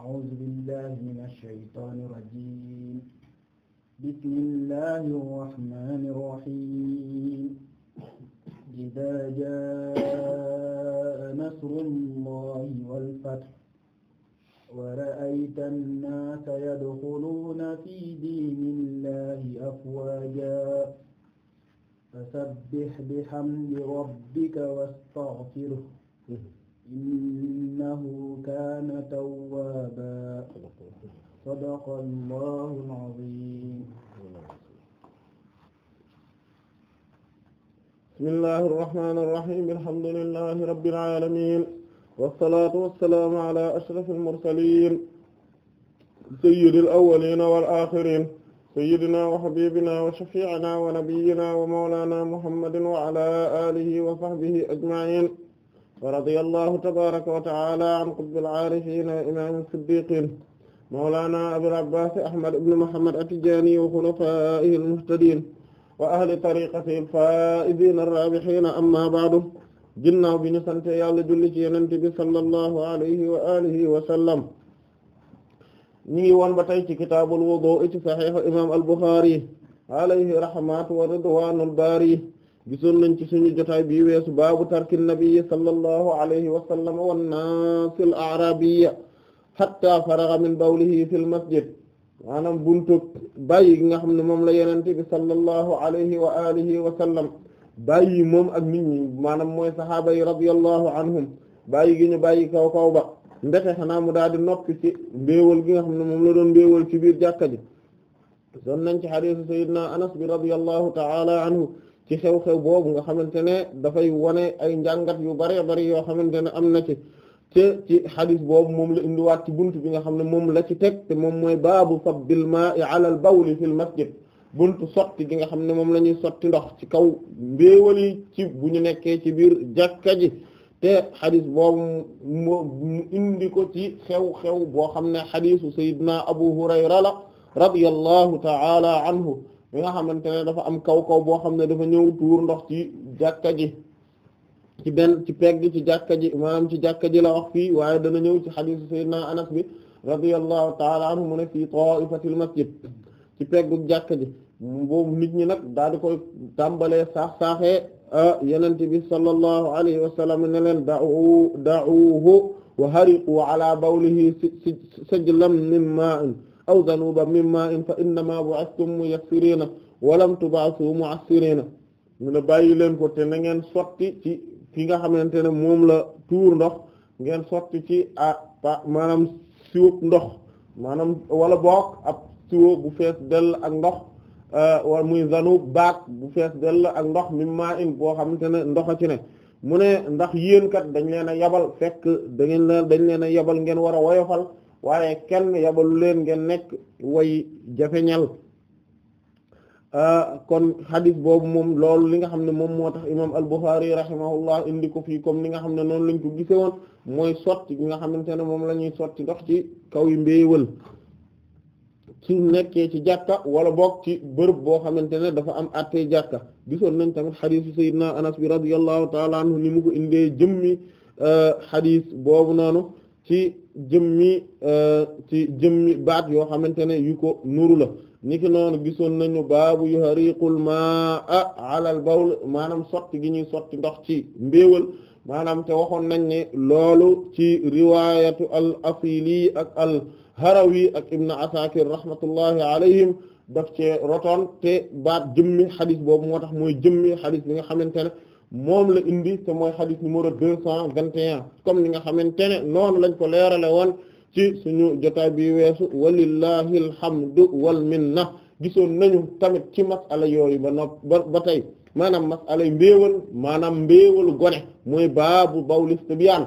أعوذ بالله من الشيطان الرجيم بسم الله الرحمن الرحيم إذا جاء نصر الله والفتح ورأيت الناس يدخلون في دين الله أفواجا فسبح بحمد ربك واستغفره innahu kaana tawwaaba sadaqallaahu al-aziim bismillaahi rahmaani rahiim alhamdulillaahi rabbil aalamiin wassalaatu wassalaamu alaa ashrafil mursaliin sayyidil awwaliina wal aaxiriin sayyidinaa wa habiibinaa wa shafii'inaa wa nabiyyinaa wa mawlaanaa muhammadin wa alaa aalihi wa sahbihi ajma'iin radiyallahu tabaraka wa taala an qutbil aarifin wa imam siddiqin mawlana abil abbas ahmad ibn muhammad at-tijani wa xulafaihi almuhtadin wa ahli tariqatihi alfaa'izin arrabihin amma ba'du ginnaaw bi ñu sante yàlla julli ci yenente bi sallallahu alayhi wa alihi wa sallam ñu ngi woon ba tey ci kitaabul wudu ci saxiix imam al-Bukhari alayhi rahmatu wa ridwanul baari gisoon nañ ci suñu jotaay bi weesu baabu tarki nabiyi sallallahu alayhi wa sallam wan naasi al arabiyya hatta faraga min bawlihi fil masjid maanaam buntu bàyyi gi nga xam ne moom la yenente bi sallallahu alayhi wa alihi wa sallam bàyyi moom ak nit ñi maanaam mooy sahaaba yi radiyallahu anhum bàyyi gi ñu bàyyi kaw kaw ba mbete xanaa mu daal di noppi ci mbéewal gi nga xam ne moom la doon mbéewal ci biir jàkka ji doon nañ ci xadiisu sayyidina anas bi radiyallahu ta'ala ci xew-xew boobu nga xamante ne dafay wane ay njàngat yu bari bari yoo xamante ne am na ci te ci xadis boobu moom la indiwaat ci bunt bi nga xam ne moom la ci teg te moom mooy baabu sabbil alal ala al bawli fil masjid buntu sotti gi nga xam ne moom la ñuy sotti ndox ci kaw mbéewali ci bu ñu nekkee ci biir jàkka ji te xadis boobu mu indi ko ci xew-xew boo xam ne xadisu sayidna abu hurayra la radiyallahu ta'ala anhu bi nga xamante ne dafa am kaw kaw boo xam ne dafa ñëw tuur ndox ci jàkka ji ci benn ci pegg ci jàkka ji maanaam ci jàkka ji la wax fii waaye dana ñëw ci xadiisu sayyidina anas bi radiyallahu taala anhu mu ne fii ta'ifatil masjid ci peggu jàkka ji boobu nit ñi nag daal di koy tàmbalee saax saaxee ah, yonent bi sallallahu alayhi wa ne leen da'u da'uhu wa hariqu ala bawlihi sajlan min ma'in aw ba zanuba mimma in fa innama bu'astum muyassirina wa lam tub'asu mu'assirina mu ne bàyyi leen ko te na ngeen sotti ci fi nga xamante ne moom la tuur ndox ngeen sotti ci ah maanaam siwub ndox maanaam wala boog ab siwo bu fees dell ak ndox euh, wala muy zanub baag bu fees dell ak ndox mimma in boo xamante ne ndox a ci ne mu ne ndax yéen kat dañ leen a yabal fekk da ngeen dañ leen a yabal ngeen war a woyofal waaye kenn yabalu leen ngeen nekk way jafeñal ah, kon xadis boobu moom loolu li nga xam ne moom moo tax imam al-Bukhari rahimahullah indi ko fii comme li nga xam ne noonu lañ ko gise woon mooy sotti bi xamante ne moom la ñuy sotti ndox ci kaw yi mbéywal ci nekkee ci jàkka wala boog ci bërëb boo xamante ne dafa am attee jàkka gisoon nañ tamit xadisu na anas bi radiyallahu taala anhu ni mu ko indee jëmmi ah, xadis boobu noonu ci jëmmi euh, ci jëmmi baat yoo xamante ne yu ko nuru la niki noonu gisoon nañu baabu yuhariqul ma'a a alal bawl maanaam sotti gi ñuy sotti ndox ci mbéewal maanaam te waxoon nañ ne loolu ci riwaayatu al asili ak al harawi ak ibn asakir rahmatullahi alayhim daf cee rotoon te baat jëmmi xadis boobu moo tax mooy jëmmi xadis bi nga xamante ne moom la indi te mooy xadis numéro deux cent vingt comme ni nga xamante ne noonu lañ ko leerale woon ci suñu jotaay bi weesu walillahi alhamdu wal minna gisoon nañu tamit ci masala yooyu ba nopp ba ba tey maanaam masala mbéewal maanaam mbéewalu gone mooy baabu bawlis tibyaan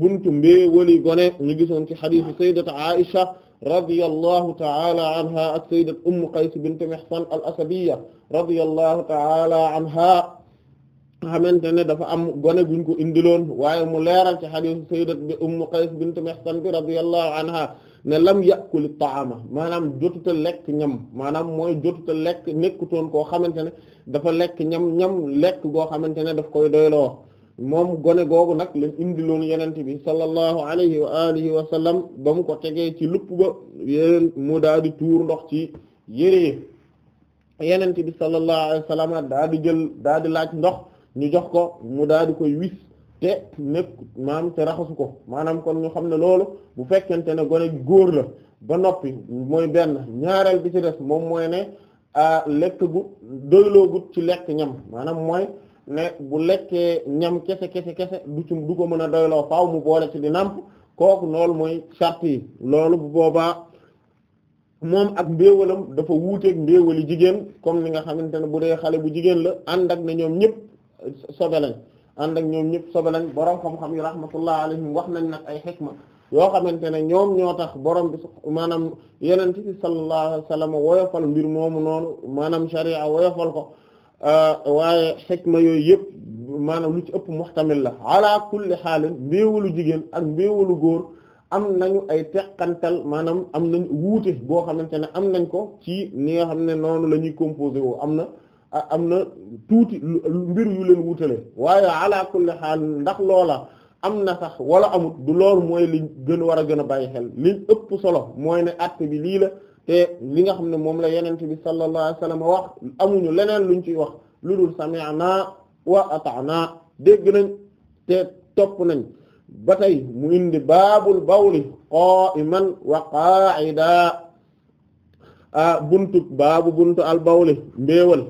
buntu mbéewali gone ñu gisoon ci xadisu sayyidati Aisha radiyallahu ta'ala anha ak sayyidat Umm Qays bint Mihsan al-Asadiyya radiyallahu ta'ala anha xamante ne dafa am gone guñ ko indiloon waaye mu leeral ci xadiis sayyidat bi ummu qays bint mihsan bi radiyallahu anha ne lam yàqul taama maanaam jotuta lekk ñam maanaam mooy jotuta lekk nekkutoon koo xamante ne dafa lekk ñam ñam lekk goo xamante ne daf koy doyloo moom gone googu nag lañ indiloon yenente bi sallallahu alayhi wa alihi wa sallam ba mu ko tegee ci lupp ba mu daal di tuur ndox ci yére yenente bi sallallahu alayhi wa sallam daal di jël daal di laaj ndox ñu jox ko mu daal di koy wis te nekk maam te raxasu ko maanaam kon ñu xam ne loolu bu fekkente ne gone góor la ba noppi mooy benn ñaareel bi ci des moom mooy ne lekk gu doyloogut ci lekk ñam maanaam mooy ne bu lekkee ñam kese kese kese du ci du ko mën a doyloo faaw mu boole ci di nàmp kooku loolu mooy sart yi loolu bu boobaa moom ak mbéewalam dafa wuuteeg mbéewali jigéen comme ni nga xamante ne bu dee xale bu jigéen la ànd ak ne ñoom ñëpp sobe lañ ànd ak ñoom ñëpp sobe lañ borom xam-xam yi rahmatullah alayhim wax nañ na ay xikma yoo xamante ne ñoom ñoo tax borom bi maanaam yenent bi sallallahu alayhi woyofal mbir moomu noonu maanaam sharia woyofal ko euh, waaye xikma yooyu yëpp maanaam lu ci ëpp muxtamil la ala kulli xaalin mbéewalu jigéen ak mbéewalu góor am nañu ay teqantal maanaam am nañ wuute boo xamante ne am nañ ko ci ni nga xam ne noonu la ñuy composé woo am na am na tuuti mbir yu leen wutale waaye ala kulli xaal ndax loola am na sax wala amut du loolu mooy li gën war a gën a bàyyi xel li ëpp solo mooy ne àtte bi lii la te li nga xam ne moom la yenente bi sallallahu alayhi wasallam wax amuñu leneen luñ ciy wax lu dul sami'na wa ata'na dégg nañ te topp nañ ba tey mu indi baabul bawli qa'iman wa qa'ida buntub baabu buntu al bawli mbéewal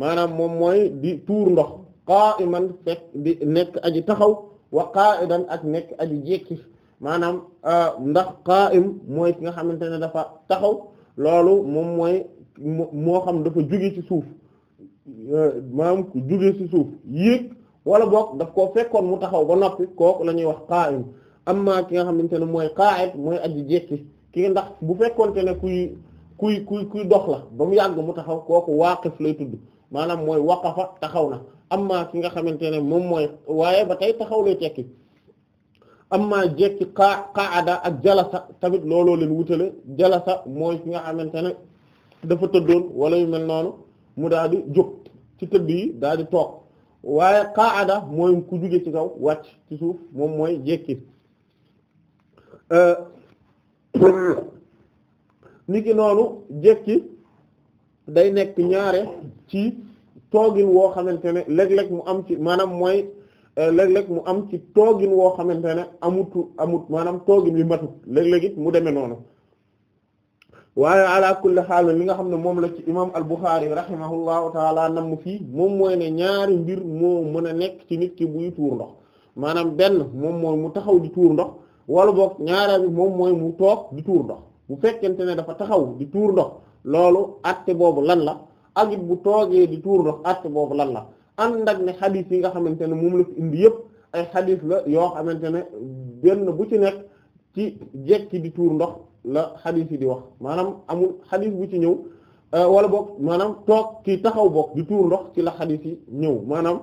maanaam moom mooy di tuur ndox qa'iman fekk di nekk aji taxaw wa qa'idan ak nekk aji jekki maanaam euh, ndax qa'im mooy ki nga xamante ne dafa taxaw loolu moom mooy moo xam dafa juge ci suuf euh, maam ku jóge ci suuf yéeg wala boog daf koo fekkoon mu taxaw ba noppi kooku la ñuy wax qa'im amma ki nga xamante ne mooy qa'id mooy aji jekki ki ndax bu fekkoonte ne kuy kuy kuy kuy dox la ba mu yàgg mu taxaw kooku waaqif lay tudd maanaam mooy waqafa taxaw na am amma ki nga xamante ne moom mooy waaye ba tey taxaw lay am ma jekki qa qaada ak jalasa tamit looloo leen wutale jalasa mooy ki nga xamante ne dafa tëddoon wala yu mel noonu mu daal di jóg ci tëdd yi daal di toog waaye qaada mooy ku jóge ci kaw wàcc ci suuf moom mooy jekki euh, niki noonu jekki day nekk ñaare ci toogin woo xamante ne léeg-léeg mu am ci maanaam mooy euh, léeg-léeg mu am ci toogin woo xamante ne amutu amut maanaam toogin bi matut léeg-léeg mu demee noonu waaye ala kulli xaal li nga xam ne moom la ci imam al-Bukhari rahimahullahu taala namm fii moom mooy ne ñaari mbir moo mën a nekk ci nit ki buy tuur ndox maanaam benn moom mooy mu taxaw di tuur ndox wala boog ñaareel bi moom mooy mu toog di tuur ndox mu fekkente ne dafa taxaw di tuur ndox loolu atte boobu lan la ak it bu toogee di tuur ndox atte boobu lan la ànd ne xadis yi nga xamante ne moom la fi indi yëpp ay xadis la yoo xamante ne benn bu ci nekk ci jekki di tuur ndox la xadis yi di wax maanaam amul xadis bu ci ñëw euh, wala boog maanaam toog kii taxaw boog di tuur ndox ci la xadis yi ñëw maanaam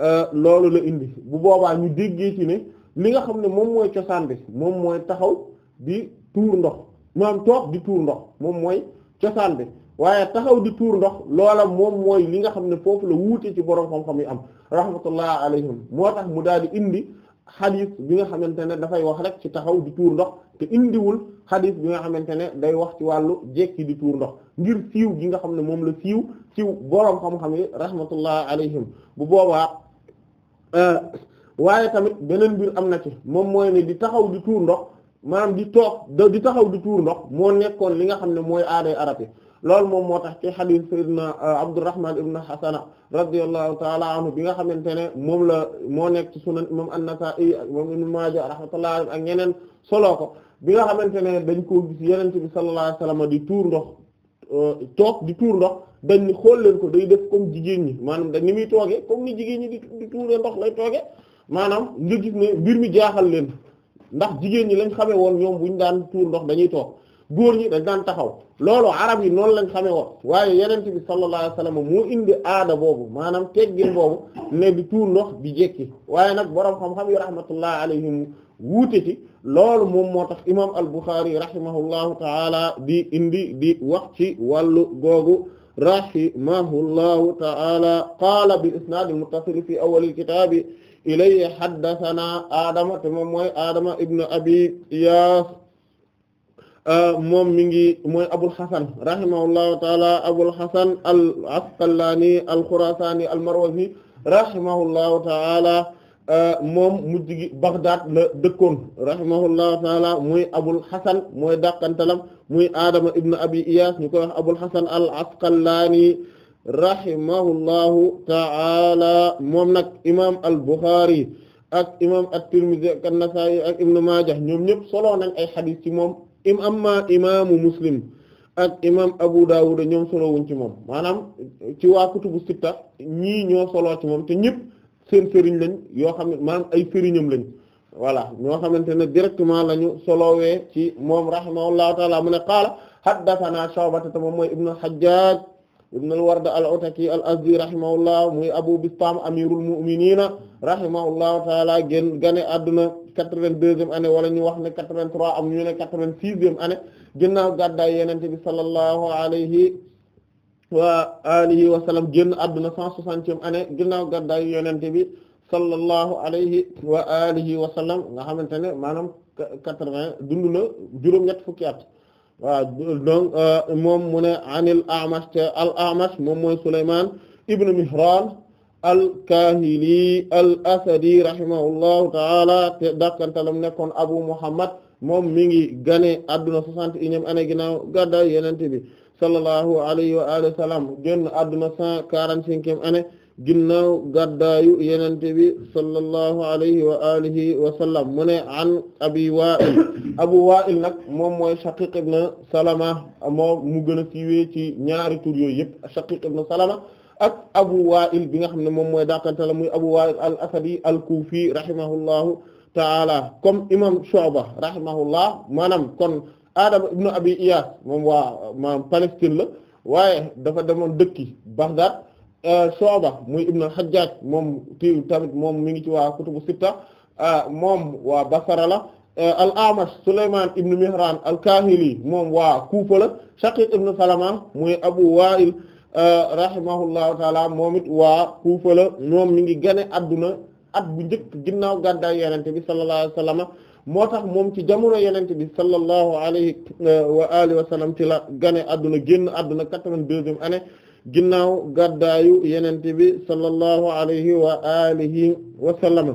euh, loolu la indi bu boobaa ñu déggee ci ne li nga xam ne moom mooy cosaan bi moom mooy taxaw di tuur ndox maanaam toog di tuur ndox moom mooy cosaan bi waaye taxaw di tuur ndox loola moom mooy li nga xam ne foofu la wuute ci borom xam-xam yi am rahmatullah alayhim moo tax mu daal di indi xadis bi nga xamante ne dafay wax rek ci taxaw di tuur ndox te indiwul xadis bi nga xamante ne day wax ci wàllu jekki di tuur ndox ngir siiw gi nga xam ne moom la siiw siiw borom xam-xam yi rahmatullah alayhim bu boobaa euh, waaye tamit beneen biir am na ci moom mooy ne di taxaw di tuur ndox. maanaam di toog di taxaw di tuur ndox moo nekkoon li nga xam ne mooy aaday arab yi loolu moom moo tax ci xadiis sayyidina euh, Abdurrahman ibn Hasana radiyallahu ta'ala anhu bi nga xamante ne moom la moo nekk ci sunan imam An-Nasa'i ak imam Ibn Maaja rahmatullah ak ñeneen solo ko bi nga xamante ne dañ koo gis Yonent bi sallallahu alayhi wasallam di tuur ndox euh, toog di tuur ndox dañ xool leen ko day def comme jigéen ñi maanaam dañ ni muy toogee comme ni jigéen ñi di di tuure ndox lay toogee maanaam nga gis ne mbir mi jaaxal leen ndax jigéen ñi lañ xamee woon ñoom buñ daan tuur ndox dañuy toog góor ñi dañ daan taxaw loolu arab yi noonu lañ xamee woon waaye yeneen bi sallallahu alayhi wasallam mu indi aada boobu maanaam teggin boobu ne di tuur ndox di jekki waaye nag boroom xam-xam yi rahmatullah alayhim wuute loolu moom moo tax imam al-Bukhari rahimahullahu taala di indi di wax ci wàllu googu rahimahullahu taala qaala bi isnaadil muttasil fi awwalil kitaabi ilayhi haddathana Adama te moom mooy Adama ibn Abi Iyas moom mi ngi mooy Abul Hasan rahimahullahu taala Abul Hasan al-Asqalani al-Khurasani al-Marwazi rahimahullahu taala moom mujj Baghdad la dëkkoon rahimahullahu taala muy Abul Hasan mooy dàqantalam muy Adama ibn Abi Iyas ñu koy wax Abul al-Asqalani rahimahullahu ta'ala moom nag imaam al-Bukhari ak imaam at-Tirmidhi ak an-Nasa'i ak Ibn Majah ñoom ñëpp solo nañ ay xadis ci moom im amma imaamu Muslim ak imaam Abu Dawud ñoom solo wuñ ci moom maanaam ci waa kutubu sitta ñii ñoo solo ci moom te ñëpp seen sëriñ lañ yoo xam ne maanaam ay sëriñam lañ voilà ñoo xamante ne directement lañu solowee ci moom rahimahullahu ta'ala mu ne qaala haddathana Shu'ba moom mooy Ibn al-Hajjaj ibn al-Ward al-Ataki al-Azdi rahimahullah muy Abu Bistam amirul mu'minina rahimahullahu taala génn gane àdduna quatre-vingt-deuxième année wala ñu wax ne quatre-vingt-trois am ñu ne quatre-vingt-sixième année ginnaaw gàddaay Yonent bi sallallahu alayhi wa alihi wa sallam génn àdduna cent soixantième année ginnaaw gàddaay Yonent bi sallallahu alayhi wa alihi wa sallam nga xamante ne maanaam quatre-vingts dund na juróom-ñett fukki at waaw donc euh, moom mu ne anil moom mooy Souleymane Ibn Mihran al-Kahili al-Asadi rahimahullahu taala te dakkantalam nekkoon Abu Muhammad moom mi ngi gane adduna soixante et unième année ginnaaw gàddaay Yonent bi sallallahu alayhi wa alihi wa sallam génn adduna cent quarante-cinquième année ginnaaw gàddaayu yenente bi sallallahu alayhi wa alihi wa sallam mu ne an wa'il abu wa'il nag moom mooy shaqiq ibn salama moom mu gën a siiwee ci ñaari tur yooyu yëpp ibn salama ak abu wa'il bi nga xam ne moom mooy dàqante la muy abu wa'il al asadi al kufi rahimahullahu taala comme imam shu'ba rahimahullah maanaam kon adama ibn abi iyas moom waa la waaye dafa demoon dëkki baghdad Euh, Shu'ba muy ibn al moom ti tamit moom mu ngi ci waa kutubu sitta euh, moom waa Basra la euh, al-Amash Sulaymaan ibn Mihraan al-Kaahili moom waa Kuufa la Shaqiq ibn Salama muy Abu Wa'il rahimahullahu taala moom it waa Kuufa la moom mi ngi gane adduna at bu njëkk ginnaaw gàddaay Yonent bi sallallahu alayhi wa sallam moo tax moom ci jamono Yonent bi sallallahu alayhi wa alihi wa sallam ci la gane adduna génn adduna quatre-vingt-deuxième année ginnaaw gàddaayu yenente bi sallallahu alayhi wa alihi wa sallam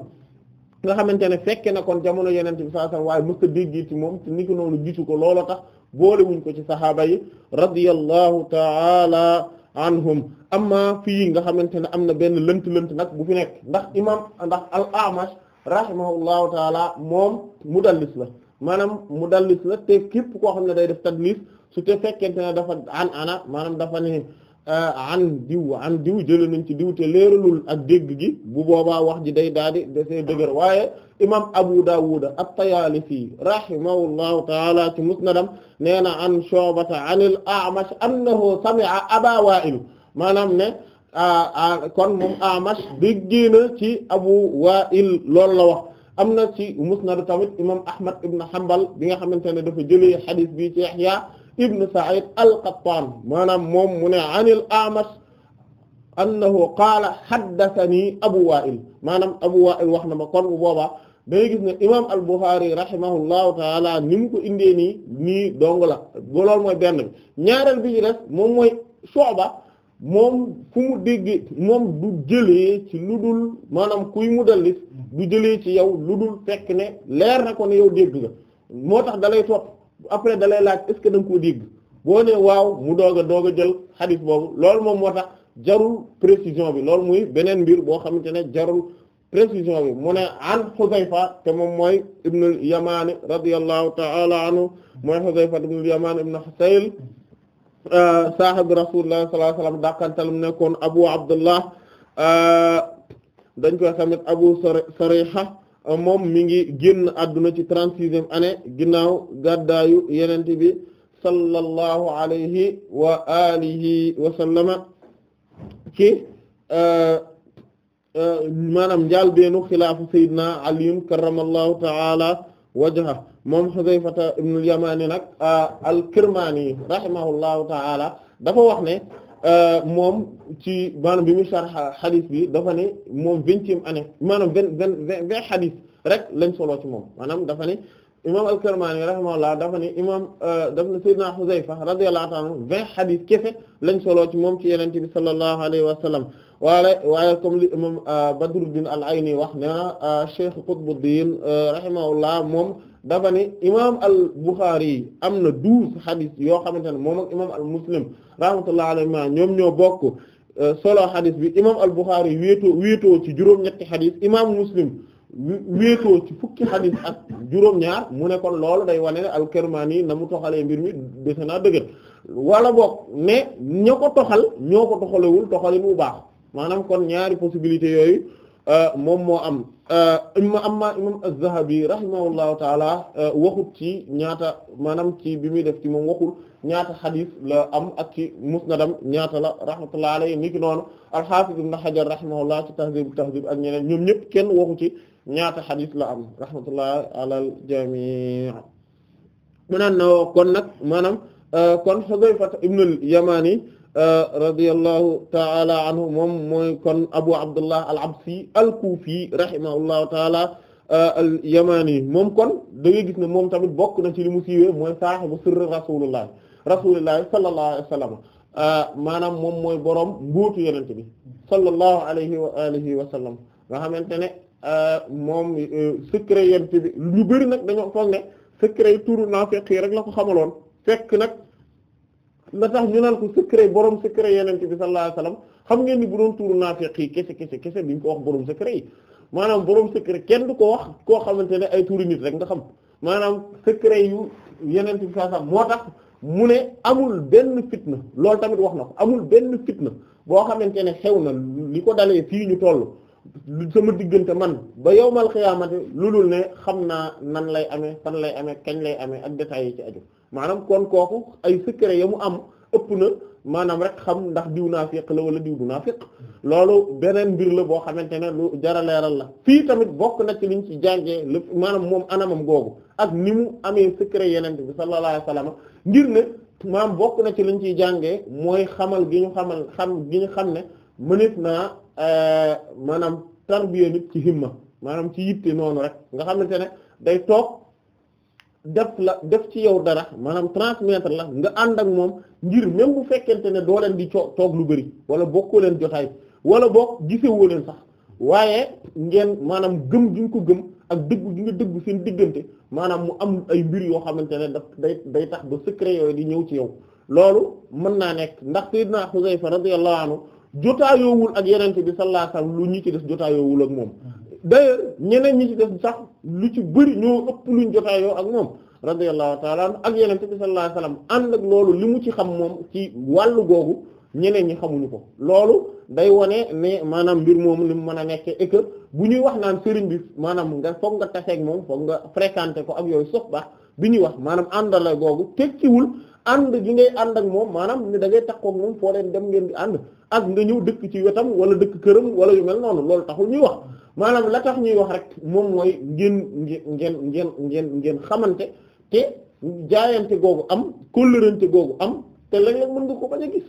nga xamante ne fekke na kon jamono yenente bi sallallahu alayhi wa waaye mës moom ni ko noonu gisu ko loolo tax boole wuñ ko ci sahaaba yi radiyallahu ta'ala anhum amma fii nga xamante ne am na benn lënt-lënt nag bu fi nekk ndax imam ndax al amash rahimahullahu taala moom mudallis la maanaam mudallis la te képp koo xam ne day def tadlis su te fekkee ne dafa an ana maanaam dafa Euh, an diw an diw nañ ci diw te leeralul ak dégg gi bu boobaa wax ji day daal di dafay dëgër waaye imam Abu Dawud at-Tayalisi rahimahullahu taala ci musnadam nee na an Shubata anil A'mash annahu sami'a Aba Wa'il maanaam ne kon moom A'mash déggee na ci Abu Wa'il loolu la wax am na ci musnad tamit imam Ahmad ibn Hanbal bi nga xamante ne dafa jëlee hadith bi ci Yahya ibn Sa'id al-Qattan maanaam moom mu ne anil A'mash annahu qaala haddathani Abu Wa'il maanaam Abu Wa'il wax na ma kon bu booba day gis ne imaam al-Bukhari rahimahullahu taala ni mu ko indee nii nii dong la loolu mooy benn bi bi ñu moom mooy Shu'ba moom fu moom du jëlee ci lu dul maanaam kuy mudallis du jëlee ci yow lu dul fekk ne leer na ko ne yow moo tax dalay topp après dalay laaj est ce koo dégg boo ne waaw mu doog a doog a jël xadis boobu loolu moom moo tax jarul précision bi loolu muy beneen mbir boo xamante ne jarul précision bi mu ne an Xuzayfa te moom mooy ibnul Yamaani radiyallahu ta'ala anhu mooy Xuzayfa ibnul Yamaani ibnu Xusayl euh, saahibu Rasuulullah sallallahu alayhi wa sallam dàqantalam nekkoon Abu Abdullah euh, dañ koy xamit Abu Sariha Euh, moom mi ngi génn adduna ci trente-sixième année ginnaaw gàddaayu yenente bi sallallahu alayhi wa alihi wa sallama ci euh, euh, maanaam njaal beenu xilaafu sayyidina Ali karramallahu ta'ala wajha moom Hudhayfata ibn yamani nag al-Kirmani rahimahullahu ta'ala dafa wax ne Euh, moom ci maanaam bi mu sharh xadis bi dafa ne moom vingtième année maanaam vingt vingt vingt xadis rek lañ soloo ci moom maanaam dafa ne imam al-Karmani rahimahullah dafa ne imam euh, daf ne sayyidina Huzayfa radiyallahu ta'ala anhu vingt xadis kefe lañ soloo ci moom ci yenente bi sallallahu alayhi wa sallam waale waaye comme li imam euh, Badruddin al-Ayni wax ne na Cheikh Qutbuddin rahimahullah moom dafa ne imaam al Bukhari yi am na douze xadis yoo xamante ne moom ak imaam al Muslim rahmatullahi alayhima ñoom ñoo bokk euh, solo xadis bi imaam al Bukhari wéetoo wéetoo ci juróom-ñetti xadis imaam Muslim wéetoo ci fukki xadis ak juróom-ñaar mu ne kon loolu day wane ne al-Kirmani na mu toxalee mbir mi dese naa dëgër wala boog ne ña ko toxal ñoo ko toxalewul toxalin bu baax maanaam kon ñaari possibilités yooyu. Euh, moom moo am euh, imma amma imam az-Zahabi rahimahullahu taala euh, waxut ci ñaata maanaam ci bi muy def ci moom waxul ñaata xadis la am ak ci musnadam ñaata la rahmatullahi alayhi ni ki noonu al-Hafiz na Hajar rahimahullah ci Tahdhib Tahdhib ak ñeneen ñoom ñëpp kenn waxu ci ñaata xadis la am rahmatullahi alal jamii mu naan kon nag maanaam kon Hudayfa ibn al-Yamani Euh, radiyallahu taala anhu moom mooy kon Abu Abdullah al-Absi al-Kufi rahimahullahu taala euh, al-Yamani moom kon da ngay gis ne moom tamit bokk na ci li mu siiwee mooy saahibu sirr rasulullah rasulullah sallallahu alayhi wa sallam euh, maanaam moom mooy borom mbóotu yenente bi sallallahu alayhi wa alihi wa sallam nga xamante ne moom secret yenente bi nag dañoo foog ne secret yi turu rek la ko xamaloon fekk nag la tax ñu naan ko secret borom secret yeneen bi sallallahu alayhi wasallam xam ngeen ni bu doon tuuru naafiq yi kese kese kese duñ ko wax borom secret yi maanaam boroom secret kenn du ko wax koo xamante ne ay tuuri nit rek nga xam maanaam secret yu yeneen bi sallallahu alayhi moo tax mu ne amul benn fitna loolu tamit wax na ko amul benn fitna boo xamante ne xew na li ko dalee fii ñu toll sama diggante man ba yowmal xiyaamati lu dul ne xam naa nan lay amee fan lay amee kañ lay amee ak détails yi ci aju. maanaam kon kooku ay secret ya mu am ëpp na maanaam rek xam ndax diw naa fiq la wala diw du naa fiq loolu beneen mbir la boo xamante ne lu jara leeral la fii tamit bokk na ci liñ ci jàngee lépp maanaam moom anamam googu ak ni amee secret yenente bi sallallahu alayhi wasallam ngir ne maam bokk na ci liñ ciy jàngee mooy xamal gi ñu xamal xam gi ñu xam ne mënees naa euh, maanaam tarbiya nit ci himma maanaam ci yitte noonu rek nga xamante ne day toog def la def ci yow dara maanaam transmettre la nga ànd ak moom ngir même bu fekkente ne doo leen di co toog lu bari wala bokkoo leen jotaay wala bokk gisewoo leen sax waaye ngeen maanaam gëm gi nga ko gëm ak dëggu gi nga dëggu seen diggante maanaam mu am ay mbir yoo xamante ne daf day day tax ba secret yooyu di ñëw ci yow loolu mën naa nekk ndax sayyidna Xuzayfa radiyallahu anhu jotaayowul ak yenente bi sallallahu alayhi lu ñu ci des jotaayoowul ak moom d'ailleurs ñeneen ñi ci def sax lu ci bëri ñoo ëpp luñ jotaayoo ak moom radiyallahu ta'ala anhu ak yeneen te bi sallallahu alayhi wasallam ànd ak loolu li mu ci xam moom ci wàll googu ñeneen ñi xamuñu ko loolu day wane ne maanaam mbir moom ni mu mën a nekkee et bu ñuy wax naan sëriñ bi maanaam nga foog nga taseeg moom foog nga fréquenter ko ak yooyu soxba bi ñuy wax maanaam àndala googu tekkiwul ànd gi ngay ànd ak moom maanaam ne da ngay takkook moom foo leen dem ngeen di ànd ak nga ñëw dëkk ci wetam wala dëkk këram wala yu mel noonu loolu taxul ñuy wax maanaam la tax ñuy wax rek moom mooy ngeen ngeen ngeen ngeen ngeen xamante te jaayante googu am kóllërante googu am te léeg-léeg mën nga ko bañ a gis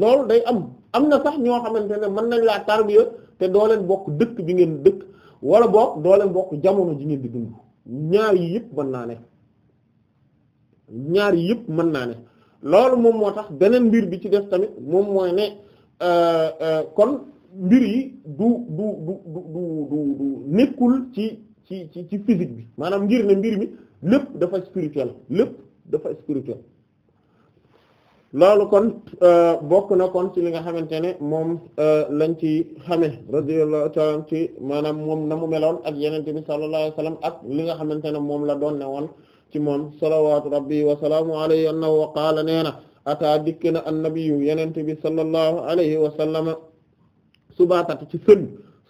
loolu day am am na sax ñoo xamante ne mën nañ laa tarbiya te doo leen bokk dëkk bi ngeen dëkk wala boog doo leen bokk jamono ji ngeen di dund ñaar yi yëpp mën naa ne ñaar yi yëpp mën naa ne loolu moom moo tax beneen mbir bi ci def tamit moom mooy ne euh, euh, kon mbir yi du du du du du nekkul ci ci ci ci physique bi maanaam ngir ne mbir mi lépp dafa spirituel lépp dafa spirituel loolu kon euh, bokk na kon ci li nga xamante ne moom euh, lañ ci xame radiyallahu ta'ala ci maanaam moom na mu meloon ak yenente bi sallallahu alayhi wasallam ak li nga xamante ne moom la doon ne woon ci moom salawatu rabbi wa salaamu alayhi annahu wa qaala nee na ataa dikk na annabi yenente bi sallallahu alayhi wa sallama subaatata ci sën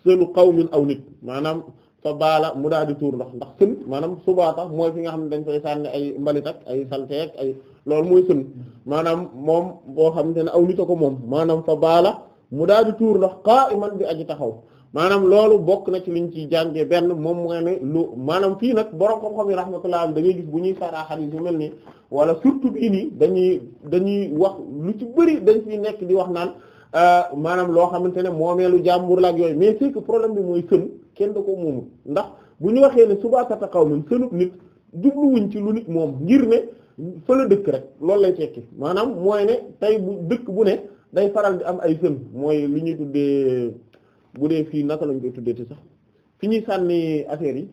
sënu qawmin aw nit maanaam fa baala mu daal di tuur ndox ndax sën maanaam subaata mooy fi nga xam ne dañ koy sànni ay mbalit ay salte ay loolu mooy sën maanaam moom boo xamante ne aw nit a ko moom maanaam fa baala mu daal di tuur ndox qa'iman bi aji taxaw maanaam loolu bokk na ci liñ ciy jàngee benn moom mooy ne lu maanaam fii nag borom xam-xam yi rahmatullah am da ngay gis bu ñuy saraa xadiis yu mel nii wala surtout bii dañuy dañuy wax lu ci bëri dañ fi nekk di wax naan Euh, maanaam loo xamante ne moomeelu jàmbur la yooyu mais c'est problème bi mooy sën kenn da ko moomu ndax bu ñu waxee ne subaakata xaw min sënub nit jubluwuñ ci lu nit moom ngir ne fa la dëkk rek loolu lay tekki maanaam mooy ne tey bu dëkk bu ne day faral di am ay sën mooy li ñuy tuddee bu dee fii naka lañ koy tuddee ti sax fi ñuy sànni affaires yi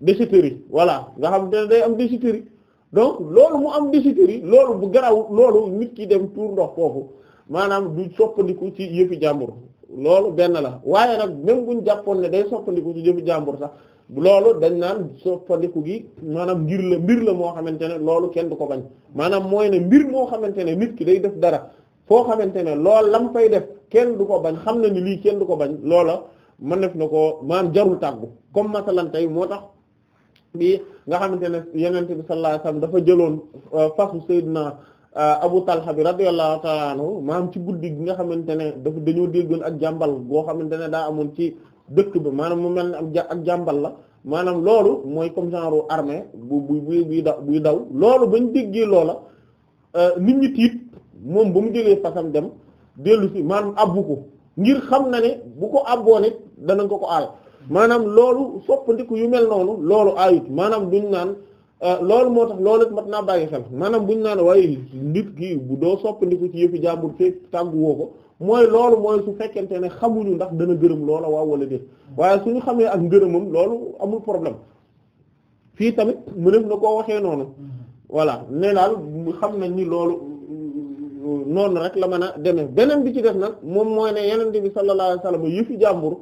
déchetterie voilà nga xam te ne day am déchetterie donc loolu mu am déchetterie loolu bu garaw loolu nit ki dem tuur ndox foofu maanaam du soppandiku ci yëfi jàmbur loolu benn la waaye nag même jàppoon ne day soppandiku ci yëfi jàmbur sax loolu dañ naan soppandiku gi maanaam ngir mbir la moo xamante ne loolu kenn du ko bañ maanaam mooy ne mbir moo xamante ne nit ki day def dara foo xamante ne lool lam fay def kenn du ko bañ xam na ni lii kenn du ko bañ loola man def na ko maanaam jarul tàggu comme masalan tey moo tax bi nga xamante ne yenente bi sallallahu dafa jëloon euh, fasu Seydina Euh, Abu Talha bi radiyallahu ta'ala anhu maanaam ci guddi gi nga xamante ne dafa dañoo déggoon ak jàmbal boo xamante ne daa amoon ci dëkk ba maanaam mu mel ni ak jàmbal la maanaam loolu mooy comme genre armée bu bu bu buy daw buy daw loolu bañ déggee loola euh, nit ñi tiit moom ba mu jógee fasam dem dellu si maanaam abbu ko ngir xam na ne bu ko abboon it danañ ko ko aal maanaam loolu soppandiku yu mel noonu loolu ayut maanaam duñ naan. Euh, loolu moo tax loolu it mat naa bàyyi xel maanaam buñ naan waaye nit ki bu doo soppandiku ci yëfu jàmbur fee tàggu woo ko mooy loolu mooy su fekkente ne xamuñu ndax dana gërëm loola waaw wala déet waaye suñu xamee ak ngërëmam loolu amul problème fii tamit mënef na ko waxee noonu voilà ne daal xam nañ ni loolu noonu rek la mën a demee beneen bi ci def nag moom mooy ne yenente bi sallallahu alayhi wasallam yëfi jàmbur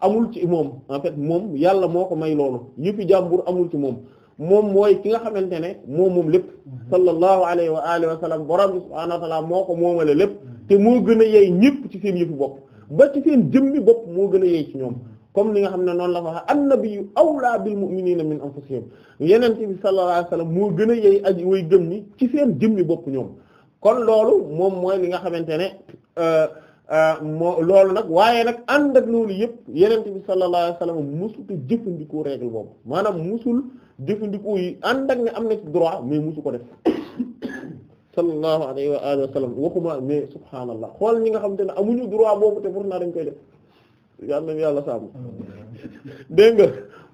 amul ci moom en fait moom yàlla moo ko may loolu yëfi jàmbur amul ci moom moom mooy ki nga xamante ne moom moom lépp mhm. sallallahu alayhi wa alihi wa sallam borom bi subhaanahu wa ta'ala moo ko moomale lépp mhm. te moo gën a yey ñëpp ci seen yëfu bopp ba ci seen jëmmi bopp moo gën a yey ci ñoom mhm. comme li nga xam ne noonu la ko waxee annabiyyu awlaa bil mu'miniina min anfusihim yeneen bi sallallahu alayhi wa sallam moo gën a yey aji way gëm ni ci seen jëmmi bopp ñoom kon loolu moom mooy li nga xamante ne euh, Euh, moo loolu nag waaye nag ànd ak loolu yëpp yenent bi sallallahu alayhi mu musuta jëfandikoo règle boobu maanaam musul jëfandikoo yi ànd ak ne am na ci droit mais musu ko def sallallahu alayhi wa alihi wa sallam waxuma mais subhaanallah xool ñi nga xam te ne amuñu droit boobu te naa dañ koy def yal na yàlla sàmm dégg nga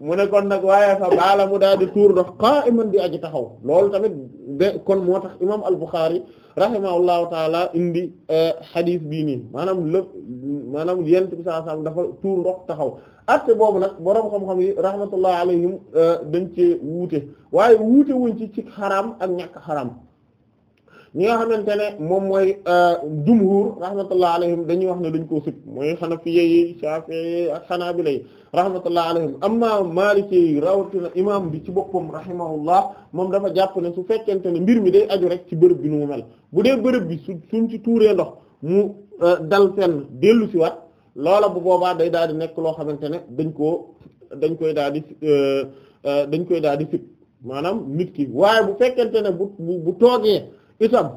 mu nekkoon nag waaye fa baala mu daal di tuur dox qa'iman di aji taxaw loolu tamit kon moo tax imaam al-Bukhari rahimahullahu taala indi xadis euh, bii nii maanaam lépp maanaam yent bi sallallahu dafa tuur ndox taxaw atte boobu nag boroom xam-xam yi rahmatullah alayhim euh, dañ cee wuute waaye wuute wuñ ci ci xaraam ak ñàkk xaraam ñi nga xamante ne moom mooy euh, jumhur rahmatullah alayhim dañuy wax ne dañ koo sib mooy xanafiye yi shafi'i yi ak xanaabila yi rahmatullah alayhim amma maliki yi rawatina imam bi ci boppam rahimahullah moom dafa jàpp ne su fekkente ne mbir mi day aju rek ci bërëb bi nu mu mel bu dee bërëb bi su suñ ci tuuree ndox mu euh, dal fenn dellu si waat loola bu boobaa day daal di nekk loo xamante ne dañ koo dañ koy daal di euh, dañ koy daal di maanaam nit ki waaye bu fekkente ne bu bu toogee itam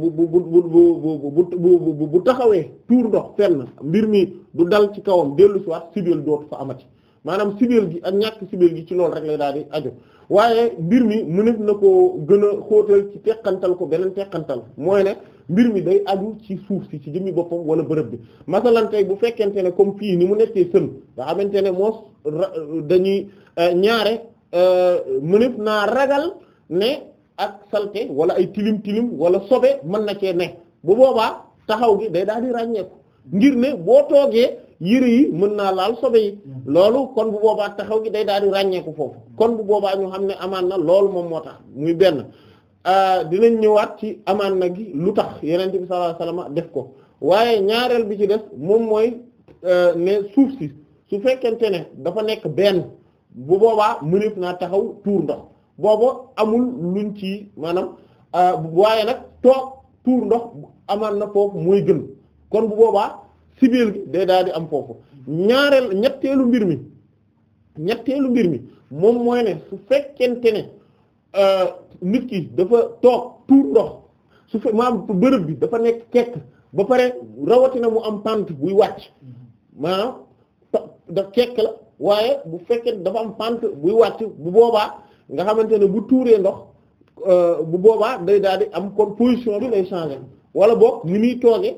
bu bu bu bu bu bu taxawee tuur ndox fenn mbir mi du dal ci kawam dellu si waat sibeel dootu fa amati maanaam sibeel gi ak ñàkk sibeel gi ci loolu rek lay daal di aju waaye mbir mi mënees na koo gën a xóotal ci teqantal ko beneen teqantal mooy ne mbir mi day aju ci suuf si ci jëmmi boppam wala bërëb bi masalan tey bu fekkente ne comme fii ni mu nekkee sën nga xamante ne moos dañuy ñaare mënees naa ragal ne. ak salte wala ay tilim tilim wala sobe mën na cee ne bu boobaa taxaw gi day daal di ràññeeku ngir ne boo toogee yére yi mën naa laal sobe yi loolu kon bu boobaa taxaw gi day daal ràññeeku foofu kon bu boobaa ñu xam ne amaan na loolu moom moo tax muy benn ah, dinañ ñëwaat ci amaan na gi lu tax yonent bi sallallahu alayhi def ko waaye ñaareel bi ci def moom mooy euh, ne suuf si su fekkente ne dafa nekk benn bu boobaa mëneef naa taxaw tuur ndox. booba amul luñ ci maanaam euh, waaye nag toog tuur ndox amaan na foofu mooy gën kon bu boobaa sibiil gi day daal di am foofu ñaareel ñetteelu mbir mi ñetteelu mbir mi moom mooy ne su fekkente ne euh, nit ki dafa toog tuur ndox su fe maanaam bërëb bi dafa nekk kekk ba pare rawatina mu am pant buy wàcc maanaam da kekk la waaye bu fekkee dafa am pant buy wàcc bu boobaa nga xamante ne bu tuuree ndox euh, bu boobaa day daal di am kon position bi lay changer wala boog ni muy toogee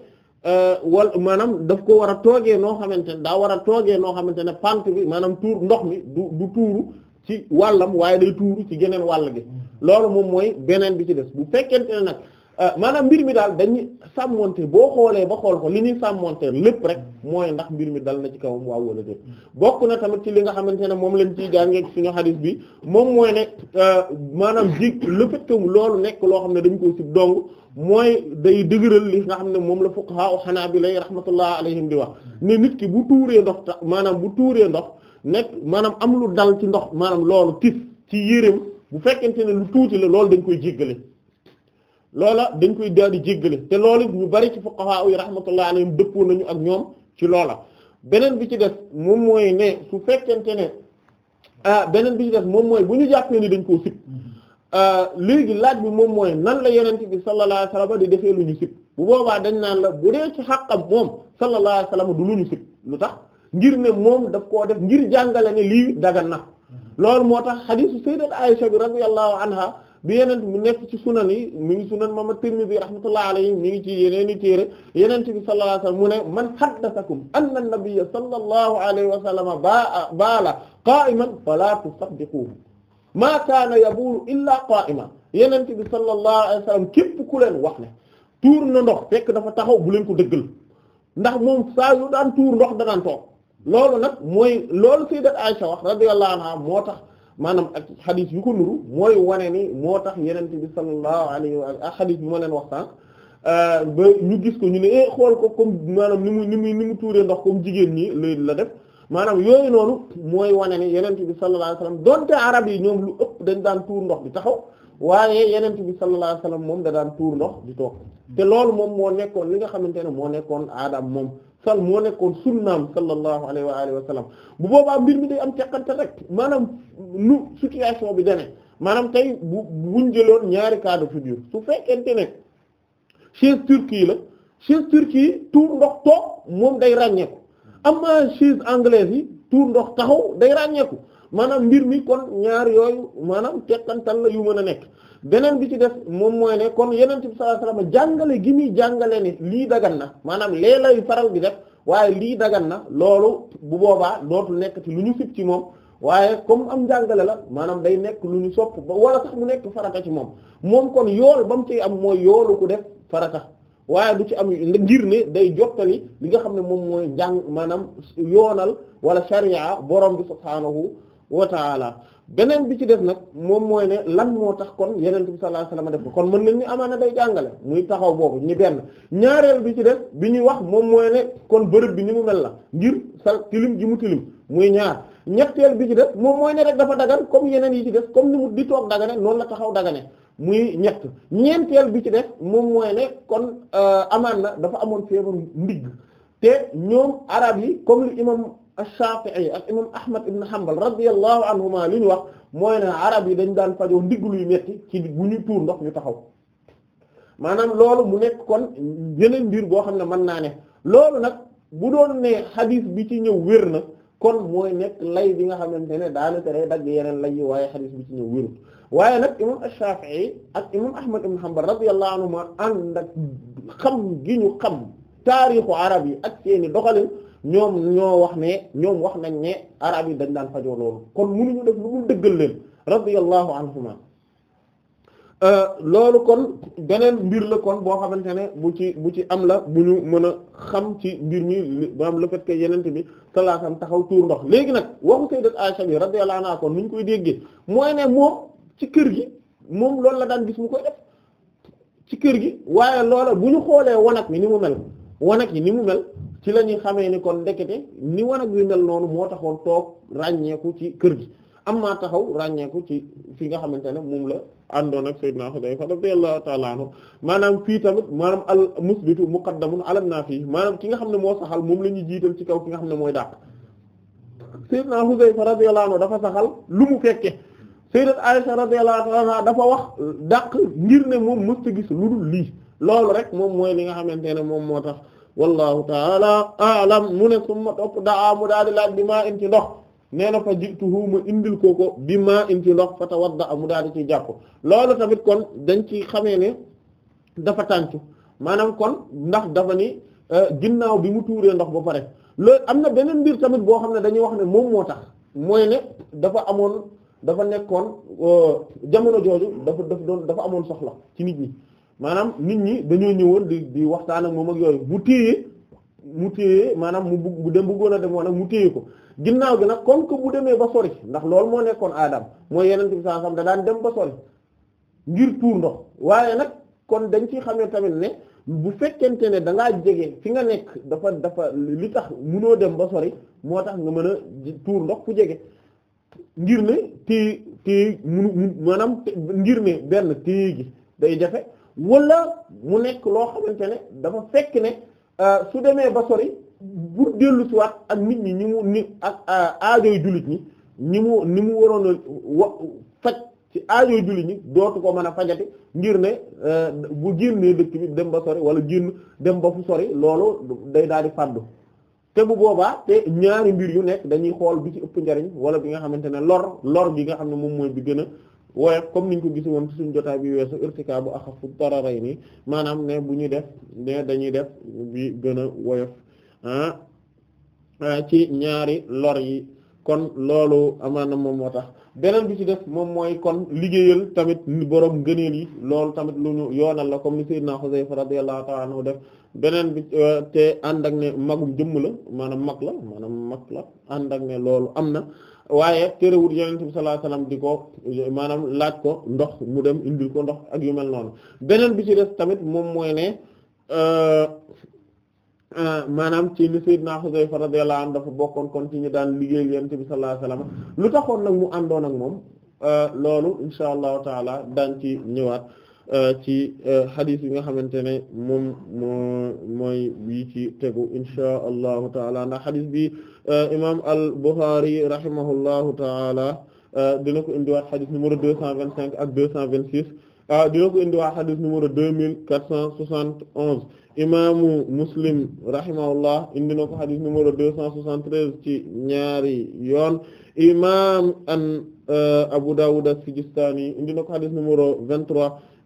euh, wala maanaam daf ko war a toogee noo xamante ne daa war a toogee noo xamante ne pant bi maanaam tuur ndox mi du du tuuru ci wàllam waaye day tuuru ci geneen wàll gi mm-hmm. loolu moom mooy beneen bi ci des bu fekkente ne nag. Euh, maanaam mbir mi daal dañuy sàmmonte boo xoolee ba xool ko li ñuy sàmmonte lépp rek mooy ndax mbir mi dal na ci kawam waaw wala déet bokk na tamit ci li nga xamante ne moom lañ ciy jàngee suñu xadis bi moom mooy ne euh, maanaam ji le loolu nekk loo xam ne dañ sib dong mooy day dëgëral li nga xam ne moom la fuqaha u hanabila rahmatullah alayhim di wax ne nit ki bu tuuree ndox ta maanaam bu tuuree ndox nekk maanaam am lu dal ci ndox maanaam loolu tis ci yéreem bu fekkente ne lu tuuti la loolu dañ koy jéggale loola dañ koy daal di jéggale te loolu ñu bari ci fuqaha yi rahmatullahi alayhim dëppoo nañu ak ñoom ci loola beneen bi ci def moom mooy ne fekkente ne ah beneen bi ci def moom mooy bu ñu jàppee ni dañ koo sib ah, léegi laaj bi moom mooy nan la yonent bi sallallahu alayhi di defee lu ñu sib bu boobaa dañ naan la bu dee ci xàqam moom sallallahu alayhi du lu ñu sib lu tax ngir ne moom daf koo def ngir jàngale ne lii dagan na mm-hmm. lool moo tax xadiisu sayyidat Aisha bi anha bi yenent mu nekk ci sunan yi mi ngi sunan mama Tirmidhi rahmatullahi alayhi mi ngi ci yeneen i téere yenent bi sallallahu alayhi wasallam mu ne man haddathakum anna an-nabiyya sallallahu alayhi wa sallama baa baala qa'iman fala tusaddiquhu ma kaana yabuulu illa qa'iman yenent bi sallallahu alayhi wa sallam képp ku leen wax ne tuur na ndox fekk dafa taxaw bu leen ko dëggal ndax moom saa yu daan tuur ndox danaan toog loolu nag mooy loolu sayyidat Aisha wax radiyallahu anha moo tax maanaam ak xadis yu ko nuru mooy wane ni moo tax yenente bi sallallahu alayhi wa ak xadis bi ma leen wax sànq euh, ba ñu gis ko ñu ne eh, xool ko comme maanaam ni mu ni mu ni tuuree ndox comme jigéen ñi lay la def maanaam yooyu noonu mooy wane ni yenente bi sallallahu alayhi wa sallam donte arab yi ñoom lu ëpp dañ daan tuur ndox di taxaw waaye yenente bi sallallahu alayhi wa moom da daan tuur ndox di toog te loolu moom moo nekkoon li nga xamante ne moo nekkoon aadam moom sal moo nekkoon sunnaam sallallahu alayhi wa alihi wa sallam bu boobaa mbir mi day am teqante rek maanaam nu situation bi dene maanaam tey bu buñ jëloon ñaari cas de figure su fekkente ne chaise turque la chaise turque yi tuur ndox toog moom day ràññeeku amaa chaise anglaise yi tuur ndox taxaw day ràññeeku maanaam mbir mi kon ñaar yooyu maanaam teqantal la yu mën a nekk beneen bi ci def moom mooy ne kon yeneen bi sallallahu alayhi ma jàngale gi muy jàngale ne lii dagan na maanaam lee lay faral di def waaye lii dagan na loolu bu boobaa dootul nekk ci lu ñu sib ci moom waaye comme am njàngale la maanaam day nekk lu ñu sopp ba wala mu nekk farata ci moom moom kon yool ba mu ciy am mooy yoolu ku def farata waaye du ci am ngir ne day jottali li nga xam ne moom mooy njàng maanaam yoonal wala sharia boroom bi subhaanahu wa taala beneen bi ci def nag moom mooy ne lan moo tax kon yeneen bi sallallahu alayhi wasallam def kon mën nañ ni amaana day jàngale muy taxaw boobu ñi benn ñaareel bi ci def bi ñuy wax moom mooy ne kon bërëb bi ni mu mel la ngir sa tilim ji mu tilim muy ñaar ñetteel bi ci def moom mooy rek dafa dagan comme yeneen yi ci def comme ni mu di toog dagane noonu la taxaw dagane muy ñett ñeenteel bi ci def moom mooy kon euh, amaan na dafa amoon feebaru ndigg te ñoom arab yi comme imam ash-Shafi'i ak imam Ahmad ibn Hanbal radiyallahu anhuma li ñu wax mooy ne arab yi dañ daan fajoo ndiglu yu metti ci gu ñu tuur ndox ñu taxaw maanaam loolu mu nekk kon yeneen mbir goo xam ne mën naa ne loolu nag bu doon ne xadis bi ci ñëw wér na kon mooy nekk lay bi nga xamante ne daana tere dagg yeneen lay yi waaye xadis bi ci ñëw wérul waaye nag imam ash-Shafi'i ak imam Ahmad ibn Hanbal radiyallahu anhuma ànd ak xam gi ñu xam taarixu arab yi ak seeni doxalin ñoom ñoo wax ne ñoom wax nañ ne arab yi dañ daan fajoo loolu kon mënuñu def lu mu dëggal leen radiyallahu anhuma euh, loolu kon beneen mbir la kon boo xamante ne bu ci bu ci am la bu ñu mën a xam ci mbir mi maanaam le fait que yenent bi sallallahu alayhi wasallam taxaw tuur ndox léegi nag waxu sayyidat Aisha bi radiyallahu anha kon ni ñu koy déggee mooy ne moom ci kër gi moom loolu la daan gis mu koy def ci kër gi waaye loola bu ñu xoolee wanag mi ni mu mel wanag yi ni mu mel ci la ñuy xamee ni kon ndekete ni wanag wi mel noonu moo taxoon toog ràññeeku ci kër gi am maa taxaw ràññeeku ci fii nga xamante ne moom la àndoon ak Seydina Xudayfa radiyallahu ta'ala anhu maanaam fii tamit maanaam al musbitu muqaddamun ala nafi maanaam ki nga xam ne moo saxal moom la ñuy jiital ci kaw ki nga xam ne mooy dàq Seydina Xudayfa radiyallahu anhu dafa saxal lu mu fekke Sayyidat Aisha radiyallahu anha dafa wax dàq ngir ne moom mësta gis lu dul lii loolu rek moom mooy li nga xamante ne moom moo tax wallahu taala alam mu ne summa topp daa mu daal di laaj bi maa in ci ndox nee na fa jituhu mu indil kooko bi maa in ci ndox fa tawadda mu daal di ciy jàpp loolu tamit kon dañ ci xamee ne dafa tàncu maanaam kon ndax dafa ni euh, ginnaaw bi mu tuuree ndox ba pare loolu am na beneen mbir tamit boo xam ne dañuy wax ne moom moo tax mooy ne dafa amoon dafa nekkoon euh, jamono jooju dafa daf doon dafa amoon soxla ci nit ñi maanaam nit ñi dañoo ñëwoon di di waxtaan ak moom ak yooyu mu téye mu téye maanaam mu bugg bu dem bëggoon a dem wala mu téye ko ginnaaw gi nag comme que bu demee ba sori ndax loolu moo nekkoon aadam mooy yeneen bi saa xam da daan dem ba sori ngir tuur ndox waaye nag kon dañ ciy xamee tamit ne bu fekkente ne da jege fi nga nekk dafa dafa li tax munoo dem ba moo tax nga mën a tuur ndox fu jege ngir ne téye téye munu maanaam ngir ne benn téye gi day jafe. wala mu nekk loo xamante ne dafa fekk ne euh, su demee ba sori bu dellu si waat ak nit ñi ñi mu ni ak euh, aajoy jullit ñi ñi mu ni mu waroon a wa faj ci aajoy jullit ñi dootu ko mën a fajati ngir ne euh, bu génnee dëkk bi dem ba sori wala génn dem ba fu sori loolu day daal di fàddu te bu boobaa te ñaari mbir yu nekk dañuy xool bi ci ëpp njariñ wala bi nga xamante ne lor lor bi nga xam ne moom mooy bi gën a woyof comme niñ ko gis woon ci suñu jotaay bi weesu irtikaabu axafu dararayni maanaam ne bu ñuy def ne dañuy def bi gën a woyof ah, ah ci ñaari lor yi kon loolu amaana moom moo tax beneen bi ci def moom mooy kon liggéeyal tamit borom ngëneel yi loolu tamit lu ñu yoonal la comme ni sayyidina Xuzayfa radiyallahu ta'ala anhu def beneen bi euh, te ànd ak ne magum jëmm la maanaam mag la maanaam mag la ànd ak ne loolu am na waaye terewul yonent bi sallallahu alayhi wasallam di ko maanaam laaj ko ndox mu dem indil ko ndox ak yu noonu beneen bi ci def tamit moom mooy ne euh, euh, maanaam ci ni Sayyidna Xuzayfa radiyallahu anhu dafa bokkoon kon ci ñu daan liggéey yonent bi sallallahu alayhi wasallam lu taxoon nag mu àndoon ak moom euh, loolu insha allahu taala daan ci ñëwaat. Euh, ci hadith euh, yi nga xamante ne moom moo mooy bii ci tegu insha allahu taala ndax hadith bi euh, imam al Bukhari rahimahullahu taala dina ko indiwaat hadith numéro deux cent vingt cinq ak deux cent vingt six ah, dina ko indiwaat hadith numéro mille quatre cent soixante onze imaamu Muslim rahimahullah indi na ko hadith numéro deux cent soixante treize ci ñaari yoon imam an Abu Dawud as-Sijistani indi na ko hadith numéro vingt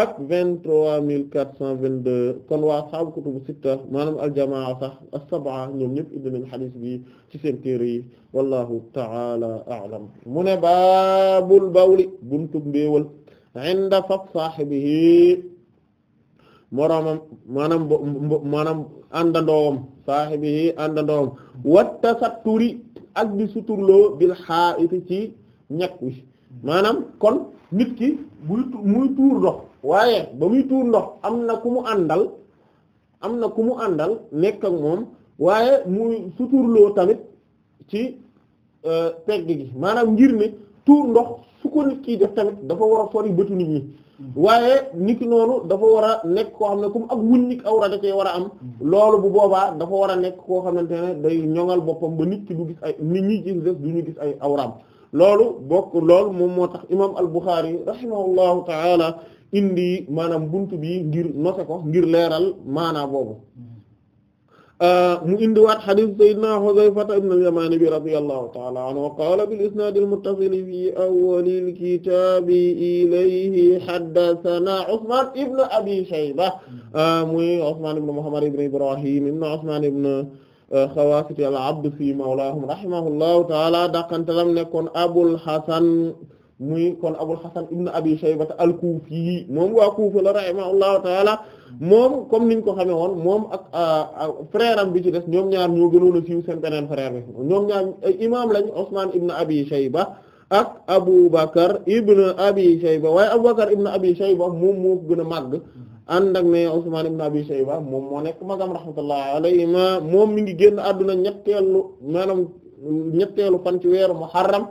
ak vingt-trois mille quatre cent vingt-deux kon waa ashaabu kutubu sitta maanaam aljamaa sax as-sab'a ñoom ñëpp indi nañ xadis bi ci seen téere yi wallahu ta'ala a'lam mu ne baabul bawli buntub mbeewal inda faq saahibihi maanaam maanaam àndandoowam saahibihi àndandoowam watta satturi ak bi suturloo bil xaa ci ñàkk wi maanaam kon nit ki buy muy tuur waaye ba muy tuur ndox am na ku mu àndal am na ku mu àndal nekk ak moom waaye muy suturloo tamit ci euh, pegg gi maanaam ngir ne tuur ndox su ko nit kii def tamit dafa war a sori bëtu nit ñi waaye nit ki noonu dafa war a nekk koo xam ne comme ak wuññik awra da cee war a am loolu bu boobaa dafa war a nekk koo xamante ne day ñoŋal boppam ba nit ki du gis ay nit ñi gis des du ñu gis ay awraam loolu bokk lool moom moo tax imam al-Bukhari rahimahullahu ta'ala indi maanaam buntu bi ngir noté ko ngir leeral maanaa boobu euh, mu indiwaat xadis sayyidina Hudayfata ibn al-Yaman bi radiyallahu ta'ala anhu wa qala bil isnad al-muttasil fi awwal al-kitab ilayhi haddathana Usman ibn Abi Shayba euh, muy Usman ibn Muhammad ibn Ibrahim ibn Usman ibn Khawafit euh, al-Absi mawlahum rahimahullahu ta'ala dakantalam nekkoon Abul Hasan muy kon Abul Hasan ibn Abi Shaybata al-Kufi moom waa Kufa la rahimahullahu taala moom comme niñ ko xamee woon moom ak ah, ah, frère am bi ci des ñoom ñaar ñoo gënoon siiw seen beneen frère bi ñoom ñaar imaam lañ Usman ibn Abi Shayba ak Abu Bakar ibn Abi Shayba waaye Abu Bakar ibn Abi Shayba moom moo gën a màgg ànd ak ne Usman ibn Abi Shayba moom moo nekk magam rahmatullahi alayhima moom mi ngi génn àdduna ñetteelu maanaam ñetteelu fan ci weeru Muharram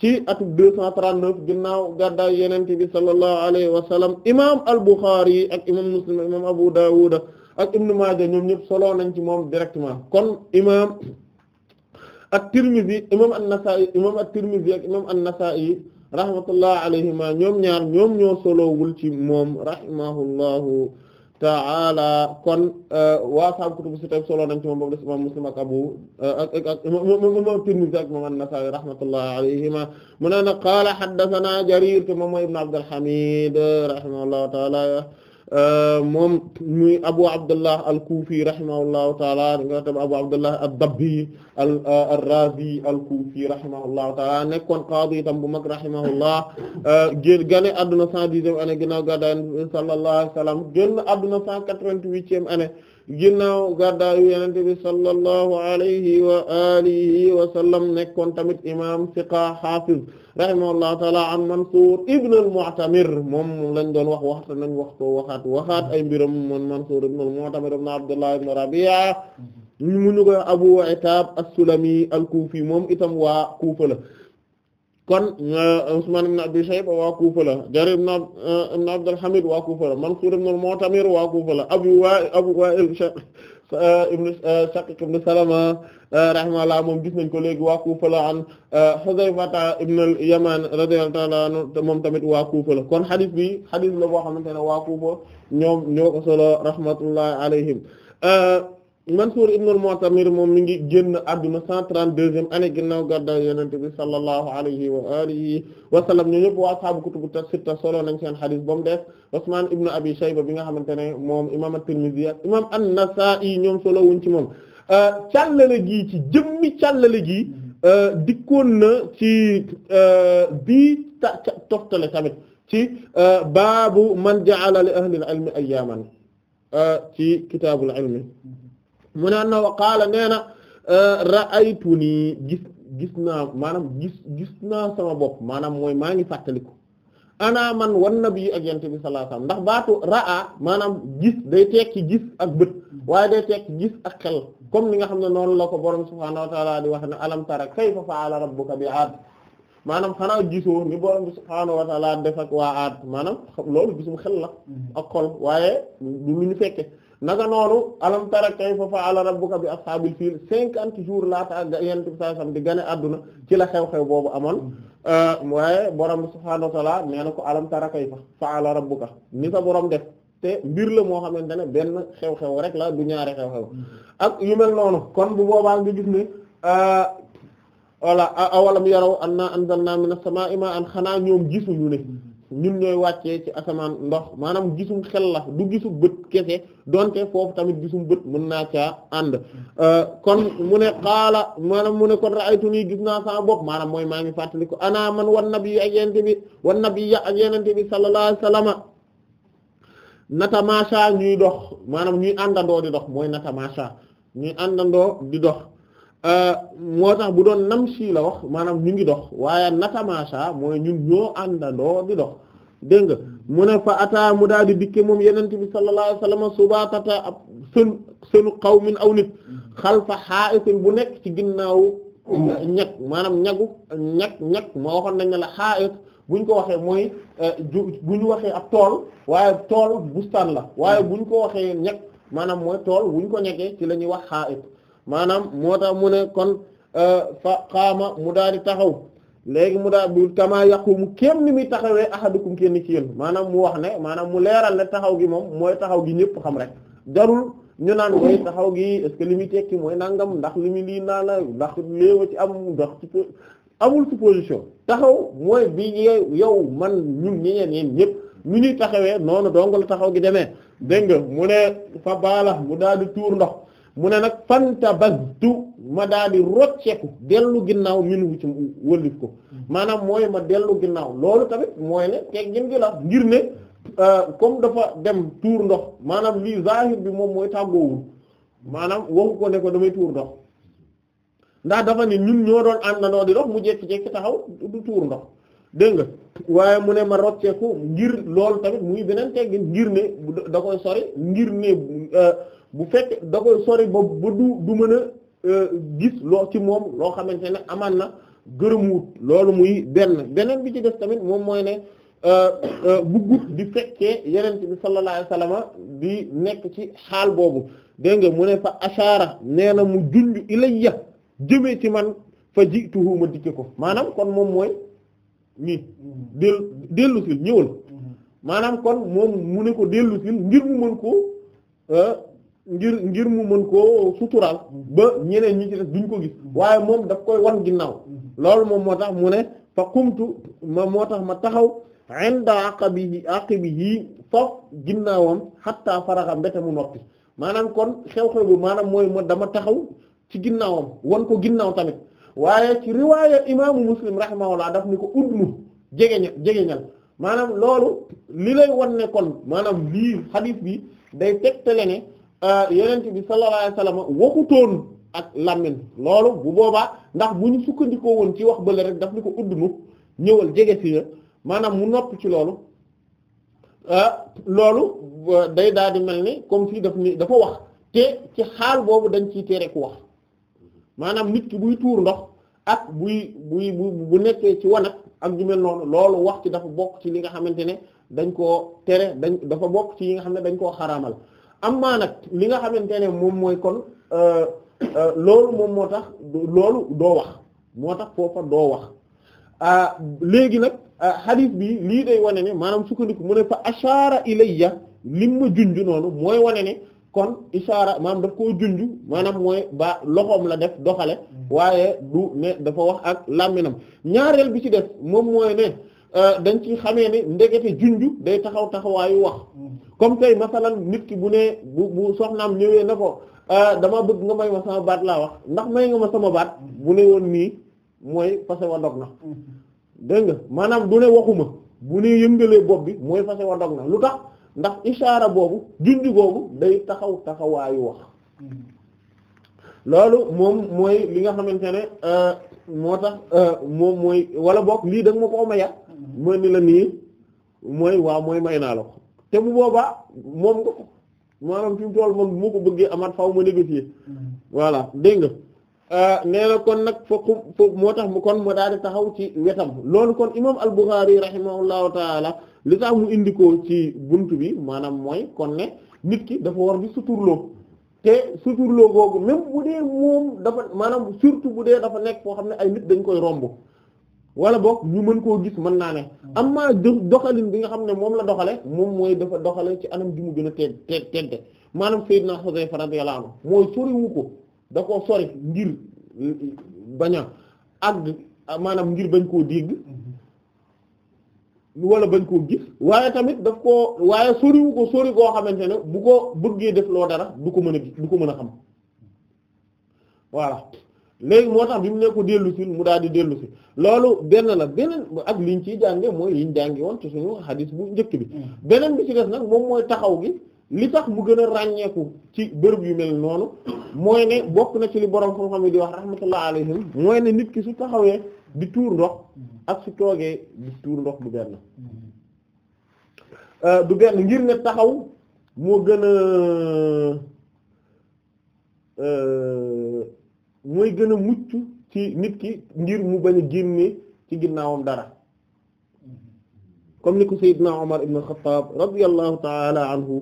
ci atum 239 ginnaaw gàddaay yonent bi sallallahu alayhi wa sallam imaam al-Bukhari ak imaam Muslim imaam Abu Dawud ak Ibn Maaja ñoom ñëpp solo nañ ci moom directement kon imaam at-Tirmidhi imaam an-Nasa'i imaam at-Tirmidhi ak imaam an alayhima ñoom ñaar ñoom ñoo solowul ci moom rahimahullahu taala kon euh, waa ashaabu kutubu sitta solo nañ ci moom boobu des imam Muslim ak abu euh, ak ak imam Tirmidhi ak imam An-Nasa'i rahmatullahi alayhima mu ne na qaala haddathana Jarir te moom mooy ibn Abdul Hamid rahimahullahu taala Euh, moom muy Abu Abdullah al-Kufi rahimahullahu taala nga tam Abu Abdullah ad-Dabbi euh, ar-Razi al-Kufi rahimahullahu taala nekkoon qaadi itam bu mag rahimahullah euh, génn gane adduna 110e année ginnaaw gàddaay sallallahu alayhi wa sallam génn adduna 188e année ginnaaw gàddaayu Yonent bi sallallahu alayhi wa alihi wa sallam nekkoon tamit imam siqa hafiz rahimahullahu taala an Mansuur ibn al-Mu'tamir moom lañ doon wax waxta nañ wax ko waxaat waxaat ay mbiram moom Mansuur ibn al-Mu'tamir ibn Abdullah ibn Rabi'a mm-hmm. mu ñu ko Abu Itab as-Sulami al-Kufi moom itam waa Kufa la kon euh, Usman ibn Abi a waa Kufa la Jarir euh, ibn Abdul Hamid waa Kufa la Mansur ibn al-Mu'tamir waa Kufa la Abu Wa'il Abu Wa'il euh, ibn Shaqiq ibn Salama rahimahullah moom gis nañ ko léegi waa Kufa la an Hudhayfa ibn al-Yaman radiyallahu ta'ala anhu moom tamit waa Kufa la kon xadis bi xadis la boo xamante ne waa Kufa ñoom ñoo ko solo rahmatullahi alayhim man Mansuur ibnul Mu'tamir moom mi ngi génn àdduna 132e année ginnaaw gàddaay Yonent bi sallallahu alayhi wa alihi wa sallam ñoo ñëpp waa ashaabu kutubu sitta solo nañ seen xadis ba mu def Usmaan ibnu Abi Shayba bi nga xamante ne moom imaam at-Tirmidhi ak imaam an-Nasaa'i ñoom solo wuñ ci moom euh, càllale gii ci jëmmi càllale gii euh, dikkoon ci euh, bii ta tamit ci baabu man ja'ala li ahli ci kitaabul ilmi mu ne na wa qaala nee na euh, ra'aytu nii gis gis naa maanaam gis gis naa sama bopp maanaam mooy maa ngi fàttaliku ana man wan nabi ak yante bi sallallahu alayhi wasallam ndax baatu ra'a maanaam gis day tekki gis ak bët waaye day tekki gis ak xel comme ni nga xam ne noonu la ko borom subhaanahu wa ta'ala di wax ne alam tara kayfa fa'ala rabbuka bi aad maanaam xanaa gisoo ni borom subhaanahu wa ta'ala def ak waa aad maanaam loolu gisum xel la ak xol waaye du lu ñu fekke naka noonu alam tara kayfa fa'ala rabbuka bi ashaabil fiil cinquante jours laata yonent bi sallallahu alayhi wasallam di gane àdduna ci la xew-xew boobu amoon euh, waaye borom subhaanahu wa ko alam tara kayfa fa'ala rabbuka ni sa borom def te mbir la moo xamante ne benn xew-xew rek la du ñaari xew-xew ak yu mel noonu kon bu boobaa nga gis ne walla euh, awalam yaraw annaa anzalnaa minas samaa'i maa'an xanaa ñoom gisuñu ne. ñun ñooy wàccee ci asamaan ndox maanaam gisum xel la du gisu bët kese donte foofu tamit gisum bët mën naa caa ànd euh, kon mu ne xaala maanaam mu ne kon ra'aytu nii gis naa sama bopp maanaam mooy maa ngi fàttali ko ana man wan nabi ak yenente bi wan nabi ak yenente bi sallallahu alayhi wasallam nata masha ñuy dox maanaam ñuy àndandoo di dox mooy nata masha ñuy àndandoo di dox Euh, moo tax bu doon namshi la wax maanaam ñu ngi dox waaye natamaasha mooy ñu ñoo àndandoo di dox dégg nga mu ne fa ata mu daal di dikke moom yenent bi sallallahu alayhi wasallam subatata ab sën sënu qawmin aw nit xalfa ha'itin bu nekk ci ginnaawu ñag maanaam ñagu ñag ñag moo waxoon nañ ne la ha'it buñ ko waxee mooy euh, ju bu ñu waxee ab tool waaye tool bustaan la waaye buñ ko waxee ñag maanaam mooy tool buñ ko ñegee ci la ñuy wax ha'it maanaam moo tax mu ne kon euh, fa xaama mu daal di taxaw léegi mu daal bu kama yaqumu kéem ni muy taxawee ahadukum kenn ci yéen maanaam mu wax ne maanaam mu leeral ne taxaw gi moom mooy taxaw gi ñëpp xam rek jarul ñu naan mooy taxaw gi est que li muy tekki mooy nangam ndax li muy lii naa la ndax léewa ci am ndax ci amul supposition taxaw mooy bi yow man ñun ñeneen yeen ñëpp ñu ñuy taxawee noonu dong la taxaw gi demee dégg mu ne fa baala mu daal di tuur ndox mu ne nag fantabaztu ma daal di rocceeku dellu ginnaaw minu ci wëllif ko maanaam mooy ma dellu ginnaaw loolu tamit mooy ne teggin gi la ngir ne euh, comme dafa dem tuur ndox maanaam lii zahir bi moom mooy tàggoowul maanaam waxu ko ne ko damay tuur ndox ndax dafa ne ñun ñoo doon àndandoo di dox mu jekki-jekki taxaw du tuur ndox dégg nga waaye mu ne ma rocceeku ngir loolu tamit muy beneen teggin ngir ne da koy sori ngir ne euh, bu fekkee da koy sori ba bu du du mën a euh, gis loo ci moom loo xamante ne amaan na gërëmuwut loolu muy benn beneen bi ci def tamit moom mooy ne euh, euh, buggut di fekkee yeneen bi sallallahu alayhi di nekk ci xaal boobu dégg nga mu ne fa ashaara nee na mu junj ilayya jëmee ci man fa jituhu ma dikke ko maanaam kon moom mooy nii dellu dellu ñëwal mm-hmm. maanaam kon moom mu ne ko dellu sil ngir mu mën ko ngir ngir mu mën koo suturaal ba ñeneen ñi ci def duñ ko gis waaye moom daf koy wan ginnaaw loolu moom moo tax mu ne fa qumtu ma moo tax ma taxaw inda aqabihi aqibihi foof ginnaawam hatta faraxa mbete mu noppi maanaam kon xew-xew bu maanaam mooy ma dama taxaw ci ginnaawam wan ko ginnaaw tamit waaye ci riwaaya imaamu muslim rahimahullah daf ni ko udnu jegeña jegeñal maanaam loolu li lay won ne kon maanaam lii xadiis bi day tegtale ne Euh, yenent bi sallallahu alayhi wasallam waxutoon ak làmmiñ loolu bu boobaa ndax bu ñu sukkandikoo woon ci wax bële rek daf ni ko udd nu ñëwal jege si na maanaam mu nopp ci loolu euh, loolu euh, day daal di mel ni comme fii daf ni dafa wax te ci xaal boobu dañ ciy tere ku wax maanaam nit ki buy tuur ndox ak buy buy bu bu nekkee ci wanag ak ju mel noonu loolu wax ci dafa bokk ci li nga xamante ne dañ koo tere dañ dafa bokk ci yi nga xam ne dañ koo xaraamal am maa nag li nga xamante ne moom mooy kon euh, euh, loolu moom moo tax loolu doo wax moo tax foofa doo wax ah, léegi nag ah, hadith bi lii day wane ne maanaam sukkandiku mu ne fa ashaara ilayya lim ma junj noonu mooy wane ne kon ishaara maanaam daf ko junj maanaam mooy ba loxoom la def doxale waaye du ne dafa wax ak làmminam ñaareel bi ci def moom mooy ne Euh, dañ ci xamee ne ndegete junju day taxaw taxawaayu wax comme tey masalan nit ki bu ne bu bu soxnaam ñëwee na ko euh, damaa bëgg nga may ma sama baat laa wax ndax may nga ma sama baat bu ne woon nii mooy fase wa dog na dégg nga maanaam du ne waxuma bu ne yëngalee bopp bi mooy fase wa dog na lu tax ndax ishaara boobu junju boobu day taxaw taxawaayu wax loolu moom mooy li nga xamante ne euh, moo tax moom mooy wala boog lii da nga ma ko omaya mooy ni la nii mooy waaw mooy may naa la ko te bu boobaa moom nga ko maanaam fi mu toll man bu ma ko bëggee amaat faaw ma négocier voilà dégg nga euh, nee na kon nag foofu foofu moo tax mu kon mu daal di taxaw ci wetam loolu kon imam al-Bukhari rahimahullahu taala li tax mu indi ko ci bunt bi maanaam mooy kon ne nit ki dafa war di suturloo te suturloo googu même bu dee moom dafa maanaam surtout bu dee dafa nekk foo xam ne ay nit dañ koy romb. wala boog ñu mën koo gis mën naa ne am hmm. amma doxalin bi nga xam ne moom la doxale moom mooy dafa doxale ci anam bi mu gën a tedd tedd tedd maanaam Seydina Xuzayfa radiyallahu anhu mooy soriwu ko da koo sori ngir baña a àgg ngir bañ koo dégg hmm. wala bañ koo gis waaye tamit daf koo waaye soriwu ko sori koo xamante ne bu ko bëggee def loo dara du ko mën a gis du ko mën a xam voilà léegi moo tax bi mu ne ko dellu mu daal di dellu si loolu benn la beneen ak liñ ciy jànge mooy liñ jànge woon ci suñu xadis bu njëkk bi mm. beneen bi ci des nag moom mooy taxaw gi li tax mu gën a ràññeeku ci bërëb yu mel noonu mooy ne bokk na ci li borom xam-xam yi di wax rahmatullah alayhim mooy ne nit ki su taxawee di tuur ndox ak su toogee di tuur ndox du benn euh, du benn ngir ne taxaw moo gën a euh, mooy gën a mucc ci nit ki ngir mu bañ a génne ci ginnaawam dara comme ni ko Seydina Omar ibn Khattab radiyallahu ta'ala anhu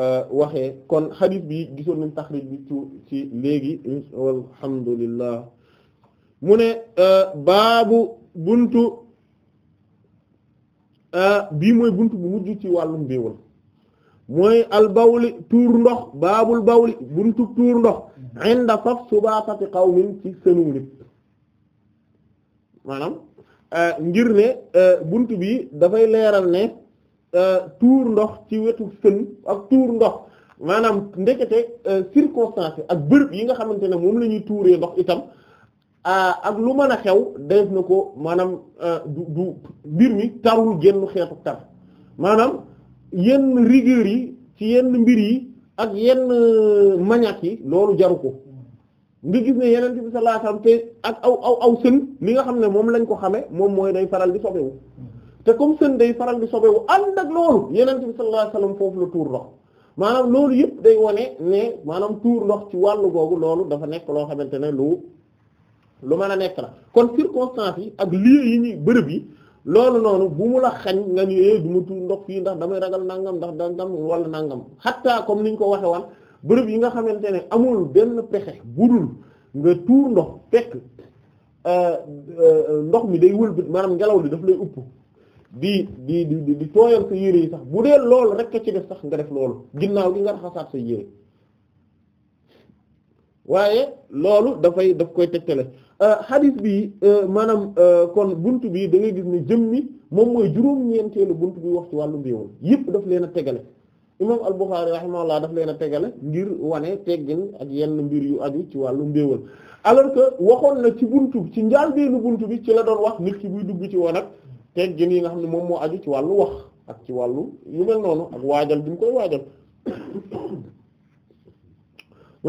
euh, waxee kon xadis bi gisoon nañ taxrij bi ci ci léegi alhamdulillah mu ne euh, baabu buntu euh, bii mooy buntu ci wàllum mbiiwal mooy albawli tuur ndox baabul bawli buntu tuur ndox inda saf subaatati qawmin ci seenu nit maanaam euh, ngir ne euh, bunt bi dafay leeral ne euh, tuur ndox ci wetu fën ak tuur ndox maanaam ndekete circonstance ak bërëb yi nga xamante ne moom lañuy ñuy ndox itam ak lu mën a xew def na ko maanaam du du mbir mi tarul génn xeetu tar maanaam yenn rigueur yi ci yenn mbir yi ak yenn euh, maniaque yi loolu jaru ko nga gis ne yeneen bi sallallahu alayhi wasallam te ak aw aw aw sën li nga xam ne moom lañ ko xamee moom mooy day faral di sobewu te comme sën day faral di sobewu ànd ak loolu yeneen bi sallallahu alayhi wasallam foofu la tuur ndox maanaam loolu yëpp day wane ne maanaam tuur ndox ci wàllu googu loolu dafa nekk loo xamante ne lu lu mën a nekk la kon circonstance yi ak lieu yi ñuy bërëb yi loolu noonu bu mu la xañ nga ñëwee eh, du ma tuur ndox fii ndax damay ragal nangam ndax dangam wala nangam xatta comme ni ñu ko waxe woon bërëb yi nga xamante ne amul benn pexe budul nga tuur ndox fekk euh, euh, ndox mi day wëlbati maanaam ngelaw li daf lay upp di di di tooyal sa yére yi sax bu dee loolu rek a ci def sax nga def loolu ginnaaw gi nga raxasaat sa yére waaye loolu dafay daf koy tegtale xadis euh, bi euh, maanaam euh, kon bunt bi dangay gis ne jëmmi moom mooy juróom-ñeenteelu buntu bi wax ci wàllu mbiiwul yëpp daf leen a tegale imam al-Bukhari laa daf leen a tegale ngir wane teggin ak yenn mbir yu aju ci wàllu mbéwal alors que waxoon na ci bunt ci njaalbeenu buntu bi ci la doon wax nit ki buy dugg ci woon ak teggin yi nga xam ne moom moo aju ci wàllu wax ak ci wàllu yu mel noonu ak waajal bi mu koy waajal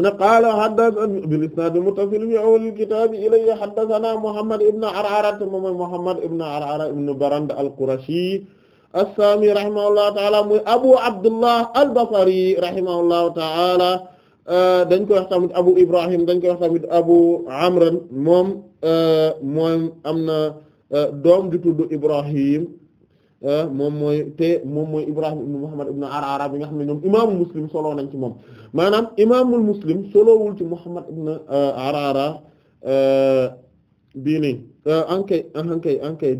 mu ne qaala haddathana bil isnaad muttasil fi awwal kitaab ilayhi haddathana Muhammad ibn Ar'ara moom mooy Muhammad ibn Ar'ara ibn Barand al-Qurashi as-Saami rahimahullahu ta'ala muy Abu Abdullah al-Basri rahimahullahu ta'ala euh, dañ koy wax tamit Abu Ibrahim dañ koy wax tamit Abu Amr moom euh, moom am na euh, doom ju tudd Ibrahim Euh, moom mooy te moom mooy Ibrahim ibn Muhammad ibn Arara bi nga xam ne ñoom imaamu Muslim soloo nañ ci moom maanaam imaamul Muslim solowul ci Muhammad ibn euh, Arara euh, bii nii ankay ankay ankay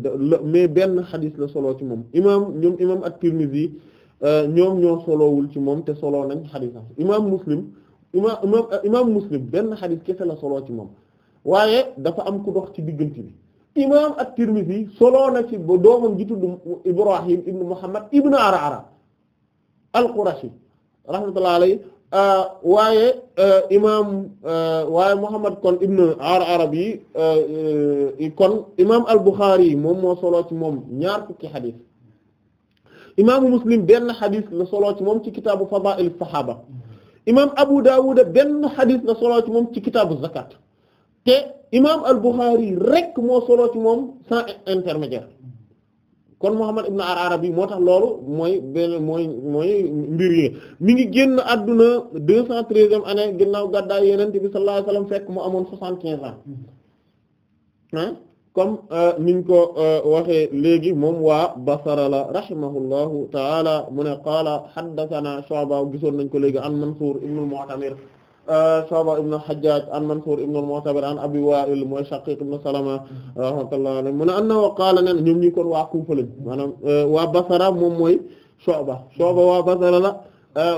mais benn xadis la soloo ci moom imaam ñoom imaam at-Tirmidhi ñoom ñoo solowul ci moom te soloo nañ xadisam imaam Muslim imaam imaam imaam Muslim benn xadis kese la solo ci moom waaye dafa am ku dox ci diggante bi imaam at-Tirmidhi soloo na ci ba doomam ji tudd Ibrahim ibn Muhammad ibn Arara al-Qurashi rahmatullahi euh, waaye euh, imaam euh, waaye Muhammad kon ibn Arara bi kon imaam al moom moo soloo ci moom ñaar fukki imaamu Muslim benn xadis la soloo moom ci kitaabu fadaa'il saxaaba imaam Abu Dawud benn xadis la soloo moom ci kitaabu zakat te. imaam al-Bukhari rekk moo solo ci moom sans intermédiaire kon Muhammad ibn al-Arabi moo tax loolu mooy benn mooy mooy mbir yi mi ngi génn àdduna deux cent treizième année ginnaaw gàddaay Yonent bi sallallahu alayhi wasallam fekk mu amoon soixante-quinze ans comme euh, niñ ko euh, waxee léegi moom waa Basra la rahimahullahu taala mu ne qaala haddathana Shu'ba gisoon nañ ko léegi an Mansur ibn al Shu'ba ibn al-Hajjaj an Mansur ibn al-Mu'tamir an Abi Wa'il mooy Shaqiq ibn Salama rahmatullahi alayhi mu ne annahu qaala nen ñoom ñi kon waa Kufa lañ maanaam waa Basra moom mooy Shu'ba Shu'ba waa Basra la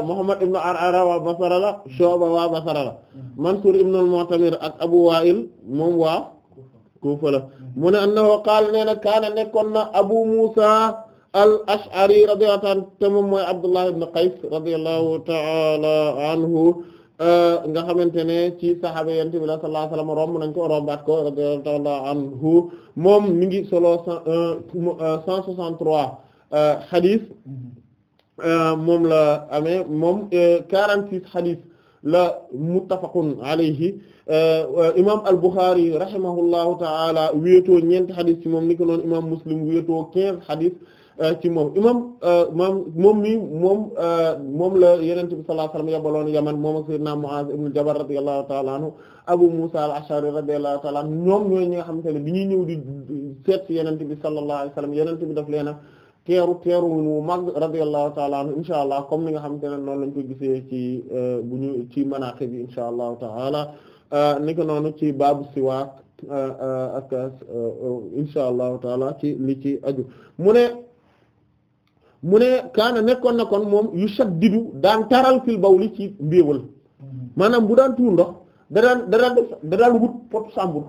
Muhammad ibn Ar'ara waa Basra la Shu'ba waa Basra la Mansur ibn al-Mu'tamir ak Abu Wa'il moom waa Kufa la mu ne annahu qaala nee na kaana nekkoon na Abu Musa al ash'ari radiyallahu anhu te moom mooy Abdullah ibn Qays radiyallahu ta'ala anhu Euh, nga xamante ne ci saxaaba yonent bi sallallahu alayhi wasallam romb nañ ko rombaat ko radiyallahu anhu moom mi ngi solo cent euh, soixante-trois xadis euh, mm-hmm. moom la amee moom quarante-six xadis la muttafaqun alayhi imam al-Bukhari rahimahullahu ta'ala wéetoo ñeenti xadis ci moom ni ko noonu imam Muslim wéetoo quinze xadis Euh, ci moom imam euh, moom moom mi moom euh, moom la yonent bi sallallahu alayhi wasallam yabaloon yaman moom ak sayyidina Muaz ibn Jabal radiyallahu ta'ala anhu Abu Musa al-Ash'ari radiyallahu ta'ala anhu ñoom ñooy ñi nga xamante ne bi ñuy ñëw di seet ci yonent bi sallallahu alayhi wasallam yonent bi daf leena teeru teeru mu mag radiyallahu ta'ala anhu insha allah comme ni nga xam ne noonu lañ ko gisee ci bu ñu ci manaqib bi insha allahu ta'ala ni ko noonu ci baabu siwaak ak insha allahu ta'ala ci li ci aju mu ne mu ne kaana nekkoon na kon moom yu shaddidu daan taral fil bawli ci mbéewal maanaam bu daan tuur ndox da da daan da daan wut pot sàmbur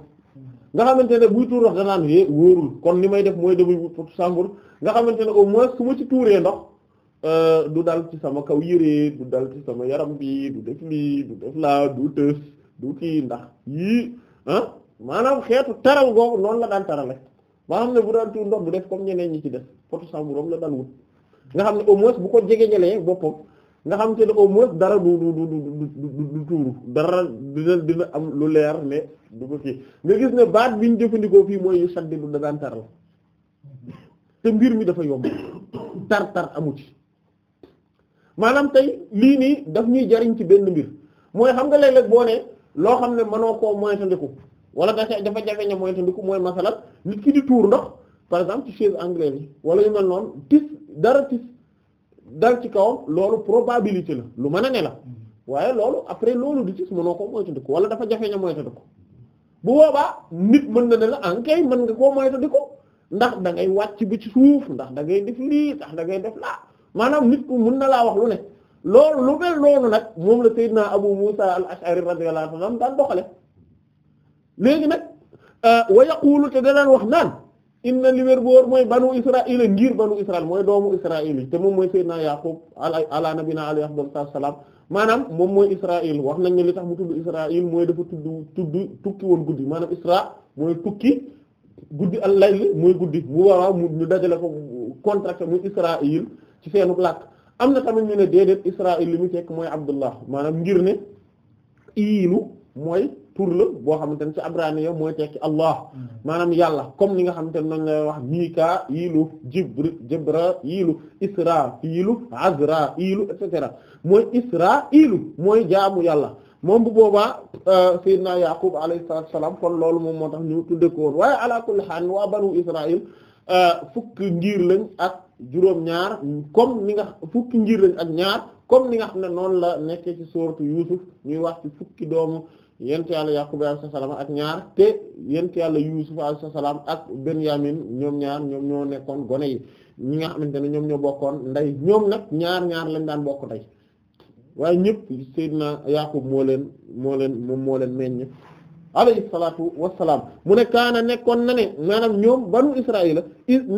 nga xamante ne buy tuur ndox da daan é wóorul kon li may def mooy damay wut pot nga xamante ne au moins su ma ci tuuree ndox euh, du daal ci sama kaw yéree du dal ci sama yaram bi du def lii du def laa du tës du kii ndax yii ah maanaam xeetu taral googu noonu la daan tarale maanaam ne bu daan tuur ndox du def comme ñeneen ñi ci def pot sàmburam la daan wut nga xam ne au moins bu ko ñalee boppam nga xam te ne au moins dara du du du du du tuuru dara dina dina am lu leer ne du ko kii nga gis ne baat bi jëfandikoo fii mooy yu saddi lu daan taral te mbir mi dafa yomb tar tar amu ci maanaam tey lii nii daf ñuy jariñ ci benn mbir mooy xam nga léeg-léeg boo ne loo xam ne mënoo koo moytandiku wala dafa dafa jafe ña moytandiku mooy masalat nit ki di tuur ndox par exemple ci chaise anglaise yi wala yu mel tis dara ci dal ci kawam loolu probabilité la lu mën a ne la mm-hmm. waaye loolu après loolu di ci mënoo ko moytandiku wala dafa jafe nga moytandiku bu boobaa nit mën na ne la ankay ah, mën nga koo moytandiku ndax da ngay wàcc bi ci suuf ndax da ngay def lii ndax da ngay def laa maanaam nit ku mën na laa wax lu ne loolu lu mel noonu nag moom la Seydina Abu Musa al-Ash'ari radiyallahu anhu daan doxale léegi nag euh, wa yaqulu te danaan wax naan inna li wér boor mooy banu israila ngir banu israil mooy doomu israil yi te moom mooy sayyidina yaqub ala nabina alayhi afdal salaam maanaam moom mooy israil wax nañ ne li tax mu tudd israil mooy dafa tudd tudd tukki woon guddi maanaam isra mooy tukki guddi al layl mooy guddi mu waawaa mu ñu dajale ko contracté muy israil ci seenu làkk am na tamit ñu ne déedéet israil li mu fekk mooy abdullah maanaam ngir ne iilu mooy pour la boo xamante ne ci abraniya mooy tekki allah mm-hmm. maanaam yàlla comme ni nga xamante ne nañ la wax miika ilu jibri jibra ilu isra ilu azra cetera isra mooy jaamu yàlla moom bu boobaa euh, sayyidina yaqub alayhi salaatu wassalaam loolu moom moo tax ñu tudde waaye ala kulli waa banu israil euh, fukki ngir lañ ak juróom ñaar comme ni nga fukki ngir lañ ak ñaar comme ni nga xam ne noonu la nekkee ci sourate Yuusuf ñuy wax ci fukki doomu yent yàlla yaqub alayhi salaam ak ñaar te yent yàlla yusuf alayhi salaam ak benyamin ñoom ñaar ñoom ñoo nekkoon gone yi ñi nga xamante ne ñoom ñoo bokkoon nday ñoom nag ñaar ñaar lañ daan bokk nday waaye ñëpp na yaqub moo leen moo leen moom moo leen meññ alayhi salaatu wassalaam mu ne kaana nekkoon na ne maanaam ñoom banu israila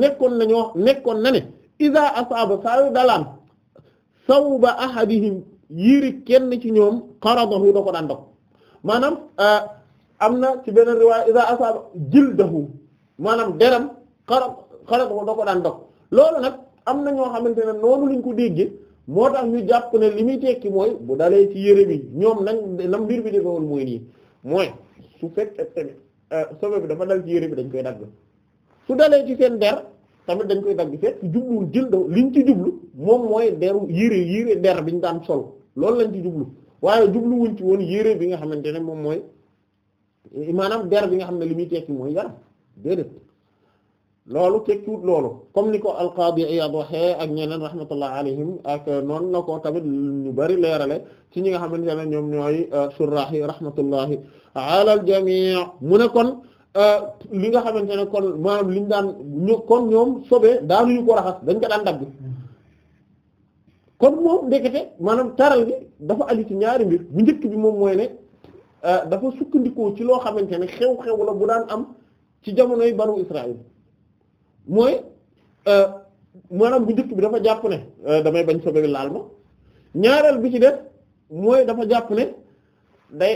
nekkoon na ñoo nekkoon na ne isa asaaba saa yu dalaan sawba ahadihim yiiri kenn ci ñoom xaradahu da ko daan dog maanaam euh, am na ci beneen riwaaya iza asaba jildahu maanaam deram xarab xarab da ko daan dog loolu nag am na ñoo xamante ne noonu lañ ko déggee moo tax ñu jàpp ne li muy tekki mooy bu dalee ci yére bi ñoom nañ nam mbir bi defewul mooy nii mooy su fekkee tamit euh, bi dafa dal ci bi dañ koy dagg su dalee ci seen der tamit dañ koy dagg fekk jubluwul jël daw liñ ci jublu moom mooy deru yére yére der biñ daan sol loolu lañ ci jublu waaye jubluwuñ ci woon yére bi nga xamante ne moom mooy maanaam der bi nga xam ne li muy tekki mooy yaram déedéet loolu tekkiwut loolu comme ni ko alqaadi Iyaad waxee ak ñeneen rahmatullah alayhim ak noonu na ko tamit ñu bari leerale ci ñi nga xamante ne ñoom ñooy euh, surah yi rahmatullahi ala al jamii mu ne kon euh, li nga xamante ne kon li liñ daan ñu kon ñoom sobe daanuñu ko raxas dañ ko daan dagg kon moom ndekete maanaam taral gi dafa aju ñaari mbir bu njëkk bi moom mooy ne euh, dafa sukkandikoo ci loo xamante ne xew-xew la bu daan am ci jamonoy banu Israël mooy euh, maanaam bu njëkk bi dafa jàpp ne euh, damay bañ sobe bi laal ma ñaareel bi ci def mooy dafa jàpp ne day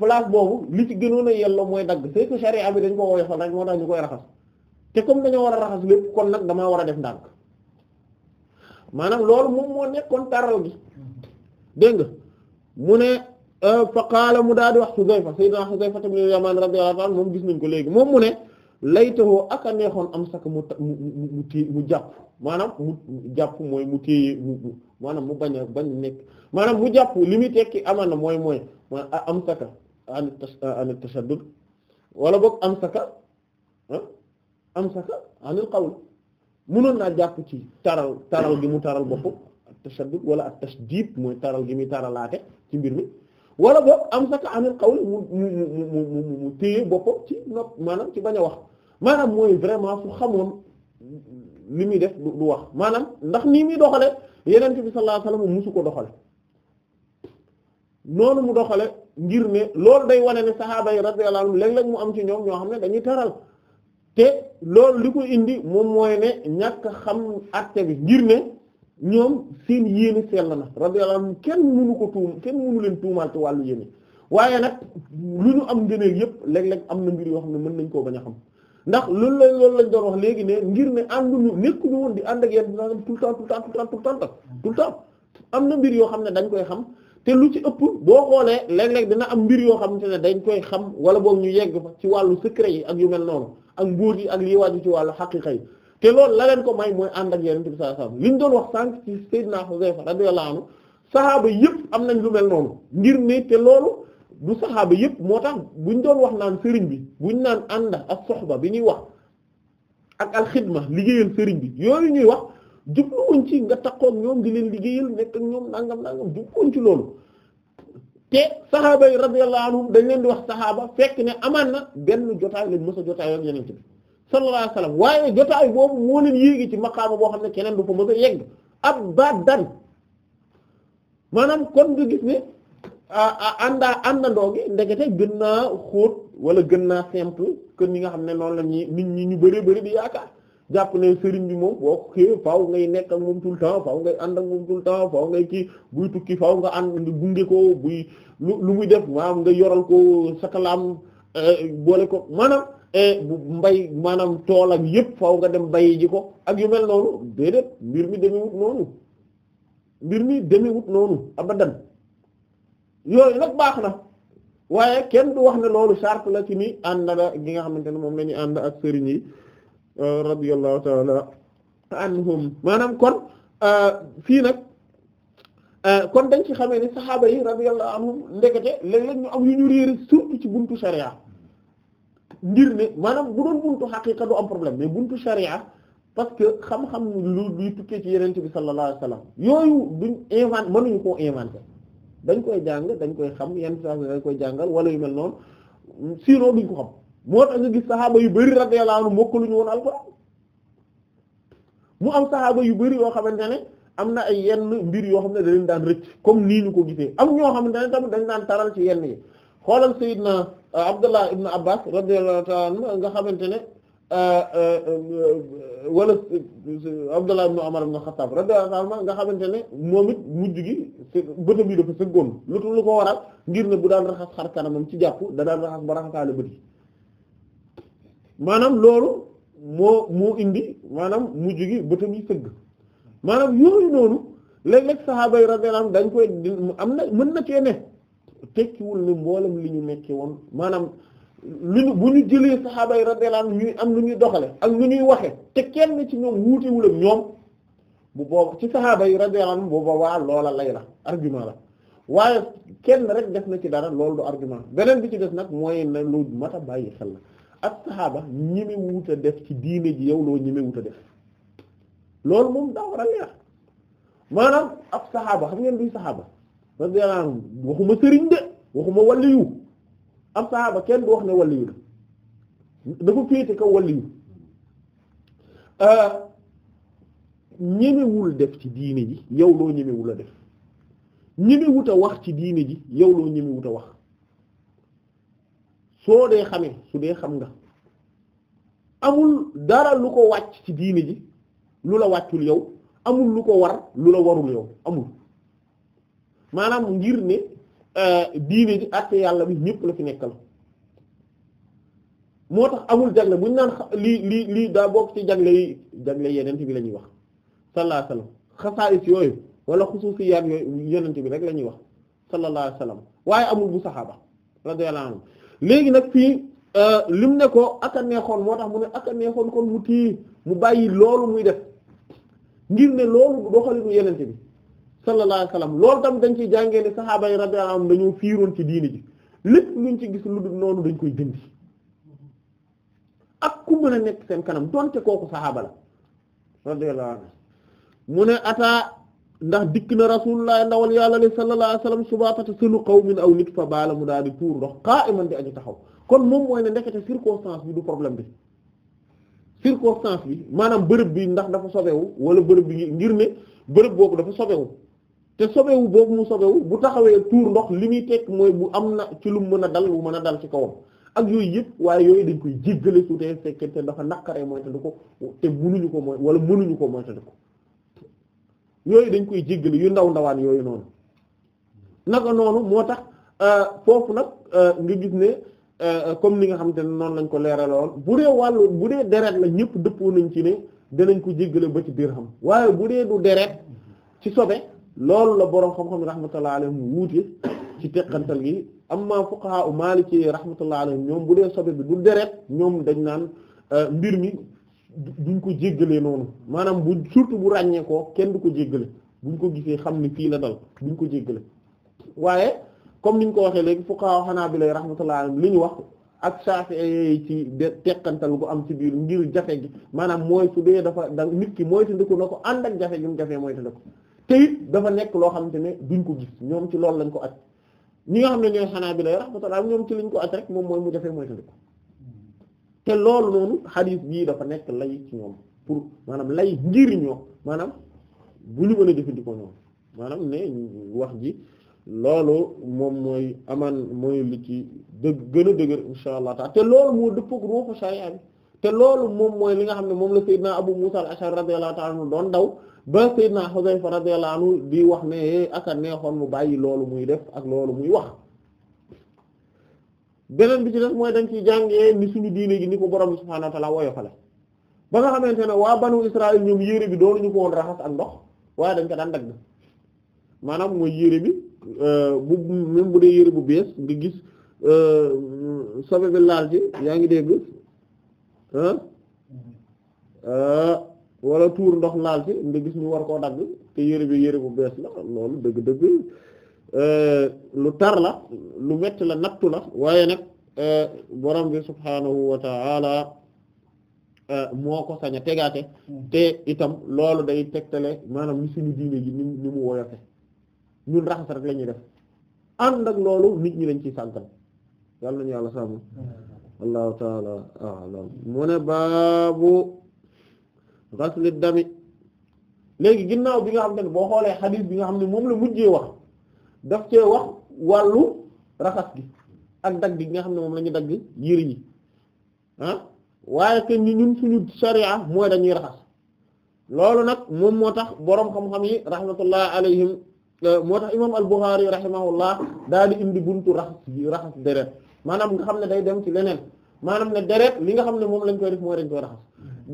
place boobu li ci gënoon a yelloo mooy dagg c'est que charia bi dañ ko woyofal rek moo tax ñu koy raxas te comme dañoo war a raxas lépp kon nag damaa war a def ndànk maanaam loolu moom moo nekkoon taral gi dégg nga mu ne euh, fa qaala mu daal di wax Xuzayfa sayyidina Xuzayfa ibn Yamaan radiyallahu anhu moom gis nañ ko léegi moom mu ne laytawoo ak a neexoon am sak mu mu mu téye jàpp maanaam mu jàpp mooy mu téye mu maanaam mu bañ a bañ nekk maanaam mu jàpp li muy tekki aman na mooy mooy ma am saka an wala boog am saka ah, am saka anil mënoon naa jàpp ci taral taral gi mu taral bopp ak tashaddud wala ak tashdid mooy taral gi muy taralaate ci mbir mi wala boog am saka amil xawli mu mu mu mu téye boppam ci nopp maanaam ci bañ a wax maanaam mooy vraiment su xamoon li muy def du wax maanaam ndax nii muy doxale yeneen bi sallallahu alayhi wasallam musu ko doxale noonu mu doxale ngir ne loolu day wane ne sahaaba yi radiyallahu anhum léeg mu am ci ñoom ñoo xam ne dañuy taral te loolu li ko indi moom mooy ne ñàkk xam acte bi ngir ne ñoom seen yéene sell na radiyallahu anhum kenn mënu ko tuum kenn mënu leen tuumaal ci wàllu yéene waaye nag lu ñu am ngëneel yépp léeg-léeg am na mbir yoo xam ne mën nañ koo bañ a xam ndax loolu la loolu lañ doon léegi ne ngir ne ànduñu nekkuñu woon di ànd ak yéen tout le temps tout le temps tout le temps tout temps am na mbir yoo xam ne dañ koy xam te lu ci ëpp boo xoolee léeg-léeg dina am mbir yoo xamante ne dañ koy xam wala boog ñu yegg fa ci wàllu secret yi ak yu mel noonu ak mbóot yi ak lii waaju ci wàllu xaqiqa yi te loolu la leen ko may mooy ànd ak yenente bi sallallahu alayhi ñu doon wax sànq ci Seydina Huzayfa radiyallahu anhu saxaaba yëpp am nañ lu mel noonu ngir ne te loolu du saxaaba yëpp moo tax buñ doon wax naan sëriñ bi buñ naan ànd ak soxba bi ñuy wax ak alxidma liggéeyal sëriñ bi yooyu ñuy wax jubluwuñ ci nga takkook ñoom di leen liggéeyal nekk ak ñoom nangam nangam jubluwuñ ci loolu te saxaaba yi radiyallahu anhum dañ leen di wax saxaaba fekk ne amaan na benn jotaay lañ mës a jotaay ak yeneen ci bi sallallahu waaye jotaay boobu moo leen yéegi ci maqaama boo xam ne keneen du ko mës a yegg abadan maanaam kon nga gis ne àndaa àndandoo gi ndekete gën naa xóot wala gën naa simple que ñi nga xam ne noonu la ñuy nit ñi ñu bëree bëri di yaakaar jàpp ne sëriñ bi moom boo xëyee faaw ngay nekk ak moom tout temps faaw ngay ànd moom tout le temps faaw kii buy tukki faaw nga ànd gunge ko buy lu lu muy def nga yoral ko sakalaam euh, boole ko euh, bu mbay maanaam tool ak yépp faaw nga dem bayi ji ko ak yu mel noonu déedéet mbir mi demewut noonu mbir mi demewut noonu abadan yooyu nag baax na waaye kenn du wax ne loolu charte la ci ni ànd la gi nga xamante ne moom la ñuy ànd ak sëriñ yi radiyallahu ta'ala anhum maanaam kon euh, fii nag euh, kon dañ ci xamee ne saxaaba yi radiyallahu anhum ndekete léeg-léeg ñu am yu ñu réer surtout ci buntu sharia ngir ne maanaam bu doon buntu xaqiqa du am problème mais buntu sharia parce que xam-xam lu luy tukkee ci yenente bi sallallahu alayhi yooyu duñ inventé mënuñu koo inventé dañ koy jàng dañ koy xam yenn saa dañ koy jàngal wala yu mel noonu sinon duñ ko xam moo tax nga gis saxaaba yu bari radiyallahu lu mokkaluñu woon alxuraan mu am saxaaba yu bari yoo xamante ne am na ay yenn mbir yoo xam ne da leen daan rëcc comme nii ñu ko gisee am ñoo xamante ne tamit dañ daan taral ci yenn yi xoolal Seydina euh, Abdullah ibn Abbas radiyallahu ta'ala anhu nga xamante ne euh, euh, wala Abdullah ibn Umar ibn Khattab nga xamante ne moom it mujj gi bëtam yi dafa sëggoon lu ko waral ngir ne bu daan raxas xar kanamam ci jàpp da daan raxas ba raxasaale bët maanaam loolu moo moo indi maanaam mujj gi bëtam yi sëgg maanaam yooyu noonu léeg-léeg saxaaba yi radiyallahu anhum dañ koy am na mën na cee ne tekkiwul ne mboolem li ñu nekkee woon maanaam lu ñu bu ñu jëlee saxaaba yi radiyallahu anhum ñuy am lu ñuy doxale ak lu ñuy waxe te kenn ci ñoom wuutewul ak ñoom bu booba ci saxaaba yi radiyallahu anhum waa loola lay la argument la waaye kenn rek def na ci dara loolu du argument beneen bi ci des nag mooy ne lu mat a bàyyi xel la ak saxaaba ñeme wut a def ci diine ji yow loo ñeme wut a def loolu moom daa war a leer maanaam ab saxaaba xam ngeen duy saxaaba radiyallahu anhu waxuma sëriñ de waxuma waliyu ab saxaaba kenn du wax ne waliyu la dafa féete kaw waliyu euh, ñemewul def ci diine ji yow loo ñemewul a def ñemewut a wax ci diine ji yow loo ñemewut a wax soo dee xamee su dee xam nga amul dara lu ko wàcc ci diini ji lu la wàccul yow amul lu ko war lu la warul yow amul maanaam ngir ne euh, diini ji àtte yàlla bi ñépp la fi nekkal moo tax amul jagle buñ naan lii lii lii daa bokk ci jagle yi jagle yeneen bi la ñuy wax sallallahu alayhi wasallam xasaayis yooyu wala xusuusiyaat yooyu yeneen bi rek la ñuy wax sallallahu alayhi waaye amul bu saxaaba radiyallahu anhu léegi nag fii euh, lim ne ko aka neexoon moo tax mu ne aka neexoon kon mu téye mu bàyyi loolu muy def ngir ne loolu doxalinu yenente bi sallallahu alayhi wasallam loolu tam dañ ciy jàngee ne saxaaba yi radiyallahu anhum dañoo fiiroon ci diini ji lépp luñ ci gis lu dul noonu dañ koy dindi ak ku mën a nekk seen kanam donte kooku saxaaba la mu ne ata ndax dikk na rasulullah ndawal yàlla li sallallahu alayhi wasallam subaatata sunu qawmin aw nit fa baala mu daal di tuur ndox qa'iman di aju taxaw kon moom mooy ne ndekete circonstance bi du problème bi circonstance bi maanaam bërëb bi ndax dafa sobewu wala bërëb bi ngir ne bërëb boobu dafa sobewu te sobewu boobu mu sobewu bu taxawee tuur ndox li muy teg mooy bu am na ci lu mën a dal lu mën a dal ci kawam ak yooyu yëpp waaye yooyu dañ koy jéggale su dee fekkente dafa naqaree mooy te du ko te mënuñu ko mooy wala mënuñu ko mooy te du ko yooyu dañ koy jéggali yu ndaw ndawaan yooyu noonu naka noonu moo tax euh, foofu nag euh, nga gis ne euh, comme ni nga xamante ne noonu lañ ko leeraloon bu dee wàllu bu dee deret la ñëpp dëppoo nañ ci ne danañ ko jéggale ba ci biir xam waaye bu dee du deret ci sobe loolu la boroom xam-xam rahmatullah mu wuute ci teqantal gi am amma fuqaha u maliki rahmatullah alayhim ñoom bu dee sobe bi du deret ñoom dañ naan mbir mi duñ ko jéggalee noonu maanaam bu surtout bu ràññee koo kenn du ko jéggale buñ ko gisee xam ni fii la dal duñ ko jéggale waaye comme ni niñ ko waxee léegi fuqaha hanabila rahmatullah alayhim li ñu wax ak Shafi'i ci de teqantal gu am ci biir ngir jafe gi maanaam mooy su dafa da nit ki mooy tandiku na ko ànd jafe gi mu jafe mooy tandiku te it dafa nekk loo xamante ne duñ ko gis ñoom ci loolu lañ ko at ñi nga xam ne ñooy Hanabila rahmatullah ñoom ci liñ ko at rek moom mooy mu jafe mooy tandiku te loolu noonu xadiis bii dafa nekk lay ci ñoom pour maanaam lay ngir ñoom maanaam bu ñu mën a jëfandikoo ñoom maanaam ne wax ji loolu moom mooy amaan mooy li ci dëgg gën a dëgër insha allah te loolu moo dëppook ruuxu sharia te loolu moom mooy li nga xam ne moom la Seydina Abu Musa al-Ash'ari radiyallahu ta'ala anhu doon daw ba Seydina Hudayfa radiyallahu anhu di wax ne eh, aka neexoon mu bàyyi loolu muy def ak loolu muy wax beneen bi ci des mooy dañ ciy jàngee ni suñu diine gi ni ko borom subhaanahu wa ta'aala woyofale ba nga xamante ne waa banu Israël ñoom yére bi doon ñu ko woon raxas ak ndox waaye dañ ko daan dagg maanaam mooy yére bi euh, bu même bu dee yére bu bees nga gis euh, sobe bi laal ci yaa ngi dégg euh, wala tuur ndox laal ci nga gis ñu war koo dagg te yére bi yére bu bees la loolu dëgg-dëgg Euh, lu tar la lu metti la nattu la waaye nag euh, borom bi subhaanahu wa euh, moo ko sañ a tegaate hmm. te itam loolu day tegtale maanaam ni suñu diine ji ni mu woyofe ñun raxas rek la ñuy def ànd ak loolu nit ñi lañ ciy sànkan yàlla nañu yàlla sàmm allahu taala alam mu ne baabu ghasli dami léegi ginnaaw bi nga xam ne boo xoolee xadiis bi nga xam ne moom la mujjee wax daf cee wax wàllu raxas gi ak dagg gi nga xam ne moom lañuy dagg yére yi ah waaye kenn ni ñun suñu sharia mooy dañuy raxas loolu nag moom moo tax boroom xam-xam yi rahmatullah alayhim euh, moo tax imam al-Bukhari rahimahullah daal di indi buntu raxas gi raxas deret maanaam nga xam ne day dem ci leneen maanaam ne deret li nga xam ne moom lañ koy def mooy dañ koy raxas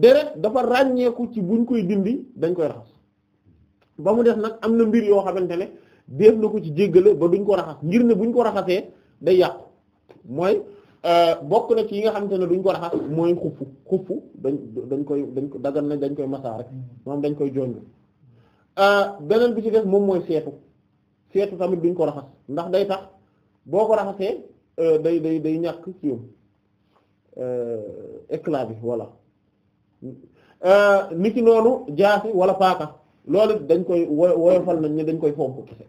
deret dafa ràññeeku ci buñ koy dindi dañ koy raxas ba mu def nag am na mbir yoo xamante ne def na ko ci jéggale ba duñ ko raxas ngir ne buñ ko raxasee day yàqu mooy euh, bokk na ci yi nga xamante ne duñ ko raxas mooy xuppu xuppu dañ dañ koy dañ ko dagan na dañ koy masaa rek moom dañ koy jonj euh, beneen bi ci des moom mooy seetu seetu tamit duñ ko raxas ndax day tax boo ko raxasee euh, day day day ñàkk ci yow éclat bi voilà niki noonu jaasi wala paaka loolu dañ koy woyofal nañ ni dañ koy fonk kese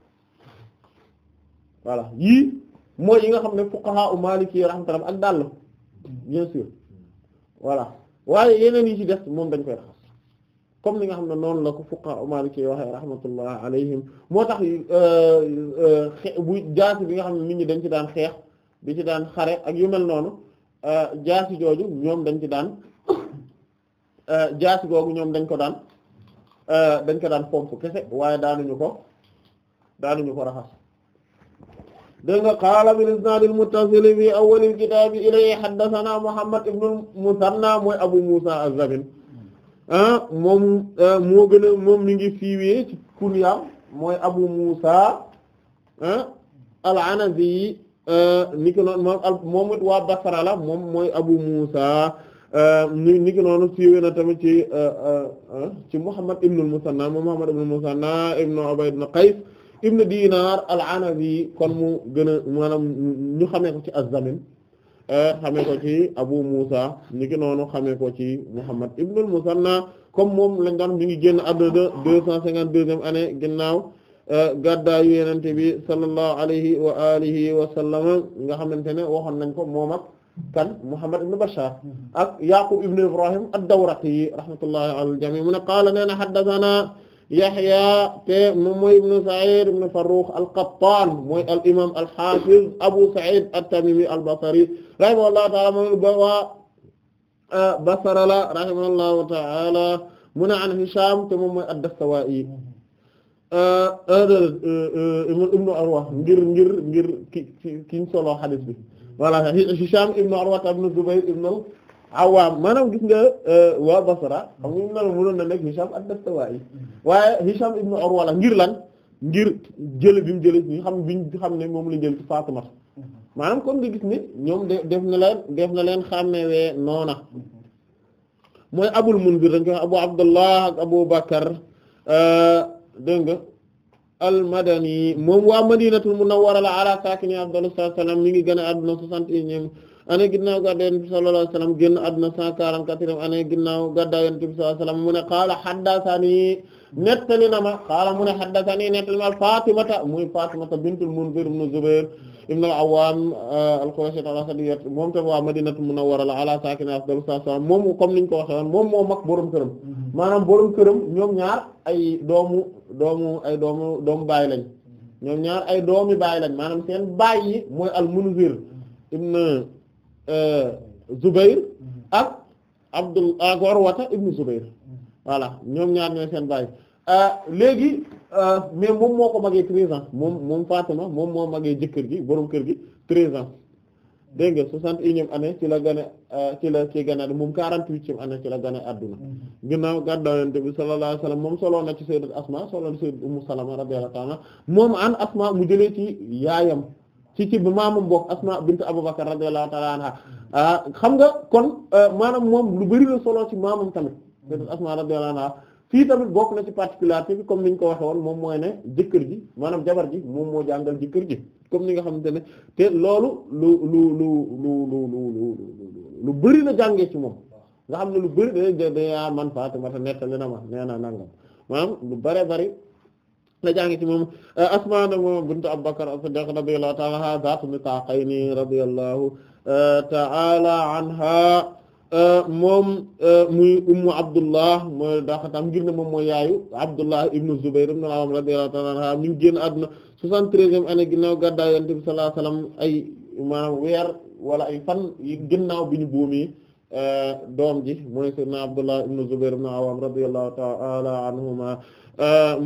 voilà yii mooy yi nga xam ne fuqaha u maliki rahmatullah ak dàll bien sûr voilà waaye yeneen yi ci def moom dañ koy raxas comme li nga xam ne noonu la ko fuqaha u maliki waxee rahmatullah alayhim moo tax euh, euh, bu jaasi bi nga xam ne nit ñi dañ ci daan xeex di ci daan xare ak yu mel noonu euh, jaasi jooju ñoom dañ ci daan jaasi googu ñoom dañ ko daan Euh, dañ ko daan pomp kese waaye daanuñu ko daanuñu ko raxas dégg nga qaala bil isnaadil muttasili fi awwalil kitaabi ilayhi haddathana Muhammad ibnul Musanna mooy Abu Musa az ah, moom ah, moo gën a moom mi ngi fiiwee ci kunyaam mooy Abu Musa ah, moom moom it waa Basra moom mooy Abu Musa ni ni ki noonu siiwee na tamit ci euh, euh, ci Muhammad ibn al-Musanna moom Muhammad ibn al-Musanna ibn Ubay ibn Qays ibn Dinar al-Anazi kon mu gën a ñu xamee ko ci az-Zamin euh, xamee ko ci Abu Musa ni ki noonu xamee ko ci Muhammad ibn al-Musanna comme moom lañ daan mi ngi génn àdduna deux cent cinquante-deuxième année ginnaaw gàddaayu yenente bi sallallahu alayhi wa alihi wa sallam nga xamante ne waxoon nañ ko moom ak kan Muhammad ibn Bashar ak Yaqub ibn Ibrahim ad-Dawraqi rahmatullahi ala al-jami mu ne qaala nee na haddathana Yahya te moom mooy ibn Sa'id ibn Farrukh al-Qattan mooy al-imam al-hafiz Abu Sa'id at-Tamimi al-Basri rahimahullahu ta'ala moom waa Basra la rahimahullahu ta'ala mu ne an Hisham te moom mooy ad-Dastawa'i ibn Urwa ngir ngir ngir ki ki kiñ solo hadith bi voilà Hisham ibn Urwa ibn Zubayr ibn Awwam maanaam gis nga euh, waa Basra xam nga mu na nekk Hisham ad-Dastawa'i waaye Hisham ibn Urwa ngir lan ngir jële bi mu jële ñu xam xam ne moom la jël ci Fatima maanaam kon nga gis ni ñoom def na leen def na leen xàmmewee noona mooy Abul Munzir dañ koy Abu Abdullah ak Abu Bakar euh, dégg al-Madani moom waa Madinatul Munawwara la ala saakini afdalu salaam mi ngi gën a adduna 61 année ginnaaw gàddaay Yonent bi sallallahu alayhi wa sallam génn adduna 144 année ginnaaw gàddaay Yonent bi sallallahu alayhi wa sallam mu ne qaala haddathanii nettali qaala mu ne haddathanii nettali ma Faatimata muy Faatimata bintul Munzir ibn Zubayr ibn al-Awwam euh, al-Qurashi al-Asadi moom tam waa Madinatu Munawwara la ala saakina afdalu salaam moom comme niñ ko waxee woon moom moo mag borom këram mm-hmm. maanaam borom këram ñoom ñaar ay doomu doomu ay doomu doomu baay lañ mm-hmm. ñoom ñaar ay doomi baay lañ maanaam seen baay yi mooy al-Munzir mm-hmm. ibn euh, Zubair ak Abdul ak Urwata ibn Zubair voilà ñoom ñaar ñooy seen baay. Euh, léegi euh, mais moom moo ko magee treize ans moom moom Fatima moom moo magee jëkkër gi borom kër gi treize ans dégg nga soixante et unième ci la gane euh, ci la ci gane moom quarante-huitième année ci la gane àdduna mm-hmm. ginnaaw gàddaay Yonent bi sallallahu alayhi wasallam moom solo na ci sayyidat Asma solo na sayyidat Ummu Salama radiyallahu ta'ala moom an Asma mu jëlee ci yaayam ci ci maamam bokk Asma bint Abubakar radiyallahu ta'ala anha xam nga kon maanaam moom lu bari la solo ci maamam tamit sayyidat Asma radiyallahu anha fii tamit bokk na ci particularité bi comme ni ñu ko waxe woon moom mooy ne jëkkër ji maanaam jabar ji moom moo jàngal jëkkër ji comme ni nga xamante ne te loolu lu lu lu lu lu lu lu bëri na jàngee ci moom nga xam ne lu bëri da da ah, man Faatimata nettali na ma nee na nangam maanaam lu bare bari la jàngee ci moom Asmaa eh, nag moom bintu Abu Bakr as-Siddiq radiyallahu ta'ala anha zaatu niqaqayni radiyallahu eh, ta'ala anha Euh, moom euh, muy ummu abdullah mooy daxatam ngir ne moom mooy yaayu abdullah ibnu zubayr ibn al-awwam radiyallahu ta'ala anha mi ngi génn àdduna soixante-treizième année ginnaaw gàddaay yonent bi sallallahu alayhi wala ay fan ginnaaw bi ñu buumee euh, doom ji mooy sayyidina abdullah ibnu zubayr ibn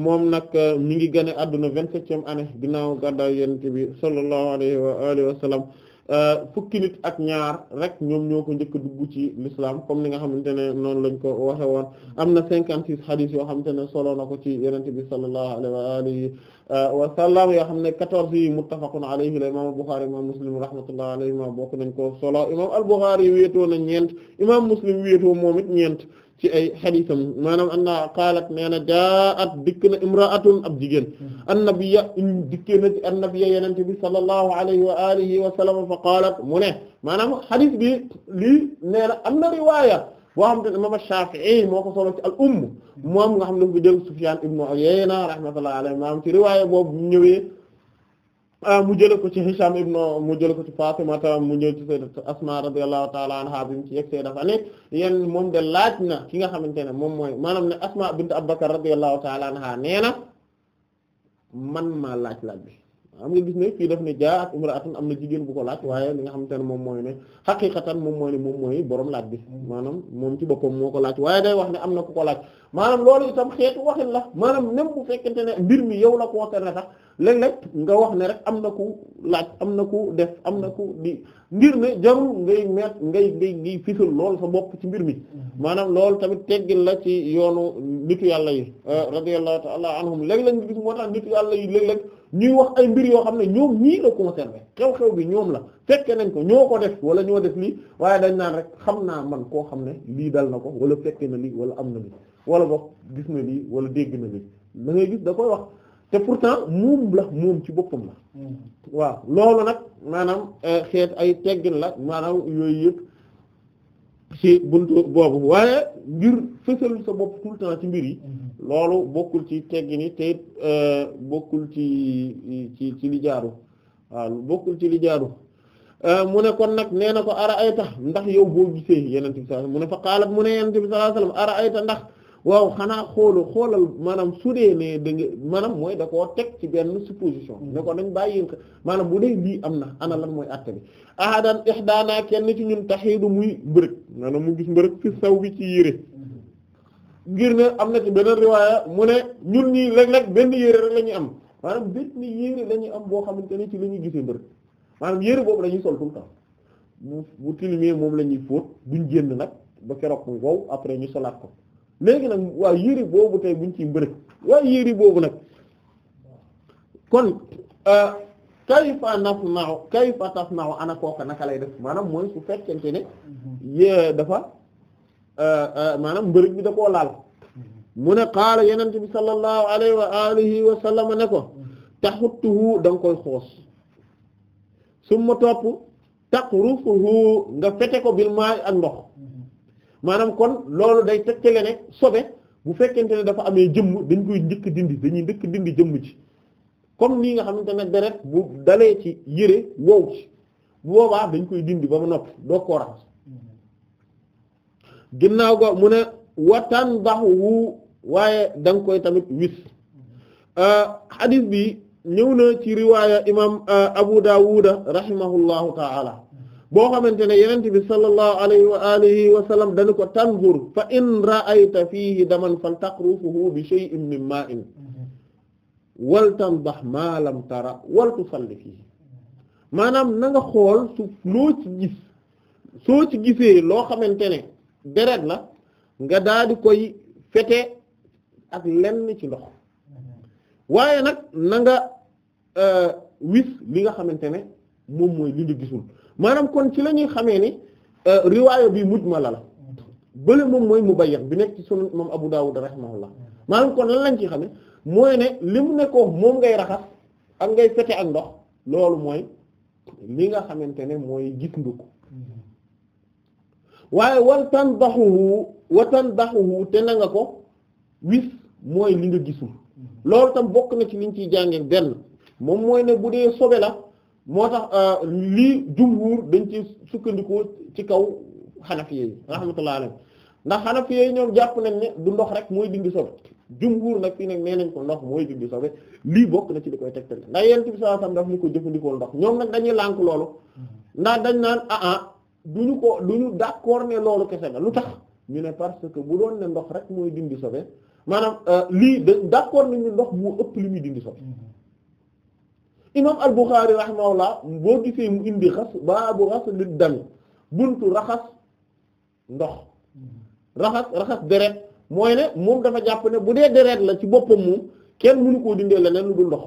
moom nag mu ngi génn adduna vingt-septième année ginnaaw gàddaay yonent bi sallallahu alayhi wa alihi wasallam Euh, fukki nit ak ñaar rek ñoom ñoo ko njëkk a dugg ci l'islam comme ni nga xamante ne noonu lañ ko waxe woon am na cinquante six hadith yoo xamante ne solo na ko ci yenente bi sallallahu alayhi wa alihi euh, wa sallam yoo xam ne quatorze yi muttafaqun alayhi la imam al-Bukhari imam Muslim rahmatullahi alayhima bokk nañ ko solo imam al-Bukhari wéetoo na ñeent imam Muslim wéetoo moom it ñeent ci ay xadiisam maanaam anna qaalat nee na jaat dikk na imraatun ab jigéen annabiyya dikkee na ci annabiyya yenente bi sallallahu alayhi wa alihi wa sallam fa qaalat mu ne maanaam xadiis bi lii nee na am na riwaaya boo xam te imam Shafi'i moo ko solo ci al umm moom nga xam ne ko jël Sufyaan ibnu Uyayna rahmatullahi alayhi maanaam ci riwaaya boobu ñëwee Ah, mu jële ko ci Hisham ibn mu jële ko ci Fatima mu jële ci sayyidat Asma radiyallahu ta'ala anha bi mu ci yegg see dafa ne yéen moom de laaj na ki nga xamante ne moom mooy maanaam ne Asma bint Abubakar radiyallahu ta'ala anha nee man maa laaj laaj bi am nga gis ne fii daf ne am na jigéen bu ko laaj li nga xamante ne moom mooy ne xaqiqatan moom mooy ne moom mooy borom laaj bi maanaam moom ci boppam moo ko laaj waaye day wax ne am na ku ko laaj maanaam loolu itam xeetu waxin la maanaam même bu fekkente ne mbir mi yow la concerné sax léeg-léeg nga wax ne rek am na ku laaj am na ku def am na ku di ngir ne jarul ngay met ngay ngay ngay fisal lool sa bopp ci mbir mi mm-hmm. maanaam lool tamit teggil la ci yoonu nitu yàlla yi euh, radiyallahu ta'ala anhum léeg-léeg nga gis moo tax nitu yàlla yi léeg-léeg ñuy wax ay mbir yoo xam ne ñoom ñii la concerné xew-xew bi ñoom la fekke nañ ko ñoo ko def wala ñoo def lii waaye dañ naan rek xam naa man koo xam ne lii dal na ko wala fekke na lii wala am na lii wala boog wala dégg te pourtant moom la moom ci boppam la hmm. waaw loolu nag maanaam eh, xeet ay teggin la maanaam yooyu yëpp ci buntu boobu waaye ngir fësal sa bopp tout le temps ci mbir yi hmm. loolu bokkul ci teggin yi te eh, bokkul ci ci ci li jaaru waaw bokkul ci li jaaru eh, mu ne kon nag nee na ko ara ay tax ndax yow boo gisee yenente bi sallallahu mu ne fa xaalat mu ne yenente bi sallallahu ara ay tax ndax waaw xanaa xoolu xoolal maanaam su dee ne da nga maanaam mooy da koo teg ci benn supposition ne ko dañ bàyyi yéen maanaam bu dee lii am na ana lan mooy atte bi ahadan ihdaana kenn ci ñun taxiidu muy mbërëg maanaam mu gis mbërëg fi saw bi ci yére ngir ne am na ci beneen mu ne ñun ñii léeg-léeg benn yére rek la am maanaam benn yére la ñuy am boo xamante ne ci la ñuy gisee mbërëg maanaam boobu la ñuy sol tout le temps bu bu tilimee moom la ñuy fóot duñ génn nag ba keroog mu après ñu solaat ko léegi nag waa yëri boobu tey buñ ci bëri waaye yëri boobu nag kon euh, kayfa nasna'u kayfa tasna'u ana kooka naka lay def maanaam mooy su fekkente ne yee dafa euh, euh, maanaam mbërëg bi da koo laal mu ne qaala yenent bi sallallahu alayhi wa alihi wa sallam ne ko taxuttuhu da nga koy xoos summa topp taqrufuhu nga fete ko bil maay ak ndox maanaam kon loolu day tegtale ne sobe bu fekkente ne dafa amee jëmm dañ koy njëkk dindi dañuy njëkk dindi jëmm ci comme nii nga xamante ne deret bu dalee ci yére wow ci boobaa dañ koy dindi ba mu noppi doo ko ginnaaw ga mu ne wataan baax wu waaye da koy tamit wis hadith mm-hmm. euh, bi ñëw na ci riwaaya imam euh, Abu Dawuda rahimahullahu ta'ala boo xamante ne yenente bi sallallahu alayhi wa alihi wa sallam dañu ko tanzur fa in ra'ayta fihi daman faltaqrufuhu bi shay'in min ma'in wal tandah ma lam tara wal tusalli fihi maanaam na nga xool su loo ci gis soo ci gisee loo xamante ne deret la nga daal koy fete ak lenn ci ndox waaye nag na nga euh, wis li nga xamante ne moom mooy li nga gisul maanaam kon ci lañuy xamee ni euh, riwaaya bi ma la bële moom mooy mubayyan bi nekk ci sunan moom Abu Dawud rahimahullah maanaam kon lan lañ ci xamee mooy ne li mu nekkoo moom ngay raxas ak ngay fete ak ndox loolu mooy li nga xamante ne mooy gis ndukk waaye wal tandaxuhu wa tandaxuhu te na nga ko wis mooy li nga gisul loolu tam bokk na ci liñ ciy jàngee benn moom mooy ne bu dee sobe la moo tax euh, lii jumhur dañ ci sukkandikoo ci kaw xanafiye yi rahmatullah alayhi ndax xanafiye yi ñoom jàpp nañ ne du ndox rek mooy dindi sobe jumhur nag fii nag nee nañ ko ndox mooy dindi sobe lii bokk na ci li koy tegtal ndax yent bi sallallahu alayhi wasallam daf ko jëfandikoo ndox ñoom nag dañuy lànk loolu ndax dañ naan ah ah duñu ko duñu d'accord ne loolu kese na lu tax ñu ne parce que bu doon ne ndox rek mooy dindi sobe maanaam euh, lii d' accord nañu ndox mu ëpp li muy dindi sobe mm-hmm. imam al-Bukhari rahimahullah boo gisee mu indi xas baabu xasli dami buntu raxas ndox raxas raxas deret mooy ne moom dafa jàpp ne bu dee deret la ci boppam moom kenn mënu koo dindee leneen lu dul ndox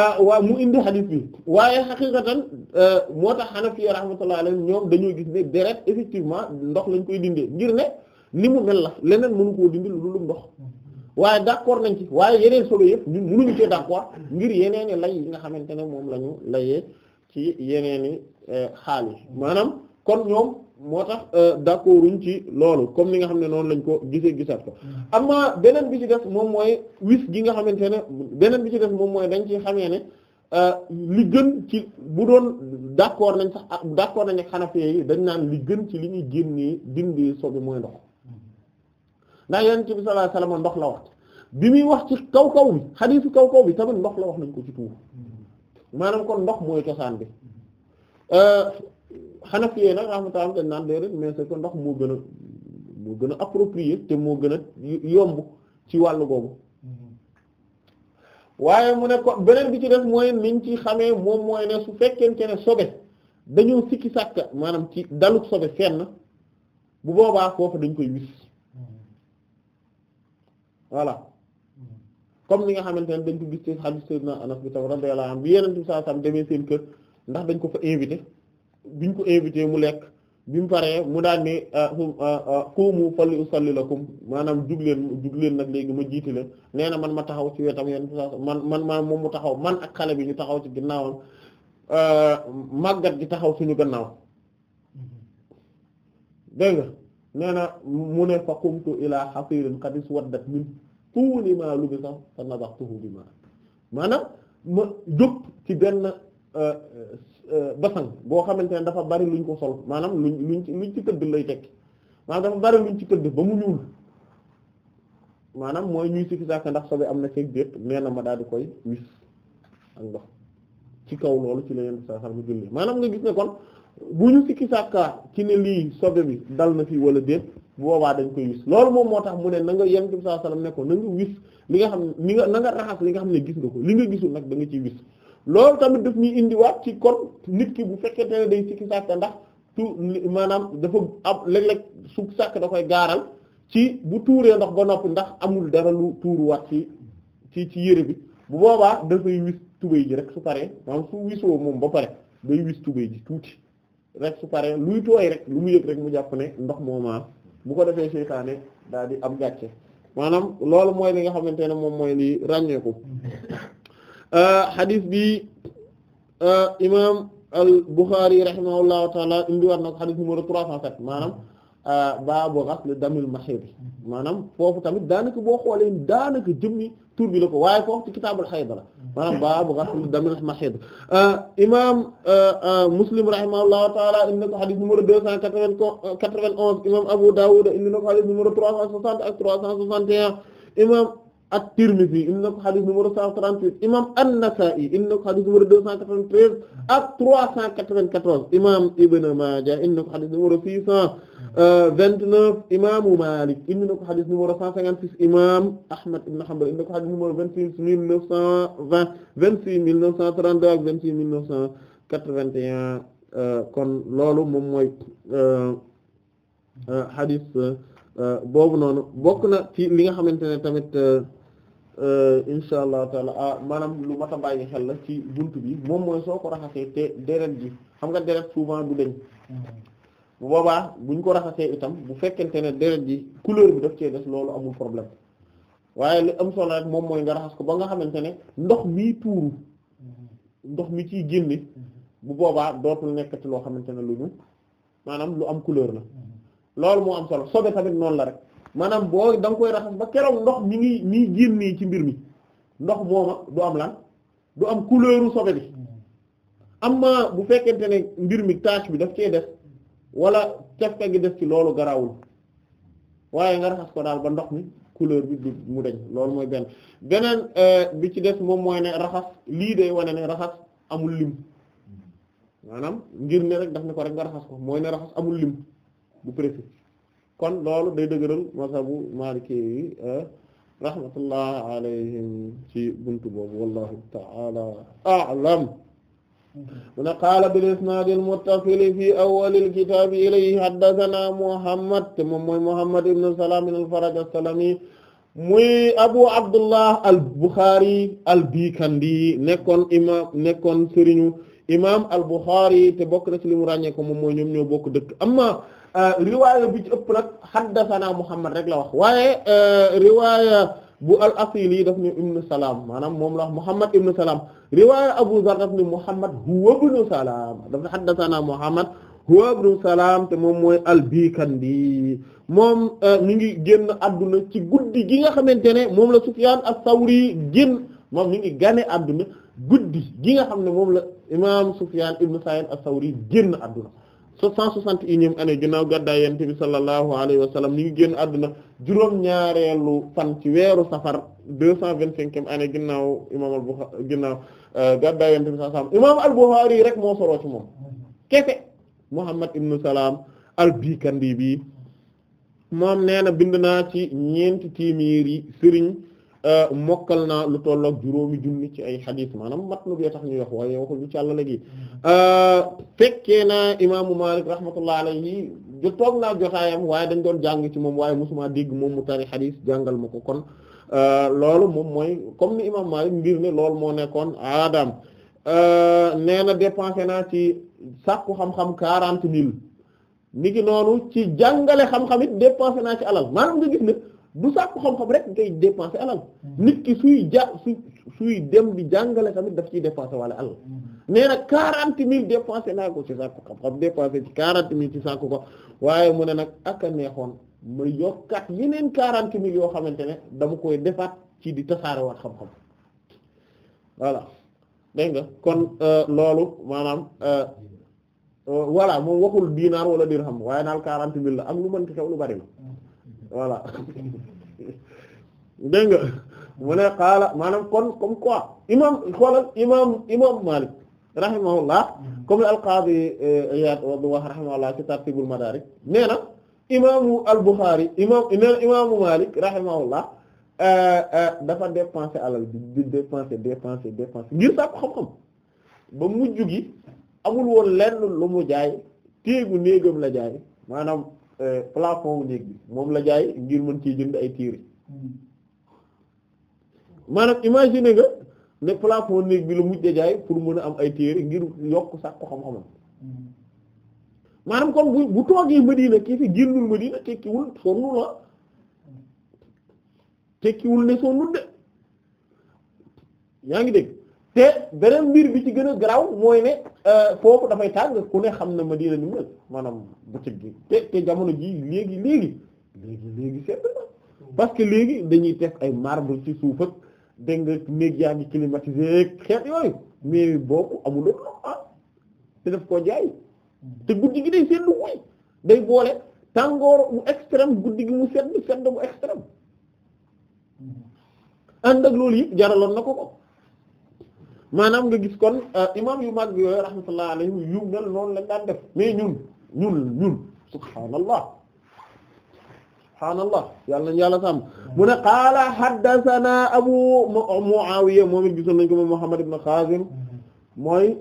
ah waaw mu indi xadiis bi waaye xaqiqatan euh, moo tax Hanafi rahmatullah alayhi ñoom dañoo gis ne deret effectivement ndox lañ koy dindee ngir ne ni mu mel la leneen mënu koo dindi lu dul ndox waaye d'accord nañ ci waaye yeneen solo yëpp ñun mënuñu cee d'accord ngir yeneen i lay yi nga xamante ne moom la ñu layee ci yeneen i euh, xaal yi maanaam kon ñoom moo tax euh, d'accorduñ ci loolu comme ni nga xam ne noonu lañ ko gisee gisaat ko mm. amma beneen bi ci def moom mooy wis gi nga xamante ne beneen bi ci def moom mooy dañ ci xamee ne euh, li gën ci bu doon d'accord nañ sax d'accord nañ ak Hanafi yi dañ naan li gën ci li ñuy génnee dindi sobi mooy ndox ndax yonent bi sallallahu alayhi wasallam ndox la wax bi muy wax ci kaw kaw bi xadiisu kaw kaw bi tamit ndox la wax nañ ko ci tuur maanaam kon ndox mooy cosaan bi euh, Hanafi yi nag rahmatullah dañ mais c'est ndox moo gën a gën a approprié te moo gën a yomb ci wàll googu waaye mu ne ko beneen bi ci def mooy niñ ci xamee moom mooy ne su fekkee ne sobe dañoo sikki sàkk maanaam ci daluk sobe fenn bu boobaa foofu dañ koy wis voilà comme li nga xamante ne dañ ko gis ci hadith sayyidina Anas bi tam radiyallahu anhu bi yeneen bi sallallahu alayhi wasallam demee seen kër ndax dañ ko fa invité biñ ko invité mu lekk bi mu paree mu daal ni ah, ah, ah, qumu falli usalli lakum maanaam jug leen nag léegi ma jiite leen nee na man ma taxaw ci wetam yeneen bi sallallahu man man moom mu taxaw man ak xale bi ñu taxaw ci ginnaawam màggat gi taxaw suñu gannaaw mm-hmm. dégg nga nee na mu ne fa qumtu ilaa hasirin qad iswaddat min tuuli ma lubisa fa nadaqtuhu bi ma maanaam ma jóg ci benn euh, euh, basang boo xamante ne dafa bari luñ ko sol maanaam luñ ci luñ ci tëdd lay tekki maanaam dafa bari luñ ci tëdd ba mu ñuul maanaam mooy ñuy sukk saaka ndax sobe am na ceeb déet nee na ma daal di koy wis ak ndox ci kaw loolu ci la yenn saa sax mu julli maanaam nga gis ne kon bu ñu sikki sàkka ci ne lii sobe bi dal na fii wala déet bu boobaa dañ koy wis loolu moom moo tax mu ne na nga yem ci saa salaam ne ko na nga wis li nga xam ni nga na nga raxas li nga xam ne gis nga ko li nga gisul nag danga ci ciy wis loolu tamit daf ñuy indiwaat ci kon nit ki bu fekkente ne day sikki sàkka ndax tu maanaam dafa ab léeg-léeg su sàkk da koy gaaral ci bu tuuree ndox ba noppi ndax amul dara lu tuuruwaat ci ci ci yére bi bu boobaa dafay wis tubéy ji rek su paree maanaam su moom ba pare day wis tubéy ji tuuti rek su paree luy tooy rek lu mu yëg rek mu jàpp ne ndox mooma bu ko defee seytaane daal di ab gàcce maanaam loolu mooy li nga xamante ne moom mooy li ràññeeku euh, hadith bi euh, imaam al Bukhari rahimahullahu taala indiwaat na ko hadith numéro 307 maanaam. Euh, baabu ghasl damil mahid maanaam foofu tamit daanaka boo xoolee daanaka jëmmi tur bi la ko waaye foofu ci kitaabul hayd la maanaam baabu ghasl damil mahid euh, imaam euh, muslim rahimahullahu taala indi na ko xadis numéro deux cent quatre-vingt-onze imaam Abu Dawud indi na ko xadis numéro trois cent soixante ak trois cent soixante et un imaam ak Tirmidhi indi na ko xadis numéro 138 imam An-Nasa'i indi na ko xadis numéro 293 ak 394 imam Ibn Maaja indi na ko xadis numéro 629 imaamu Maalik indi na ko xadis numéro 156 imam Ahmad ibn Hanbal indi na ko xadis numéro 26920 26932 ak 26981 euh, kon loolu moom mooy euh, euh, xadis. Euh, boobu noonu bokk na ci li nga xamante ne tamit euh, euh, insha allahu taala ah maanaam lu mat a bàyyi xel la ci bunt bi moom mooy soo ko raxasee te deret ji xam nga deret souvent du deñ bu boobaa buñ ko raxasee itam bu fekkente ne deret ji couleur bi daf cee des loolu amul problème waaye li am solo moom mooy nga raxas ko ba nga xamante ne ndox mi tuuru ndox mi ciy génne bu boobaa dootul nekkati loo xamante ne lu ñu maanaam lu am couleur la loolu moo am solo sobe tamit noonu la rek maanaam boo da koy raxas ba keroog ndox mi ngi nii génnee ci mbir mi ndox mooma du am lan du am couleuru sobe bi ma bu fekkente ne mbir mi tache bi daf cee def wala cafka gi def ci loolu garaawul waaye nga raxas ko daal ba ndox mi couleur bi du mu deñ loolu mooy benn beneen euh, bi ci des moom mooy ne raxas lii de wane ne raxas amul lim maanaam ngir ne rek daf ne ko rek nga raxas ko mooy ne raxas amul lim bu préfet kon loolu day dëgëral mazhabu maliki yi euh, rahmatullah alayhim ci buntu boobu wallahu ta'ala a'lam mm-hmm. mu ne qaala bil isnaad al muttasil fi awwal al kitaab ilayhi haddathana muhammad te moom mooy muhammad ibn salaam al faraj as-salami muy abu abdullah al buxaari al bikandi nekkoon imaam nekkoon sëriñu imaam al buxaari te bokk na ci li mu ràññee moom mooy ñoom ñoo bokk dëkk amma Euh, riwaaya bi ci ëpp nag xaddasanaa Muhammad rek la wax waaye euh, riwaaya bu al asili daf ni ibnu salaam maanaam moom la wax Muhammad ibnu salaam riwaaya Abu Zarr daf ni Muhammad huwa ibnu salaam daf ni xaddasanaa Muhammad huwa ibnu salaam te moom mooy al-Bikandi moom euh, mi ngi génn adduna ci guddi gi nga xamante ne moom la Sufyaan as-Sawri génn moom mi ngi gane adduna guddi gi nga xam ne moom la imaam Sufyaan ibnu Sa'iid as-Sawri génn adduna. 761e année ginnaaw gàddaay yonent bi sallallahu alayhi wa sallam ñu ngi génn àdduna juróom-ñaareelu fan ci weeru safar 225e année ginnaaw imaam al-Bukhari ginnaaw euh, gàddaay yonent bi rek moo soroo ci moom kefe Muhammad ibn Salaam al-Bikandi bi moom nee na bind naa ci ñeenti téeméeri sëriñ Euh, mokkal na lu tollook juróomi junni ci ay xadis maanaam matnu bi tax ñu yox waaye waxul lu càll léegi fekkee naa imaamu Maalik rahmatullah alayhi jo toog naa jotaayam waaye dañ doon jàng ci moom waaye mosuma dégg moom mu tari xadis jàngal ma ko kon euh, loolu moom mooy comme ni imaam Maalik mbir ne loolu moo nekkoon aadam euh, nee na dépensé naa ci sàkku xam-xam quarante mille ni noonu ci jàngale xam-xam it naa ci alal maanaam nga gis ne du sàkku xam-xam rek ngay dépenser alal nit ki suy ja su suy dem di jàngale tamit daf ciy dépenser wala alal mm-hmm. nee na quarante mille dépenser naa ko ci sàkku xam-xam dépenser ci quarante mille ko waaye mu ne nag ak a neexoon ma yokkaat yeneen quarante mille yoo xamante ne dama koy defaat ci di tasaare waat xam-xam voilà dégg nga kon euh, loolu maanaam euh, euh, voilà moom waxul diinaar wala dirham waaye daal quarante mille la am lu mën ci xew lu bari la mm-hmm. voilà dégg nga mu ne xaala maanaam kon comme quoi imam xoolal Malik rahimahullah mm-hmm. comme le alqaadi eh, Iyaad bu wax rahimahullah ci tartibul madarik nee na imaamu al imaam Malik rahimahullah eh, eh, dafa dépensé alal bi di dépensé dépensé dépensé ngir sàkku xam-xam ba mujj gi amul woon lenn lu mu jaay téegu néegam la jaay Euh, plafond wu néeg bi moom la jaay ngir mën ci jënd ay tiir maanaam imagine nga ne plafond néeg bi la mujj a pour mën a am ay tiir ngir yokk sax ko xam-xamam maanaam kon bu bu toogee Madina kii fi génnul Madina tekkiwul sonnul la ah. tekkiwul ne sonnul de yaa ngi dégg te beneen mbir bi ci gën a garaaw mooy ne euh, foofu dafay tàng ku ne xam na Madina ni mel maanaam bëccëg gi te jamono ji léegi léegi léegi léegi sedd na parce que léegi dañuy teg ay marbre ci suuf ak dégg nga néeg yaa ngi climatisé xeet yooyu mais boobu amul ah te daf koo jaay te guddi gi day sedd wuy day boole tàngoor bu extrême guddi gi mu sedd sedd bu extrême ànd ak loolu yëpp jaraloon na ko ko. maanaam nga gis kon euh, imam yu mag yooyu rahmatullah alayhim yu mel noonu lañ daan def mais ñun ñun ñun subhaanallah subhaanallah yàlla nañ yàlla sàmm mu ne qaala haddathana abu muawiya moom it nañ ko moom muhammad ibn xazim mooy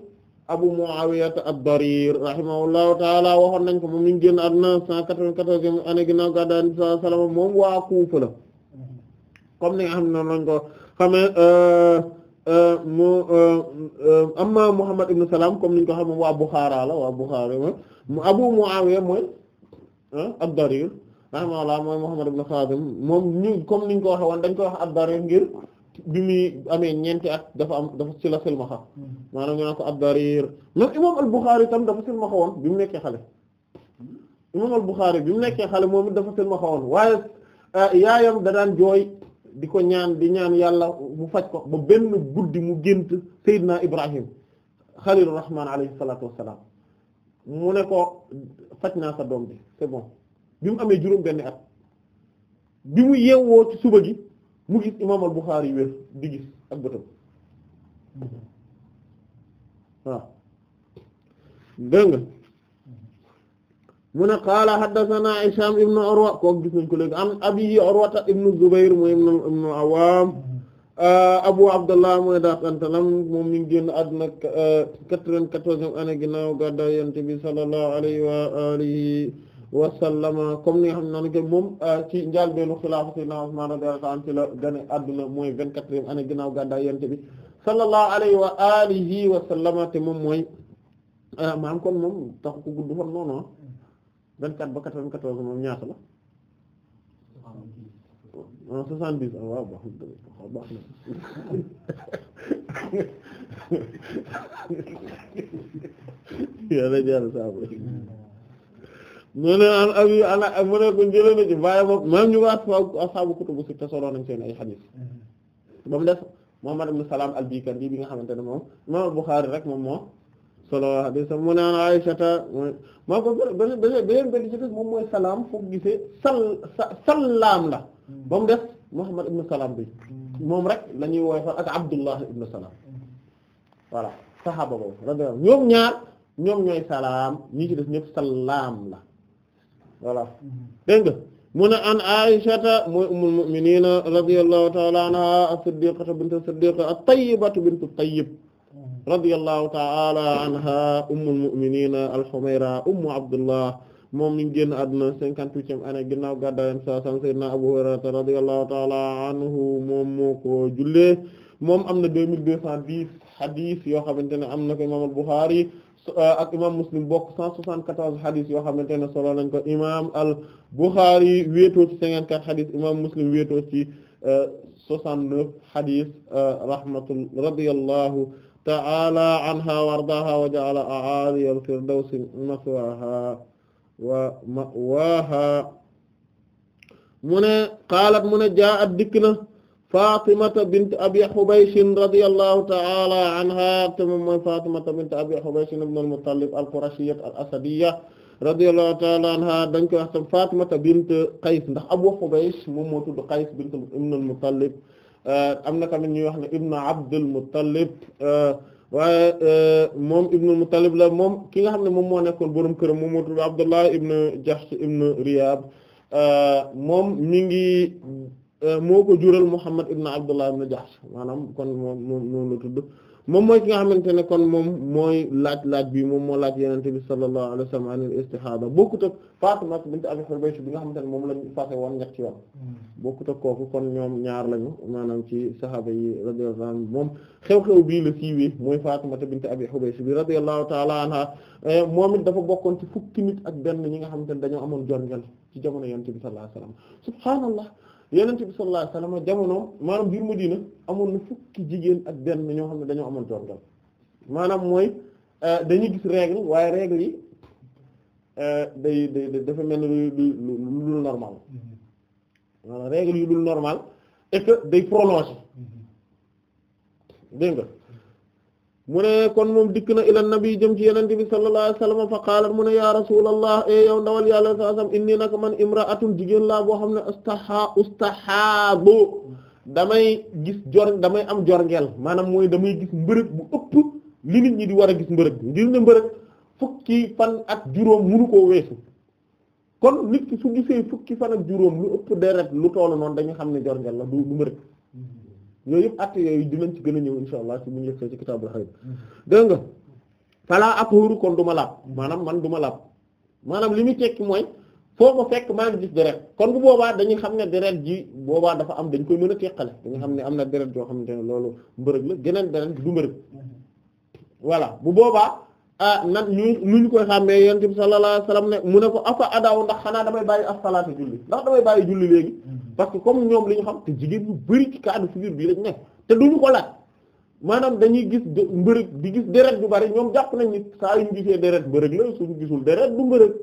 abu muawiya ad-darir rahimahullahu taala waxoon nañ ko moom ñu génn àdduna cent quatre vingt waa Kufa la mm-hmm. comme ni nga xam ne ko xamee euh, Euh, mu euh, euh, amma Muhammad ibn Salam comme niñ ko xam ne waa Bukhara la waa Bukhara mu Abu Muawiya mooy ah, ad-Darir rahimahullah mooy Muhammad ibn Khadim comme niñ ko waxee woon dañ ko wax ad-Darir ngir bi muy amee ñeenti at dafa am dafa ci la silmaxa maanaam ñu naan ko ad-Darir même imam al-Bukhari tam dafa silmaxa woon bi mu nekkee xale imam al-Bukhari bi mu nekkee xale moom it dafa silmaxa woon waaye ah, yaayam da daan jooy di ko ñaan di ñaan yàlla mu faj ko ba benn guddi mu gént Seydina Ibrahim xalilu rahmaan alayhi salaatu wassalaam mu ne ko faj naa sa doom bi c'est bon bi mu amee juróom benn at bi mu yeewoo ci suba gi mu gis imaamal Buxaari yi wér di gis ak bëtam mm-hmm. waaw dégg mu ne qaala haddathana Hisham ibnu Urwa ko gis nañ ko léegi am abi Urwata ibnu Zubayr mu ibnu ibnu Awwam euh, Abu Abdullah mooy daatantalam moom mi ngi génn àdduna euh, quatre-vingt-quatorzième année ginnaaw gàddaay Yonent bi sallallahu alayhi wa alihi wa sallama comme ni nga xam ne noonu kay moom euh, ci njàlbéenu xilaafa Sayyidina Usmaan radiyallahu anhu ci la gane àdduna mooy vingt-quatrième année ginnaaw gàddaay Yonent bi sallallahu alayhi wa alihi wa sallama te moom mooy maanaam kon moom tax ko gudd fan noonu ah. 24 ba 94 moom ñaata la. 70 ah, ah waaw baax na waaw baax na yàlla jàll saabla ne an abi ana mu ne bàyyi moom mam ñu waat fa ashaabu kutubu sitta soloo nañ seen ay xadiis mm-hmm. ba mu def Muhammad ibn bi nga xamante ne moom imam al-Bukhari rek moom moo solo hadis mu ne an ko moom mooy salaam foog gisee sal salaam la hmm. ba mu def Muhammad ibn Salaam bi hmm. moom rek lañuy ñuy woowee sax ak Abdullah ibn Salaam voilà saxaaba boobu radiyallahu ñoom ñaar ñoom ñooy salaam ñi ci des ñëpp salaam la voilà hmm. dégg nga ne an Aysata mooy ummul mu'miniina radiyallahu ta'ala anha as-Siddiqatu bintu as-Siddiq at bintu at radiyallahu ta'ala anha ummul mu'minina al-Humayra ummu Abdullah moom mi ngi génn àdduna cinquante-huitième année ginnaaw gàddaay Yonent sallallahu alayhi wasallam sayyidina Abu ta'ala anhu moom moo ko jullee moom am na deux mille deux cent dix yoo xamante ne am na ko imaam al euh, ak imaam Muslim bokk cent soixante-quatorze hadis yoo xamante ne solo nañ ko imaam al-Bukhari wéetoo ci cinquante-quatre hadis imaam Muslim wéetoo ci euh, soixante-neuf hadis euh, ta'ala anha wa ardaha wa ja'ala a'ali al-firdawsi maswaha wa ma'waha mu ne qaalat mu ne ja'at dikk na fatimata bint abi hubaysh radiyallahu ta'ala anha te moom mooy fatimata bint abi hubaysh ibn al-muttalib al-qurashiyya al-asadiyya radiyallahu ta'ala anha dañ koy wax tam fatimata bint qays ndax abu hubaysh moom moo tudd qays bint ibn al-muttalib Euh, am na tamit ñuy wax ne ibnu Abdul Muttalib euh, waaye euh, moom ibnu Muttalib la moom ki nga xam ne moom moo nekkoon borom këram moom moo tudd Abdullah ibnu Jahsh ibnu Riyab moom mi ngi moo ko jural Muhammad ibnu Abdullah ibnu Jahsh maanaam kon moom moom la moom mooy ki nga xamante ne kon moom mooy laaj-laaj bi moom moo laaj yenente bi sallallahu alayhi wa sallam anil istihada bokkut ak Fatima bint Abi Hubaysh bi nga xamante ne moom lañ fase woon ñetti yoon bokkut ak kon ñoom ñaar lañu maanaam ci sahaaba yi radiyallahu anhum moom xew-xew bii la siiwee mooy Fatima bint Abi Hubaysh bi radiyallahu ta'ala anha eh, moom it dafa bokkoon ci fukki nit ak benn ñi nga xamante ne dañoo amoon jorngel ci jamono yenente bi sallallahu alayhi wa sallam subhaanallah yonent bi sallallahu alayhi wasallam jamonoom maanaam biir Madina amoon na fukki jigéen ak benn ñoo xam ne dañoo amoon tongal maanaam mooy euh, dañuy gis règle waaye règle yi euh, day day dafa mel ni lu lu normal maanaam règle yu dul normal et que day prolongé mm-hmm. dégg nga mu ne kon moom dikk na ila nabi jëm ci yenente bi sallallahu alayhi wasallam fa qaalat mu ne ya rasulallah e yow ndawal yàlla sallallahu alayhi wasallam inni naka man imraatun jigéen laa boo xam ne ustaha ustahabu damay gis damay am jorngeel maanaam mooy damay gis mbërëg bu ëpp li nit ñi di war a gis mbërëg ngir ne mbërëg fukki fan ak juróom munu koo weesu kon nit ki su gisee fukki fan ak juróom lu ëpp deret lu toll noonu dañu xam ne jorngeel la du du yooyu yëpp at yooyu dinañ ci gën a ñëw insha allah ci bu ñu yëgsee ci kitaabul hayd mm-hmm. dégg nga falaa athuuru kon du ma laab maanaam man du ma laab maanaam li muy tekki mooy foo ko fekk maa ngi gis deret kon bu boobaa dañuy xam ne deret ji boobaa dafa am dañ koy mën a teqale dañu xam ne am na deret joo xamante ne loolu mbërëg la geneen deret du mbërëg mm-hmm. voilà bu boobaa ah nan ñu nu ñu koy xàmmee yonent bi sallallahu alayhi mu ne ko afa adaw ndax xanaa damay bàyyi as-salaatu julli ndax parce que comme ñoom li ñu xam te jigéen ñu bëri ci cas de bi lañ nekk te du ko laaj maanaam dañuy gis mbërëg di gis deret bu bari ñoom jàpp nañ ni saa yu ñu gisee deret mbërëg la suñu gisul deret du mbërëg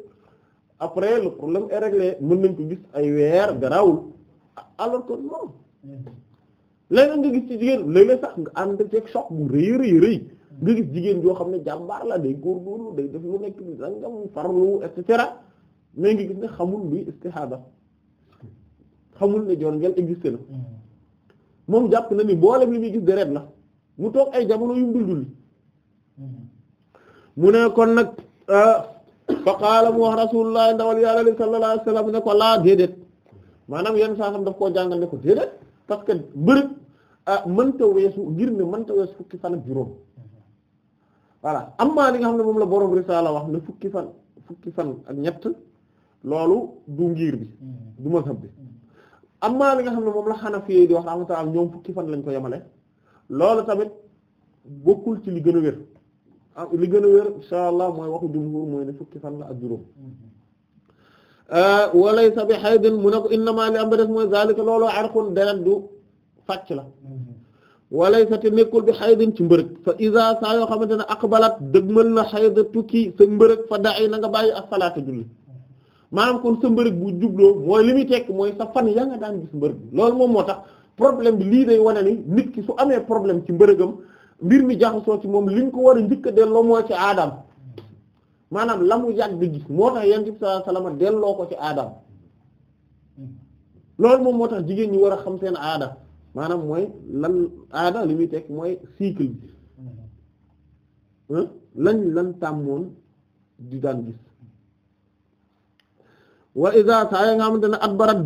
après le problème est réglé mën nañ ko gis ay weer garawul alors que non léeg nga gis ci jigéen léeg-léeg sax nga ànd ceeg choc bu rëy rëy rëy nga gis jigéen joo xam ne jàmbaar la day góorgóorlu day def lu nekk di sangam farlu et cetera mais nga gis ne xamul luy istihada xamul ne jorngel existé na hmm. moom jàpp na ni mboolem li muy gis deret la mu toog ay jamono yu mu dul hmm. mu ne kon nag ah, fa qaala mu wax rasulullah ndawal yàlla li sallallahu alayhi wasallam ne ko laa déedéet maanaam yenn saa xam daf koo jàngal ne ko déedéet parce que bërëb ah, mënta weesu ngir ne mënta weesu fukki fan ak juróom voilà am na li nga xam ne moom la borom risaala wax ne fukki fan fukki fan ak ñett loolu du ngir bi hmm. du mazhab bi amma li nga xam ne moom la Hanafi di wax rahmatullah ñoom fukki fan lañ ko yemale loolu tamit bokkul ci li gën a wér ah, li gën a wér insha allah mooy waxu jumhur mooy ne fukki fan la ak juróom mm-hmm. ah, walaysa bi haydin mu ne ko innama li am ba def mooy zalika looloo arqun deret du fàcc la mm-hmm. walaysa te nekkul bi haydin ci mbërëg fa isa saa yoo xamante ne aqbalat dëgmal na hayda tukki sa mbërëg fa da'i na nga bàyyi as-salaata julli maanaam kon sa mbërëg bu jubloo mooy li muy tekk mooy sa fan ya nga daan gis mbërëg loolu moom moo tax problème bi lii day wane ni nit ki su amee problème ci mbërëgam mbir mi jaxasoo ci moom liñ ko war a njëkk a delloo mooy ci aadam maanaam la mu yàgg gis moo tax yonent bi sallallahu delloo ko ci aadam loolu moom moo tax jigéen ñi war a xam seen aada maanaam mooy lan aada li muy teg mooy cycle bi mm-hmm. lañ lan tàmmoon di daan gis wa isa saa ya nga xamante ne at barat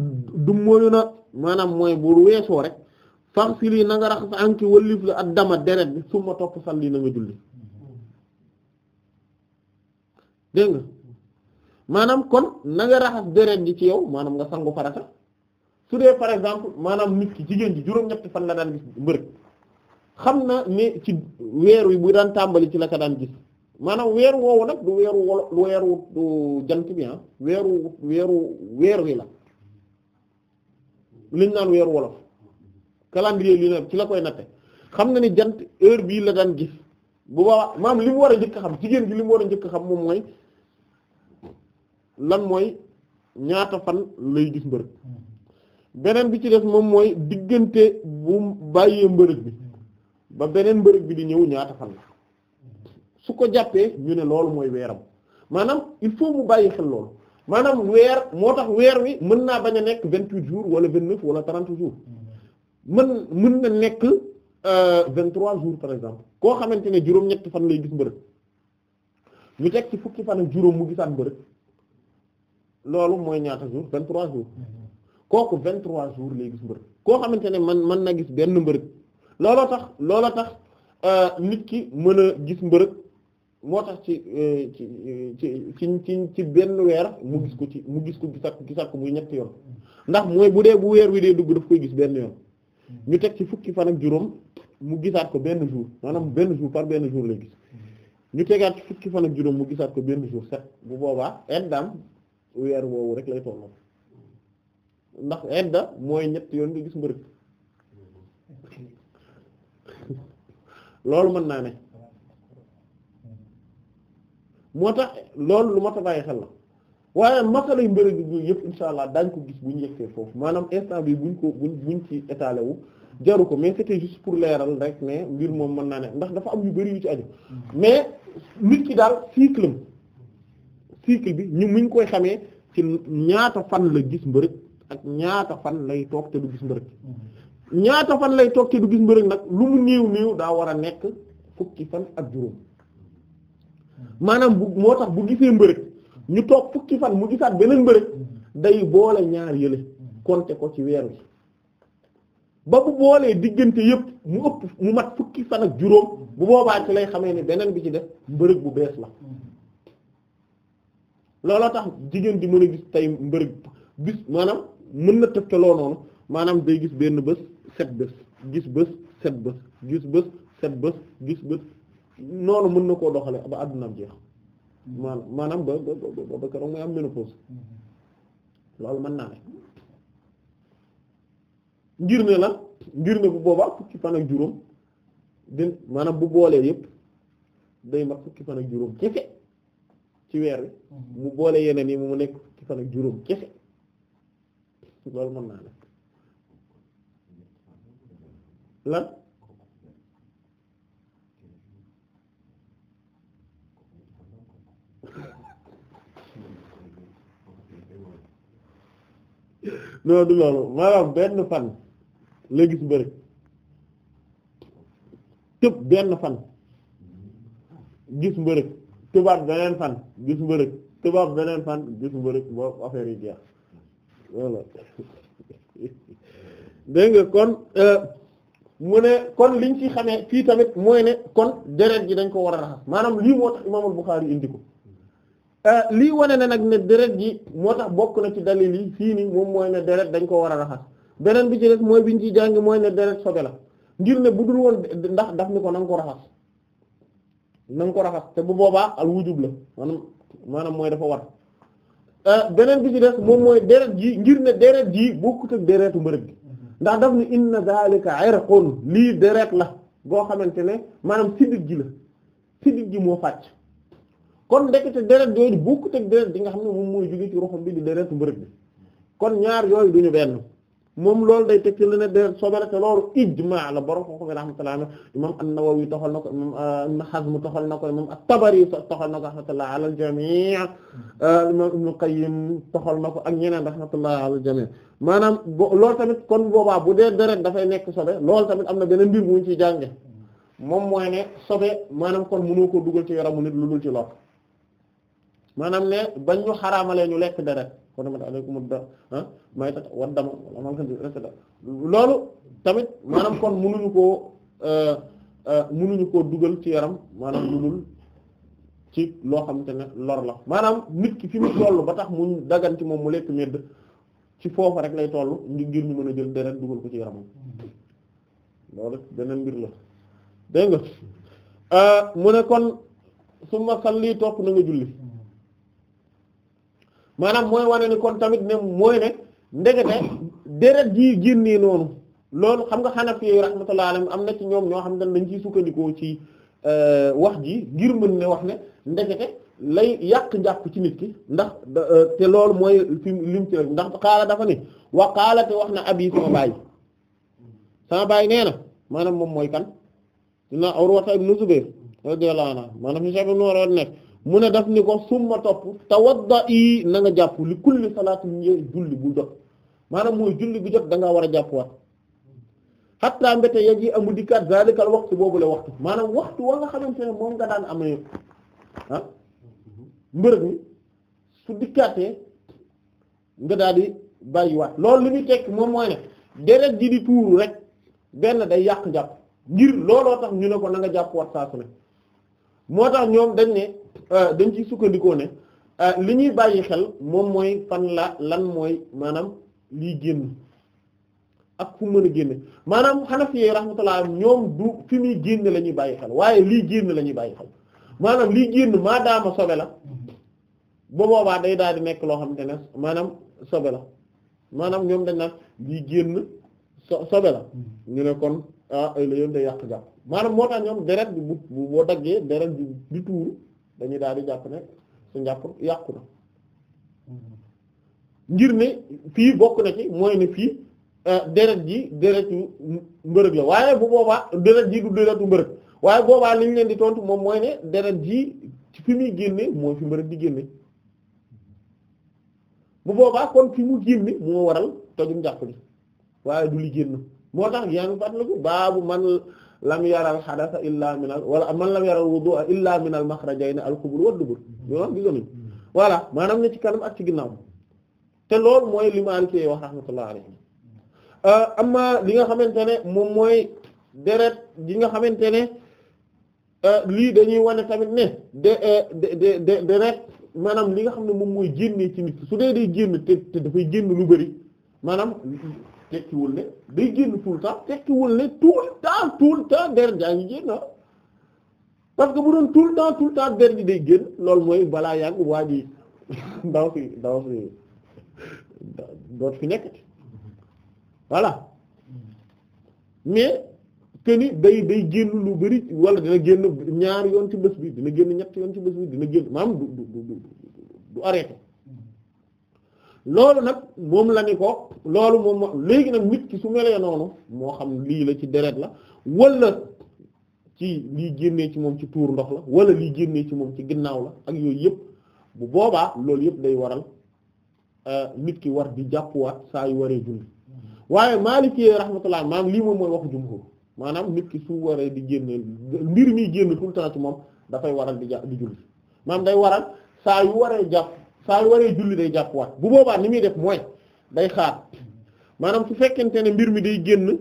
dummóoyu na maanaam mooy bu weesoo rek faxsili na nanga rax sa anki wallif la ak dama deret bi suma topp salli na nga julli dégg nga maanaam kon na nga raxas deret ji ci yow maanaam nga sangu farata su dee par exemple maanaam nit ki jigéen ji juróom-ñetti fan la daan gis mbërëg xam na ne ci weer wi bu daan tàmbali ci la ka daan gis maanaam weer woowu nag du weeru wolo du weeru jant bi ah, weeru weeru weer wi la liñ naan weeru wolof calendrier li na ci la koy natte xam na ni jant heure bii la daan gis bu boobaa maam li mu war a njëkk xam jigéen gi li mu war a njëkk xam moom mooy lan mooy ñaata fan lay gis mbërëg beneen bi ci des moom mooy diggante bu bàyyee mbërëg bi ba beneen mbërëg bi di ñëw ñaata fan la su ko jàppee ñu ne loolu mooy weeram maanaam il faut mu bàyyi xel loolu maanaam weer moo tax weer wi mën naa bañ a nekk vingt-huit jours wala vingt-neuf wala trente jours mën mën na nekk euh, vingt-trois jours par exemple koo xamante ne juróom-ñetti fan lay gis mbërëg ñu teg ci fukki fan juróom mu gisaat mbërëg loolu mooy ñaata jours vingt-trois jours kooku vingt-trois jours lay gis mbërëg koo xamante ne man mën na gis benn mbërëg looloo tax looloo tax euh, nit ki mën a gis mbërëg moo tax euh, ci ci ci ci ci benn weer mu gis ko ci mu gis ko gisaat gisaat ko muy ñetti yoon ndax mooy bu dee bu weer wi dee dugg daf koy gis benn yoon ñu teg ci fukki fan ak juróom mu gisaat ko benn jour maanaam benn jour par benn jour lay ñu tegaat ci fukki fan ak juróom mu gisaat ko benn jour set bu boobaa eddaam weer woowu rek lay tolloo ndax edda mooy ñetti yoon nga gis mbërëg loolu mën naa ne moo tax loolu lu ma ta bàyyi xel la waaye masala yu mbëri bi yëpp insha allah daañ ko gis bu ñu yëgsee foofu maanaam instant bi buñ ko buñ buñ ci étalé wu jaru ko mais c'était juste pour leeral rek mais mbir moom mën naa ne ndax dafa am yu bëri yu ci aju mais nit ki daal cycle am bi ñu muñ koy xamee ci ñaata fan la gis mbërëg ak ñaata fan lay toog te du gis mbërëg ñaata fan lay toog du gis mbërëg nag lu mu néew néew daa war a nekk fukki fan ak juróom maanaam bu moo tax bu gisee mbërëg ñu toog fukki fan mu gisaat beneen mbërëg day boole ñaar yële compter ko ci weer wi ba bu boolee diggante yëpp mu ëpp mu mat fukki fan ak juróom bu boobaat ci lay xamee ni beneen bi ci def mbërëg bu bees la looloo tax jigéen di mën a gis tey mbërëg bis maanaam mën na tëf loo noonu maanaam day gis benn bés set bés gis bés set bés gis bés set bés gis bés noonu mën na koo doxale ba àdduna am jeex maanaam maanaam ba ba ba keroog muy am ménopause loolu mën naa ne ngir ne la ngir ne bu boobaa fukki fan ak juróom din maanaam bu boolee yëpp day mat fukki fan ak juróom kese ci weer bi mhm. mu boole yeneen yi mu nekk fukki fan ak juróom kese loolu mën naa ne lan non du loolu maanaam benn fan la gis bëri tëb benn fan gis mbërëg tëbaat beneen fan gis mbërëg tëbaat beneen fan gis mbërëg ba affaire yi jeex voilà dégg nga kon euh, mu ne kon liñ ci xamee fii tamit mooy ne kon deret ji dañ ko war a raxas maanaam lii moo tax imaamul Buxaari indi ko Euh, lii wane na nag ne deret ji moo tax bokk na ci dalil yi fii nii moom mooy ne deret dañ ko war a raxas beneen bi ci des mooy biñ ciy jàng mooy ne deret sobe la ngir ne bu woon ndax daf ni ko na ko raxas ko raxas te bu boobaa al wujub la maanaam mooy dafa war euh, beneen bi ci des moom mooy deret ji ngir ne deret ji bokkut ak deretu mbërëg gi ndax daf ni inna zalika irqun lii deret la boo xamante ne maanaam sidit ji la sidit ji moo fàcc kon ndekete deret bu bokkut ak deret bi nga xam ne moom mooy jóge ci roxam bi di deretu mbërëg bi kon ñaar yooyu duñu benn moom loolu day teg ci la ne deret sobere te loolu la borom ko bi rahmatullah imam an-Nawawi toxal na ko imam euh, Ibn Hazm toxal na ko imam at-Tabari toxal na ko rahmatullah ala al-jami' euh, imam Ibn Qayyim toxal na ko ak ñeneen rahmatullah ala al-jami' maanaam loolu tamit kon boobaa bu dee deret dafay nekk sobe loolu tamit am na beneen mbir bu ñu ciy jànge moom mooy ne sobe maanaam kon mënoo ko dugal ci yaramu nit lu dul ci lopp maanaam ne bañ ñu xaraamalee ñu lekk deret kon ma alaykum da ah, may ta war dama loolu tamit maanaam kon mënuñu koo euh, euh, mënuñu koo dugal ci yaram maanaam lu dul ci loo xamante ne lor la maanaam nit ki fi mu toll ba tax mu dagan ci moom mu lekk medd ci foofu rek lay ngi ngir ñu mën a jël deret dugal ko ci yaramam loolu beneen mbir la dégg nga euh, mu ne kon su ma salli topp na julli maanaam mooy wane ni kon tamit ne mooy ne ndegete deret jii génnee noonu loolu xam nga Hanafi yi rahmatullah alayhim am na ci ñoom ñoo xam ne dañ ciy sukkandikoo ci euh, wax ji ngir mën ne wax ne ndegete lay yàq njàpp ci nit ki ndax euh, te loolu mooy fi lim ci ndax kaala dafa ni wax kaala te wax na abi sama baay sama baay nee na maanaam moom mooy kan dina Urwata ibn Zubayr radiyallahu anhu maanaam ñu sax bi mu war a nekk mu ne def ni ko summa topp tawadda'i na nga jàpp li kulli salaati ñëw julli bu jot maanaam mooy julli bu jot da war a jàpp jàppwaat hatta mbete ya ji amu dikkaat zalikal waxtu boobu la waxtu maanaam waxtu wa nga xamante ne moom nga daan amee ah mbërëg mi su dikkaatee nga daal di bàyyiwaat loolu li muy tekk moom mooy ne deret ji di tuuru rek benn day yàq jàpp ngir looloo tax ñu ne ko na nga jàppwaat saa su ne moo tax ñoom dañ ne Euh, dañ ci sukkandikoo ne euh, li ñuy bàyyi xel moom mooy fan la lan mooy maanaam lii génn ak fu mën a génne maanaam Hanafi yi rahmatullah ñoom du fi muy génn la ñuy bàyyi xel waaye lii génn la ñuy bàyyi xel maanaam lii génn maadaama sobe la ba boobaa day daal di nekk loo xamante ne maanaam sobe la maanaam ñoom dañ naa lii génn so sobe la ñu ne kon ah, ay la yoon day yàq jàpp maanaam moo tax ñoom deret bi bu boo daggee deret bi di tuuru dañuy daal di jàpp ne su njàpp yàqu na ngir ne fii bokk na ci mooy ne fii euh, deret ji deretu mbërëg la waaye bu boobaa deret ji du deretu mbërëg waaye boobaa liñ leen di tontu moom mooy ne deret ji ci fi muy génne mooy fi mbërëg di génne bu boobaa kon fi mu génne moo waral tojum jàpp li waaye du li génn moo tax yaa ngi fàttaliku baabu man lam yaral xadasa illaa minal wala man lam yaral wudu'a illaa minal maxrajayni al qubur wa dubur ñoom gisoon voilà maanaam ne ci kanam ak ci ginnaaw te loolu mooy li Maliki wax rahmatullah alayhi euh, amma li nga xamante ne moom mooy deret ji nga xamante ne euh, lii dañuy wane tamit ne de euh, de maanaam li nga xam ne moom mooy génnee ci nit su dee day génn te dafay génn lu bari maanaam. tekkiwul ne day génn tout le temps tekkiwul ne tout le temps tout le jaa ngi génn parce que bu doon tout le temps tout le ji day génn loolu mooy balaa yàgg waa ji ndaw si ndaw si doot fi nekk voilà mais que day day génn lu bari wala dina génn ñaar yoon ci bés bi dina génn ñett yoon ci bés bi dina génn maanaam du du du du arrêté. loolu nag moom la ni ko loolu moom léegi nag nit ki su melee noonu moo xam lii la ci deret la wala ci lii génnee ci moom ci tuur ndox la wala lii génnee ci moom ci ginnaaw la ak yooyu yëpp bu boobaa loolu yëpp day waral euh, nit ki war di jàppuwaat saa yu waree julli waaye Maliki rahmatullah maam lii moom mooy waxu jumhur maanaam nit ki su waree di génne mbir mi génn tout le ci moom dafay waral di ja di julli maam day waral saa yu waree jàpp. saa yu waree julli day jàppuwaat bu boobaa ni muy def mooy day xaar maanaam su fekkente ne mbir mi day génn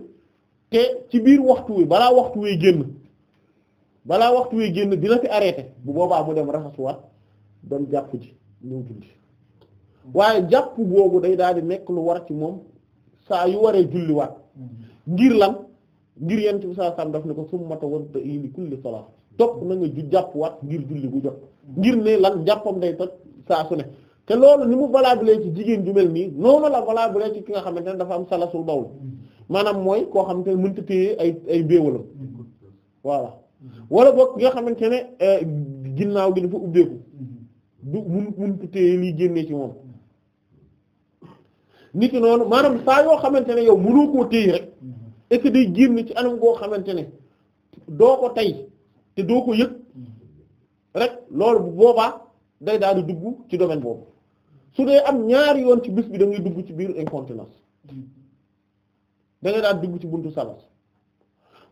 te ci biir waxtu wi balaa waxtu wi génn balaa waxtu wi génn dina fi arrêté bu boobaa mu dem raxasuwaat dem jàpp ji ñëw julli waaye jàpp boobu day daal di nekk lu war ci moom saa yu waree julliwaat ngir lan ngir yent bi saa sam daf ne ko summa tawadda li kulli salaat na nga ju jàpp waat ngir julli bu jot ngir ne lan jàppam day toj saa su ne te loolu ni mu valable ci jigéen ju mel nii noonu la valable ci ki nga xamante ne dafa am salasul bawl maanaam mooy koo xamante ne mënta téye ay ay béewalam wala boog nga xamante ne eh, ginnaaw gi dafa ubbeeku du mun mënta téye liy génnee ci moom nit ki noonu maanaam saa yoo xamante ne yow mënoo koo téye rek et que day génn ci anam goo xamante ne doo ko tey te doo ko yëg rek loolu bu boobaa day daal di dugg ci domaine boobu su dee am ñaari yoon ci bis bi da dugg ci biir incontinence da ngay daal dugg ci buntu salas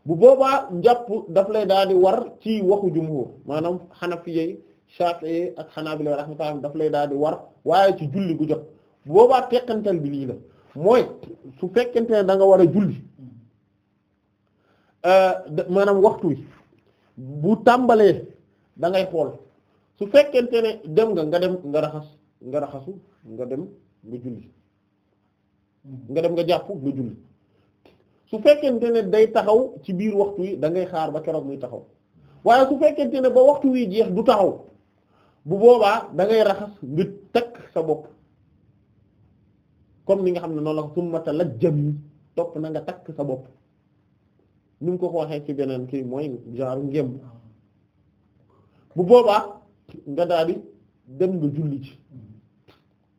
bu boobaa njàpp daf lay daal di war ci waxu jumhur maanaam xanafiyey shafi'i ak xanaa xanaabila rahmatullah daf lay daal di war waaye ci julli gu jot bu boobaa tekkantal bi lii la mooy su fekkente ne da war a julli euh, maanaam waxtu wi bu tàmbalee dangay xool su fekkente ne dem nga nga dem nga raxas nga raxasu nga dem nga julli nga dem nga jàpp nga julli su fekkente ne day taxaw ci biir waxtu yi da xaar ba keroog muy taxaw waaye su fekkente ne ba waxtu wi jeex du taxaw bu boobaa dangay ngay raxas nga takk sa bopp comme ni nga xam ne noonu la summata la jëm topp na nga takk sa bopp ni mu ko ko waxee ci beneen kii mooy genre ngémb bu boobaa nga daal di dem nga julli ci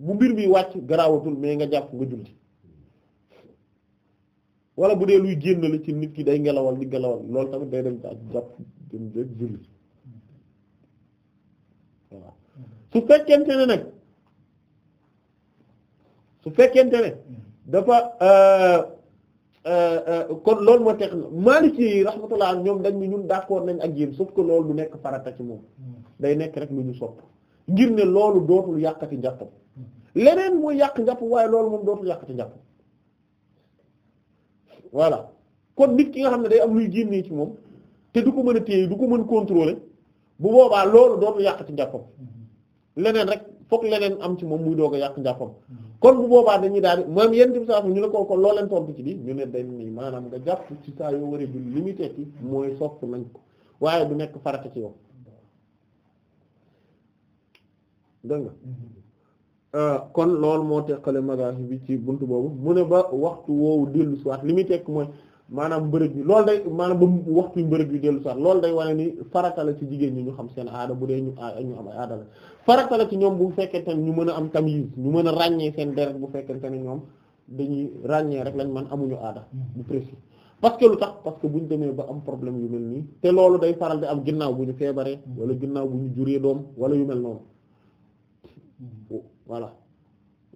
bu mbir mi wàcc garaawatul mais nga jàpp nga julli wala bu dee luy génn la ci nit ki day ngelawal di ngelawal loolu tamit day dem ak jàpp dem rek julli voilà su fekkente ne nag su fekkente ne dafa euh, euh, euh, kon loolu moo tax Maliki rahmatullah ñoom dañ ñu ñun d'accord nañ ak yéen sauf que loolu du nekk farata ci moom. Hmm. day nekk rek lu ñu sopp ngir ne loolu dootul yàqati njàppam leneen mooy yàq njàpp waaye loolu moom dootul yàqati njàpp voilà kon nit ki nga xam day am luy génnee ci moom te du ko mën a téye du ko mën contrôler bu boobaa loolu dootul yàqati njàppam mm-hmm. leneen rek fokk leneen am ci moom muy doog a yàq njàppam mm-hmm. kon bu boobaa dañuy daal moom yenn bi saa ñu ne ko kon loo leen tontu ci bi ñu ne dañ ni maanaam ci saa yoo waree bi limité ci mooy sopp nañ ko waaye du nekk farata ci yow dégg nga mm-hmm. euh, kon loolu moo teqale madhab bi ci buntu boobu mu ne ba waxtu woowu dellu si li muy tekk mooy maanaam mbërëg bi loolu day maanaam ba waxtu mbërëg bi dellu si waat loolu day wane ni farata ci jigéen ñi ñu xam seen aada bu dee ñu ñu am ay aada la farata ci ñoom bu fekkente ne ñu mën a am tamyiz ñu mën a ràññee seen deret bu fekkente ne ñoom dañuy ràññee rek lañ man amuñu aada bu mm-hmm. précis parce lu tax parce que bu ñu demee ba am problème yu mel nii te loolu day faral di am ginnaaw bu ñu feebaree mm-hmm. wala ginnaaw bu ñu juree doom wala yu mel noonu voilà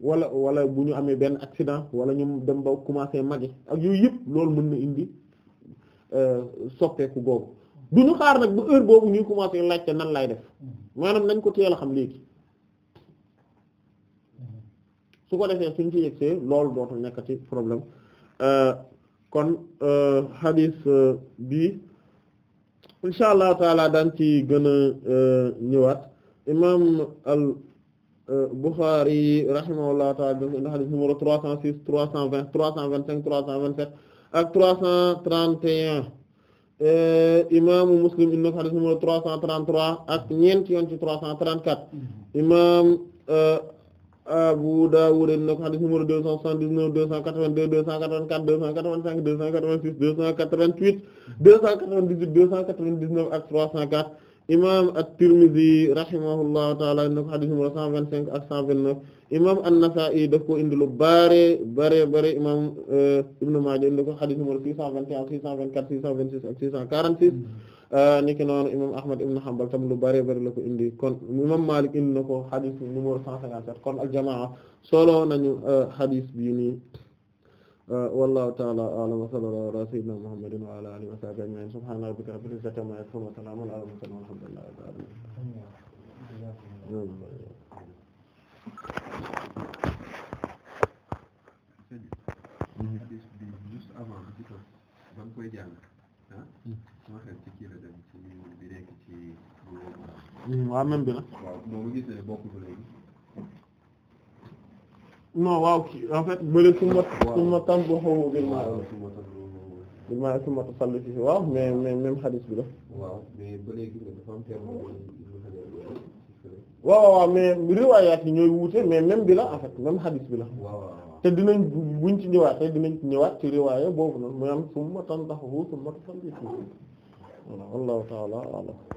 wala wala bu ñu amee benn accident wala ñu dem ba commencé magi ak yooyu yëpp loolu mën na indi euh, soppeeku googu du ñu xaar nag ba heure boobu ñuy commencé laajte nan laay def maanaam nañ ko teel a xam léegi su ko defee suñ ci yegsee loolu dootul nekkati problème euh, kon euh, hadith bi insha allah taala daan ci gën a ñëwaat imam Bukhari rahimahullahu ta'ala def na hadith numéro 306 320 325 327 ak 331 euh, imaamu Muslim inna ko hadith numéro 333 ak ñeenti yoon ci 334 imaam euh, Abu Dawud inna ko hadith numéro 279 282 284 285 286 288 298 299 ak 304 imam at-Tirmidhi rahimahullahu taala indi na ko xadis numéro cent vingt cinq ak cent vingt neuf imam an-Nasa'i daf ko indi lu bare bare bare imam euh, Ibn Maaja indi ko xadis numéro six cent vingt et un six cent vingt quatre six cent vingt six cent quarante six mm-hmm. euh, niki noonu imam Ahmad ibn Hanbal tam lu bare bare la ko indi kon imam Malik indi na ko xadis numéro cent cinquante sept kon al jamaa solo nañu euh, xadis bii nii wallahu ta'ala a'lam wa sallallahu ala sayyidina muhammadin wa ala alihi wa sahbihi ajma'in subhana rabbika rabbil izzati amma yasifun wa salamun ala mursalin walhamdulillahi rabbil alamin hadis bi juste avant bi ko ba nga koy jàng ah sama xel ci kii la dem ci bi nekk ci waaw même bi la waaw moom gis ne bokkul léegi non waaw kii en fait bële suma suma tam bo xaw bil ma'ruf bil ma'ruf suma tasallu waaw mais mais même xadis bi la waaw mais ba léegi dafa am terme yi ñooy wuute mais même bi la en fait même xadis bi la te dinañ buñ ci ñëwaat te dinañ ñëwaat ci riwaaya boobu noonu mu am summa tandahu summa tasallu fi wallahu ta'ala a'lam